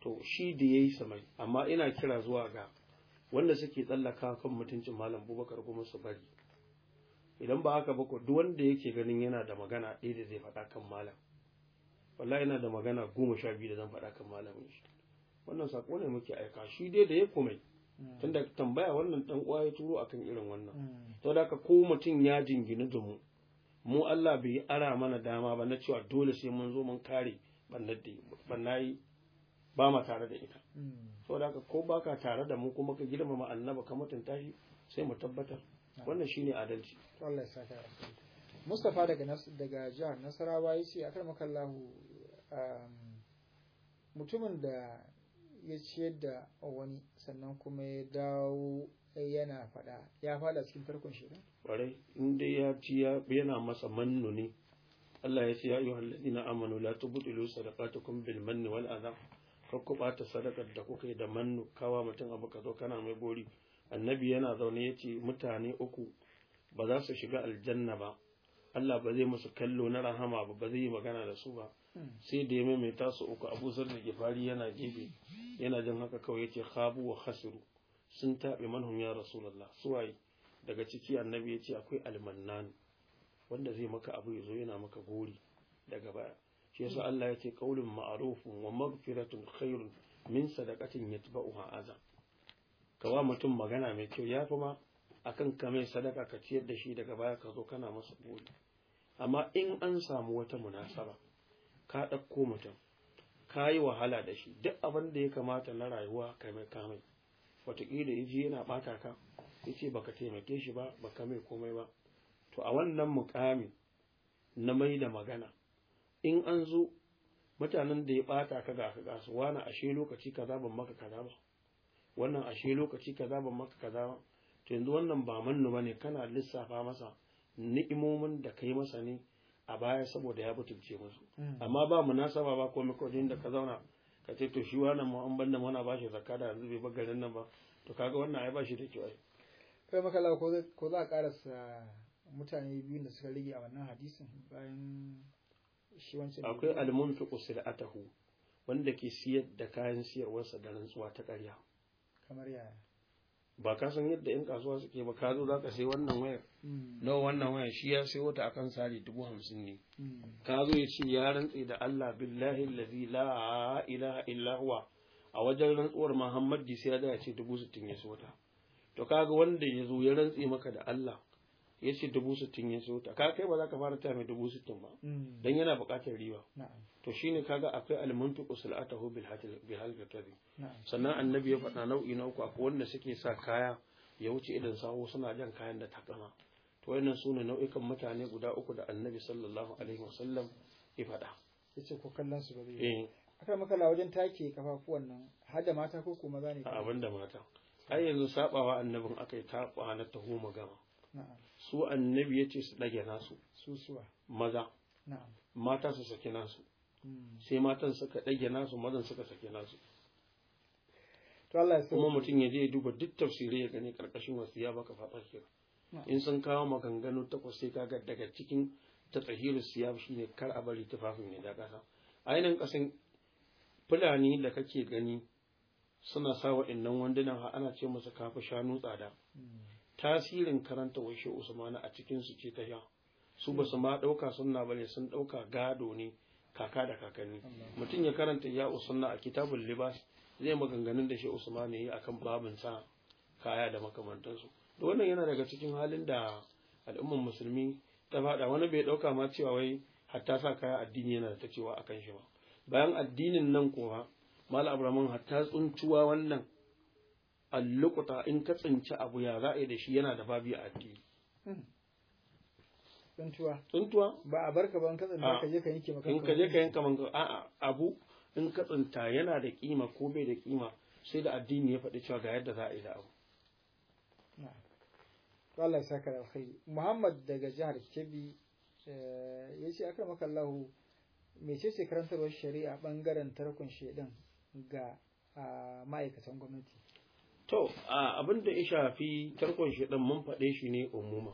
Speaker 1: to shi da ya yi samai amma ina kira zuwa ga wanda suke tsallaka kan mutuncin malam Bubakar kuma su bari idan ba haka ba ko duk wanda yake ganin yana da magana ɗaya da zai faɗa kan malam wallahi yana da magana goma sha biyu da zan faɗa kan malamin shi wannan sako ne muke aika shi dai da ya komai hmm. tunda tambaya wannan dan uwa ya turo akan irin wannan hmm. to da ko mutum ya jingini da mu mu Allah bai ara mana dama ba na cewa dole sai mun zo mun kare ban da bannayi ba ma tare da ita hmm. da haka ko baka tare da mu kuma ka girmama annaba ka mutunta shi sai mu tabbatar wannan shine adalci
Speaker 2: Allah ya saka Mustafa daga daga jihar Nasarawa yace akan makallahu um, mutumin da ya ciyar da wani sannan kuma ya dawo yana fada ya fada cikin tarkon shi
Speaker 1: kwarai in dai ya ci yana masa mannu ne Allah ya ce ya ayyuhal ladina amanu la tubtilu sadaqatukum bil manni wal adha kar ku ɓata sadakar da kuka yi da mannu kawa mutum abu ka zo kana mai gori annabi yana zaune ya ce mutane uku ba za su shiga aljanna ba Allah ba zai musu kallo na rahama ba ba zai yi magana da su ba hmm. sai da ya maimaita su uku abu zar da gifari yana gefe yana jin haka kawai yace khabu wa khasiru sun taɓe manhum ya rasulullah suwaye daga ciki annabi ya ce akwai almannan wanda zai maka abu ya zo yana maka gori daga baya shi yasa Allah ya ce qaulun ma'arufin wa magfiratun khairun min sadaqatin yatba'uha aza kawa mutum magana mai kyau yafi ma akan ka mai sadaka ka ciyar da shi daga baya ka zo kana masa buri amma in an samu wata munasaba ka ɗauko mutum ka yi wahala da shi duk abin da ya kamata na rayuwa ka mai kamai wataƙila ya ji yana ɓata ka ya ce baka taimake shi ba baka mai komai ba to a wannan mukami na mai da magana in an zo mutanen da ya bata ka ga ka gasu wani ashe lokaci kaza ban maka kaza ba wannan ashe lokaci kaza ban maka kaza ba to yanzu wannan ba mannu bane kana lissafa masa ni'imomin da kai masa ne a baya saboda ya butulce musu hmm. amma ba munasaba ba ko mikodin da ka zauna ka ce to shi wannan mu an banda mana bashi zakka da yanzu bai bagarin nan ba to kaga wannan ai bashi da kyau ai
Speaker 2: kai makala ko za ka karasa mutane biyu da suka rige a wannan hadisin bayan shi wancan akwai
Speaker 1: almunfiqu sil'atahu wanda ke siyar da kayan siyarwarsa da rantsuwa ta ƙarya kamar ya ba ka san yadda yan kasuwa suke ba ka zo za ka sai wannan wayar hmm. no wannan wayar shi ya sai wata akan sari dubu hamsin ne hmm. ka zo ya ce ya rantse da Allah billahi allazi la ilaha illa huwa a wajen rantsuwar Muhammad sai ya ce dubu sittin ya sayo ta to kaga wanda ya zo ya rantse maka da Allah ya ce dubu sittin ya siyo ta kai ba za ka fara ta mai dubu sittin ba mm. dan yana buƙatar riba to shine kaga akwai almuntu usulatahu bil hatil bil halqatabi
Speaker 3: sannan annabi ya faɗa
Speaker 1: nau'i na uku akwai wanda suke sa kaya ya wuce idan sawo suna jan kayan da takama to su sune nau'ikan mutane guda uku da annabi sallallahu alaihi wasallam ya faɗa
Speaker 2: yace ko kallon su ba zai eh. aka makala wajen take kafafuwan nan har da mata ko kuma maza ne abinda
Speaker 1: da mata ai yanzu sabawa annabin akai ta kwana ta goma gama su annabi ya ce su ɗage nasu maza mata su saki nasu hmm. sai matan suka ɗage nasu mazan suka saki nasu kuma mutum ya je duba duk tafsirai ya gani karkashin wasu ya baka fata kira in sun kawo maganganu takwas sai kaga daga cikin ta tsahiru shi shine kar a bari tufafin ya da kasa ainihin kasan fulani da kake gani suna sa wa'annan wandunan ana ce masa kafi shanu tsada hmm. tasirin karanta washe usmana a cikin su ce ta ya su ba su ma ɗauka sunna bane sun ɗauka gado ne kaka da kakanni mutum ya karanta ya usunna a kitabul libas zai maganganun da shi usman yi akan babin sa kaya da makamantansu da wannan yana daga cikin halin da al'ummar musulmi ta faɗa wani bai ɗauka ma cewa wai hatta sa kaya addini yana da ta cewa akan shi ba bayan addinin nan kuwa malam abraman hatta tsuntuwa wannan allukuta in ka tsinci abu ya za'a da shi yana da babi a addini
Speaker 2: hmm. Tuntuwa. Tuntuwa. ba a barka ba in ka tsinta ka je ka yanke maka in ka je
Speaker 1: ka yanka maka a'a abu in ka tsinta yana da kima ko bai da kima sai da addini ya faɗi cewa ga yadda za a yi da abu
Speaker 2: Allah ya saka da alkhairi Muhammad daga jihar Kebbi eh, ya ce akar maka Allahu mece karantarwar shari'a bangaren tarkon shedan ga ah, ma'aikatan gwamnati
Speaker 1: to abin da ya shafi tarkon shi ɗin mun faɗe shi ne umuma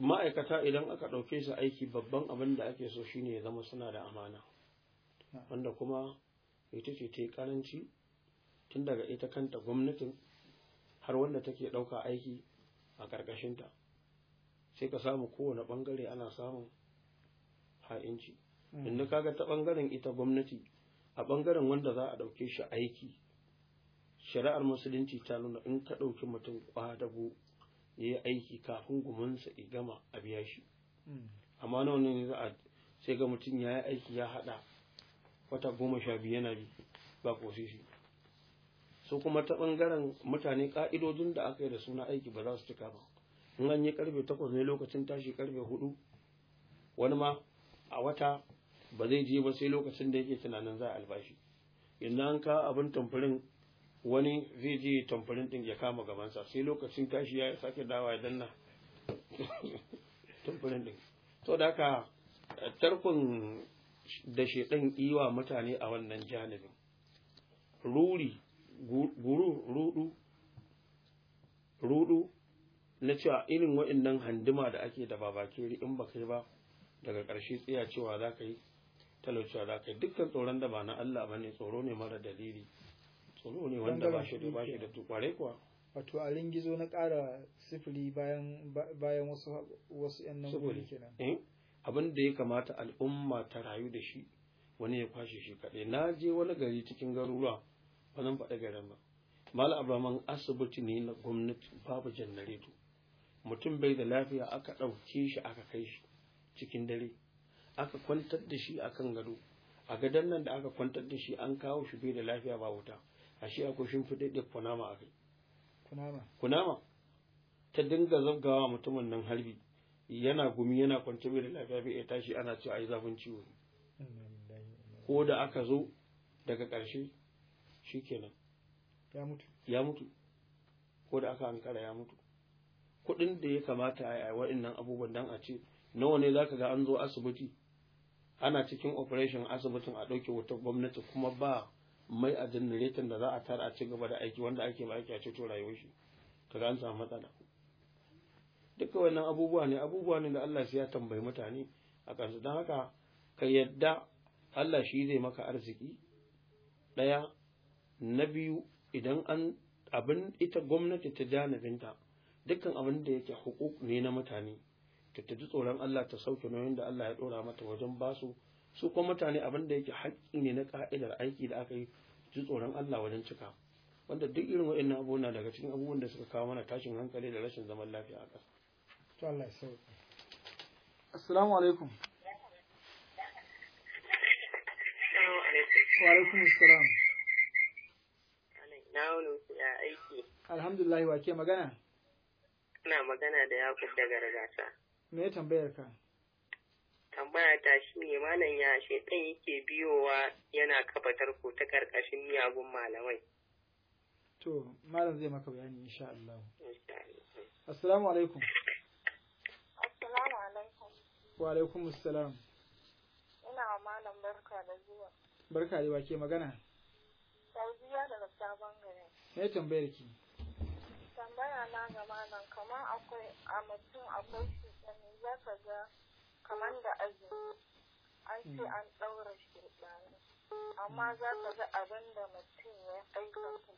Speaker 1: ma'aikata idan aka ɗauke su aiki babban abin da ake so shine ya zama suna da amana wanda kuma ita ce ta karanci tun daga ita kanta gwamnatin har wanda take ɗauka aiki a ƙarƙashinta sai ka samu kowane ɓangare ana samun ha'inci hmm. inda kaga ta ɓangaren ita gwamnati a ɓangaren wanda za a ɗauke shi aiki shari'ar musulunci ta nuna in ka ɗauki mutum kwadago ya yi aiki kafin gumansa ya gama a biya shi hmm. amma nawa ne za a sai ga mutum ya yi aiki ya haɗa wata goma sha biyu yana bi ba ko shi su kuma ta ɓangaren mutane ƙa'idojin da aka yi da suna aiki ba za su cika ba in an yi karfe takwas ne lokacin tashi karfe hudu wani ma a wata ba zai je ba sai lokacin da yake tunanin za a albashi yanzu an kawo abin tamfirin wani zai je tamfarin din ya kama gabansa sai lokacin kashi ya sake dawa ya danna tamfarin din to da haka tarkon da shi shedan iwa mutane a wannan janibin ruri guru rudu rudu na cewa irin waɗannan handima da ake da babake in ba kai ba daga ƙarshe tsaya cewa za ka yi talaucewa za ka yi dukkan tsoron da ba na Allah ba ne tsoro ne mara dalili matsuru ne wanda ba shi da ba shi da tukware kuwa
Speaker 2: wato a ringizo na ƙara sifili bayan bayan wasu wasu yan nan kenan
Speaker 1: eh abin da ya kamata al'umma ta rayu da shi wani ya kwashe shi kaɗai na je wani gari cikin garuruwa ba zan faɗa garin ba malam abraman asibiti ne na gwamnati babu janareto mutum bai da lafiya aka ɗauke shi aka kai shi cikin dare aka kwantar da shi akan gado a gadon nan da aka kwantar da shi an kawo shi bai da lafiya ba wuta ashe akwai shimfiɗaɗɗe kunama a kai kunama kunama ta dinga zabgawa mutumin nan harbi yana gumi yana kwance mai da lafiya bai ya tashi ana cewa ai zafin ciwo ko da aka zo daga ƙarshe shikenan ya mutu ya mutu ko da aka hankara ya mutu kuɗin da ya kamata a yi waɗannan abubuwan dan a ce nawa ne zaka ga an zo asibiti ana cikin operation asibitin a ɗauke wata gwamnati kuma ba mai a janareton da za a tara a ci gaba da aiki wanda ake ba aiki a ceto rayuwar shi ga an samu matsala duka wannan abubuwa ne abubuwa ne da Allah sai ya tambayi mutane a kansu don haka ka yadda Allah shi zai maka arziki ɗaya na biyu idan an abin ita gwamnati ta janibinta dukkan abin da yake hukuk ne na mutane ta tafi tsoron Allah ta sauke nauyin da Allah ya ɗora mata wajen basu su kuma mutane abin da yake haƙƙi ne na ka'idar aiki da aka yi ji tsoron Allah wajen cika wanda duk irin waɗannan abubuwan na daga cikin abubuwan da suka kawo mana tashin hankali da rashin zaman lafiya a ƙasa
Speaker 2: to Allah ya sauke
Speaker 1: assalamu alaikum
Speaker 5: wa alaikum assalam na wani aiki
Speaker 2: alhamdulillah wa ke magana
Speaker 5: ina magana da yakub daga rigata
Speaker 2: me tambayar ka
Speaker 5: tambaya ta shi ne malam ya shaitan yake biyowa yana kafa tarko ta karkashin miyagun malamai
Speaker 2: to malam zai maka bayani insha Allah assalamu alaikum
Speaker 4: assalamu alaikum
Speaker 2: wa alaikum assalam
Speaker 4: ina wa malam barka da zuwa
Speaker 2: barka da wake magana
Speaker 4: Sauziya daga sabon gari me tambayar ki tambaya na ga malam kamar akwai a mutum akwai shi za ka ga kamar da azumi an ce hmm. an ɗaura shirɗani amma za ka ga abin da mutum ya aikata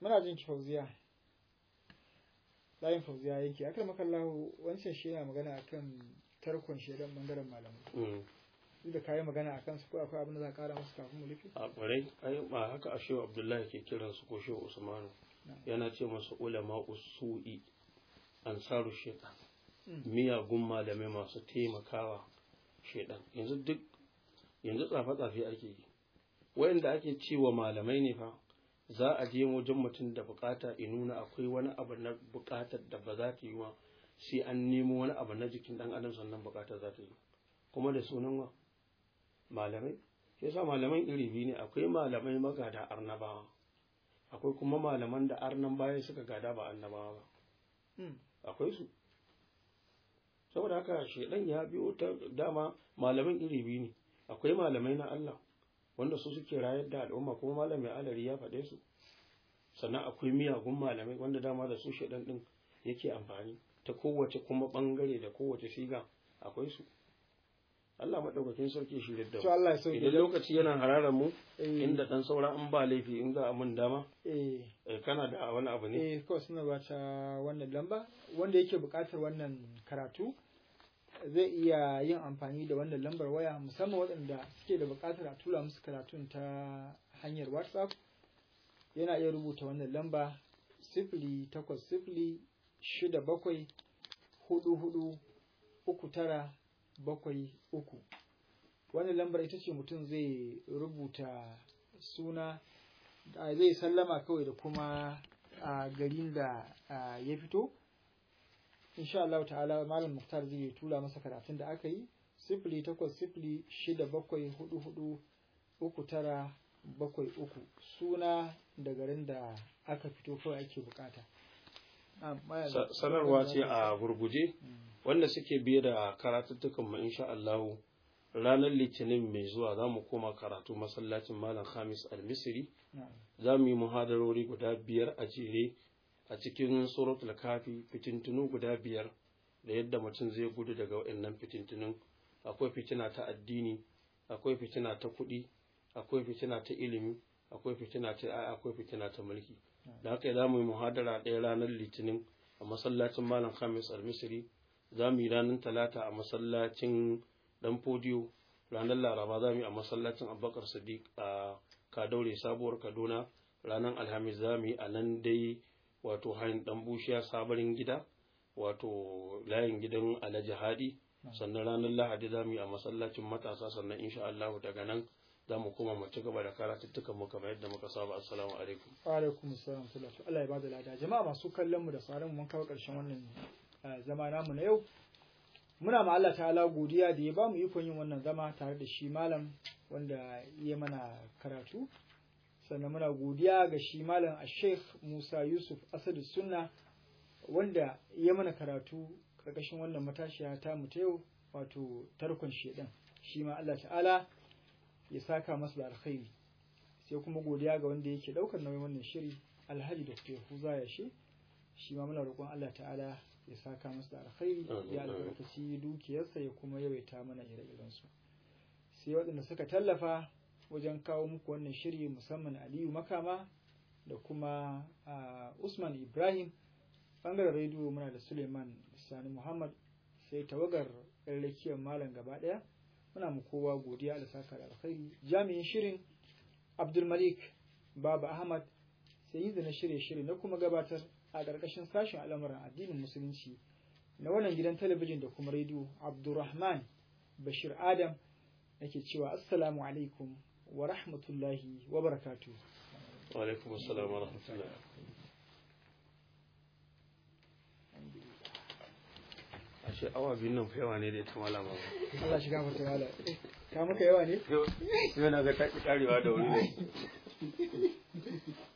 Speaker 2: muna jin fauziya layin fauziya yake akal makallahu wancan shi yana magana akan tarkon shaidan bangaren malamai hmm. da kayi magana a kansu ko akwai abin da za ka kara musu kafin mu rufe
Speaker 1: a kwarai ai ba haka a shehu abdullahi ke kiran su ko shehu usmanu yana ce masu ulama usu'i ansaru shaitan hmm. miyagun malamai masu taimakawa shaitan yanzu duk yanzu tsafe-tsafe ake yi wayanda ake cewa malamai ne fa za a je wajen mutum da bukata in nuna akwai wani abu na bukatar da ba za ta yi wa sai an nemo wani abu na jikin dan adam sannan bukata za ta yi kuma da sunan wa malamai sai sa malaman iri biyu ne akwai malamai magada arnabawa akwai kuma malaman da arnan baya suka gada ba annabawa ba hmm. akwai su saboda haka shedan ya biyo ta dama malamin iri biyu ne akwai malamai na Allah wanda su suke rayar da al'umma kuma malamin alari ya faɗe su sannan akwai miyagun malamai wanda dama da su shedan din yake amfani ta kowace kuma bangare da kowace siga akwai su Allah maɗaukakin sarki shi da to Allah sauke idan lokaci yana hararar mu eh. inda dan saura an ba laifi in za a mun dama eh, eh kana da wani abu ne eh
Speaker 2: ko suna ba ta wannan lamba wanda yake buƙatar wannan karatu zai iya yin amfani da wannan lambar waya musamman waɗanda suke da buƙatar a tura musu karatun ta hanyar WhatsApp yana iya rubuta wannan lamba sifili takwas sifili shida bakwai hudu hudu uku tara bakwai uku wannan lambar ita ce mutum zai rubuta suna zai sallama kawai da kuma a garin da ya fito insha Allah ta'ala malam Muktar zai tura masa karatun da aka yi sifili takwas sifili shida bakwai hudu hudu uku tara bakwai uku suna da garin da aka fito kawai ake bukata
Speaker 1: sanarwa ce a gurguje hmm. wanda suke biye da karatuttukan mu insha Allah ranar litinin mai zuwa za mu koma karatu masallacin malam Khamis al-Misri za mu yi muhadarori guda biyar a jere a cikin suratul kafi fitintunu guda biyar da yadda mutum zai gudu daga waɗannan fitintunun akwai fitina ta addini akwai fitina ta kuɗi akwai fitina ta ilimi akwai fitina ta ai akwai fitina ta mulki da haka za mu yi muhadara ɗaya ranar litinin a masallacin malam khamis al-misri za mu yi ranar talata a masallacin dan fodiyo ranar laraba za mu yi a masallacin abubakar sadiq a kadaure sabuwar kaduna ranar alhamis za mu yi a nan dai wato hayin dan bushiya sabarin gida wato layin gidan alhaji hadi sannan ranar lahadi za mu yi a masallacin matasa sannan insha Allah daga nan za mu koma mu ci gaba da karatuttukan mu kamar yadda muka saba assalamu alaikum
Speaker 2: wa alaikum assalam Allah ya bada lada jama'a masu kallon mu da sauran mun kawo karshen wannan zama namu na yau muna
Speaker 1: ma Allah ta'ala godiya da ya
Speaker 2: ba mu ikon yin wannan zama tare da shi malam wanda ya mana karatu sannan muna godiya ga shi malam a sheikh musa yusuf asadu sunna wanda ya mana karatu karkashin wannan matashiya ta mu ta yau wato tarkon shedan shi ma Allah ta'ala ya saka masa da alkhairi sai kuma godiya ga wanda yake daukar nauyin wannan shiri alhaji dr huza ya shi shi ma muna roƙon Allah ta'ala ya saka masu da alkhairi ya albarkaci dukiyarsa ya kuma yawaita mana ire-irensu sai waɗanda suka tallafa wajen kawo muku wannan shiri musamman aliyu makama da kuma usman ibrahim ɓangaren rediyo muna da suleiman sani muhammad sai tawagar rakiyar malam gaba ɗaya muna mu kowa godiya da saka da alkhairi jami'in shirin abdulmalik baba ahmad sai yi da na shirye shiri na kuma gabatar a ƙarƙashin sashen al'amuran addinin musulunci na wannan gidan talabijin da kuma rediyo abdurrahman bashir adam nake cewa assalamu alaikum wa rahmatullahi wa barakatu
Speaker 1: wa alaikum ashe awa biyun nan fa yawa ne da ita malama
Speaker 2: Allah shiga mata mala
Speaker 1: ka muka yawa ne
Speaker 2: yau na ga ta karewa da wuri ne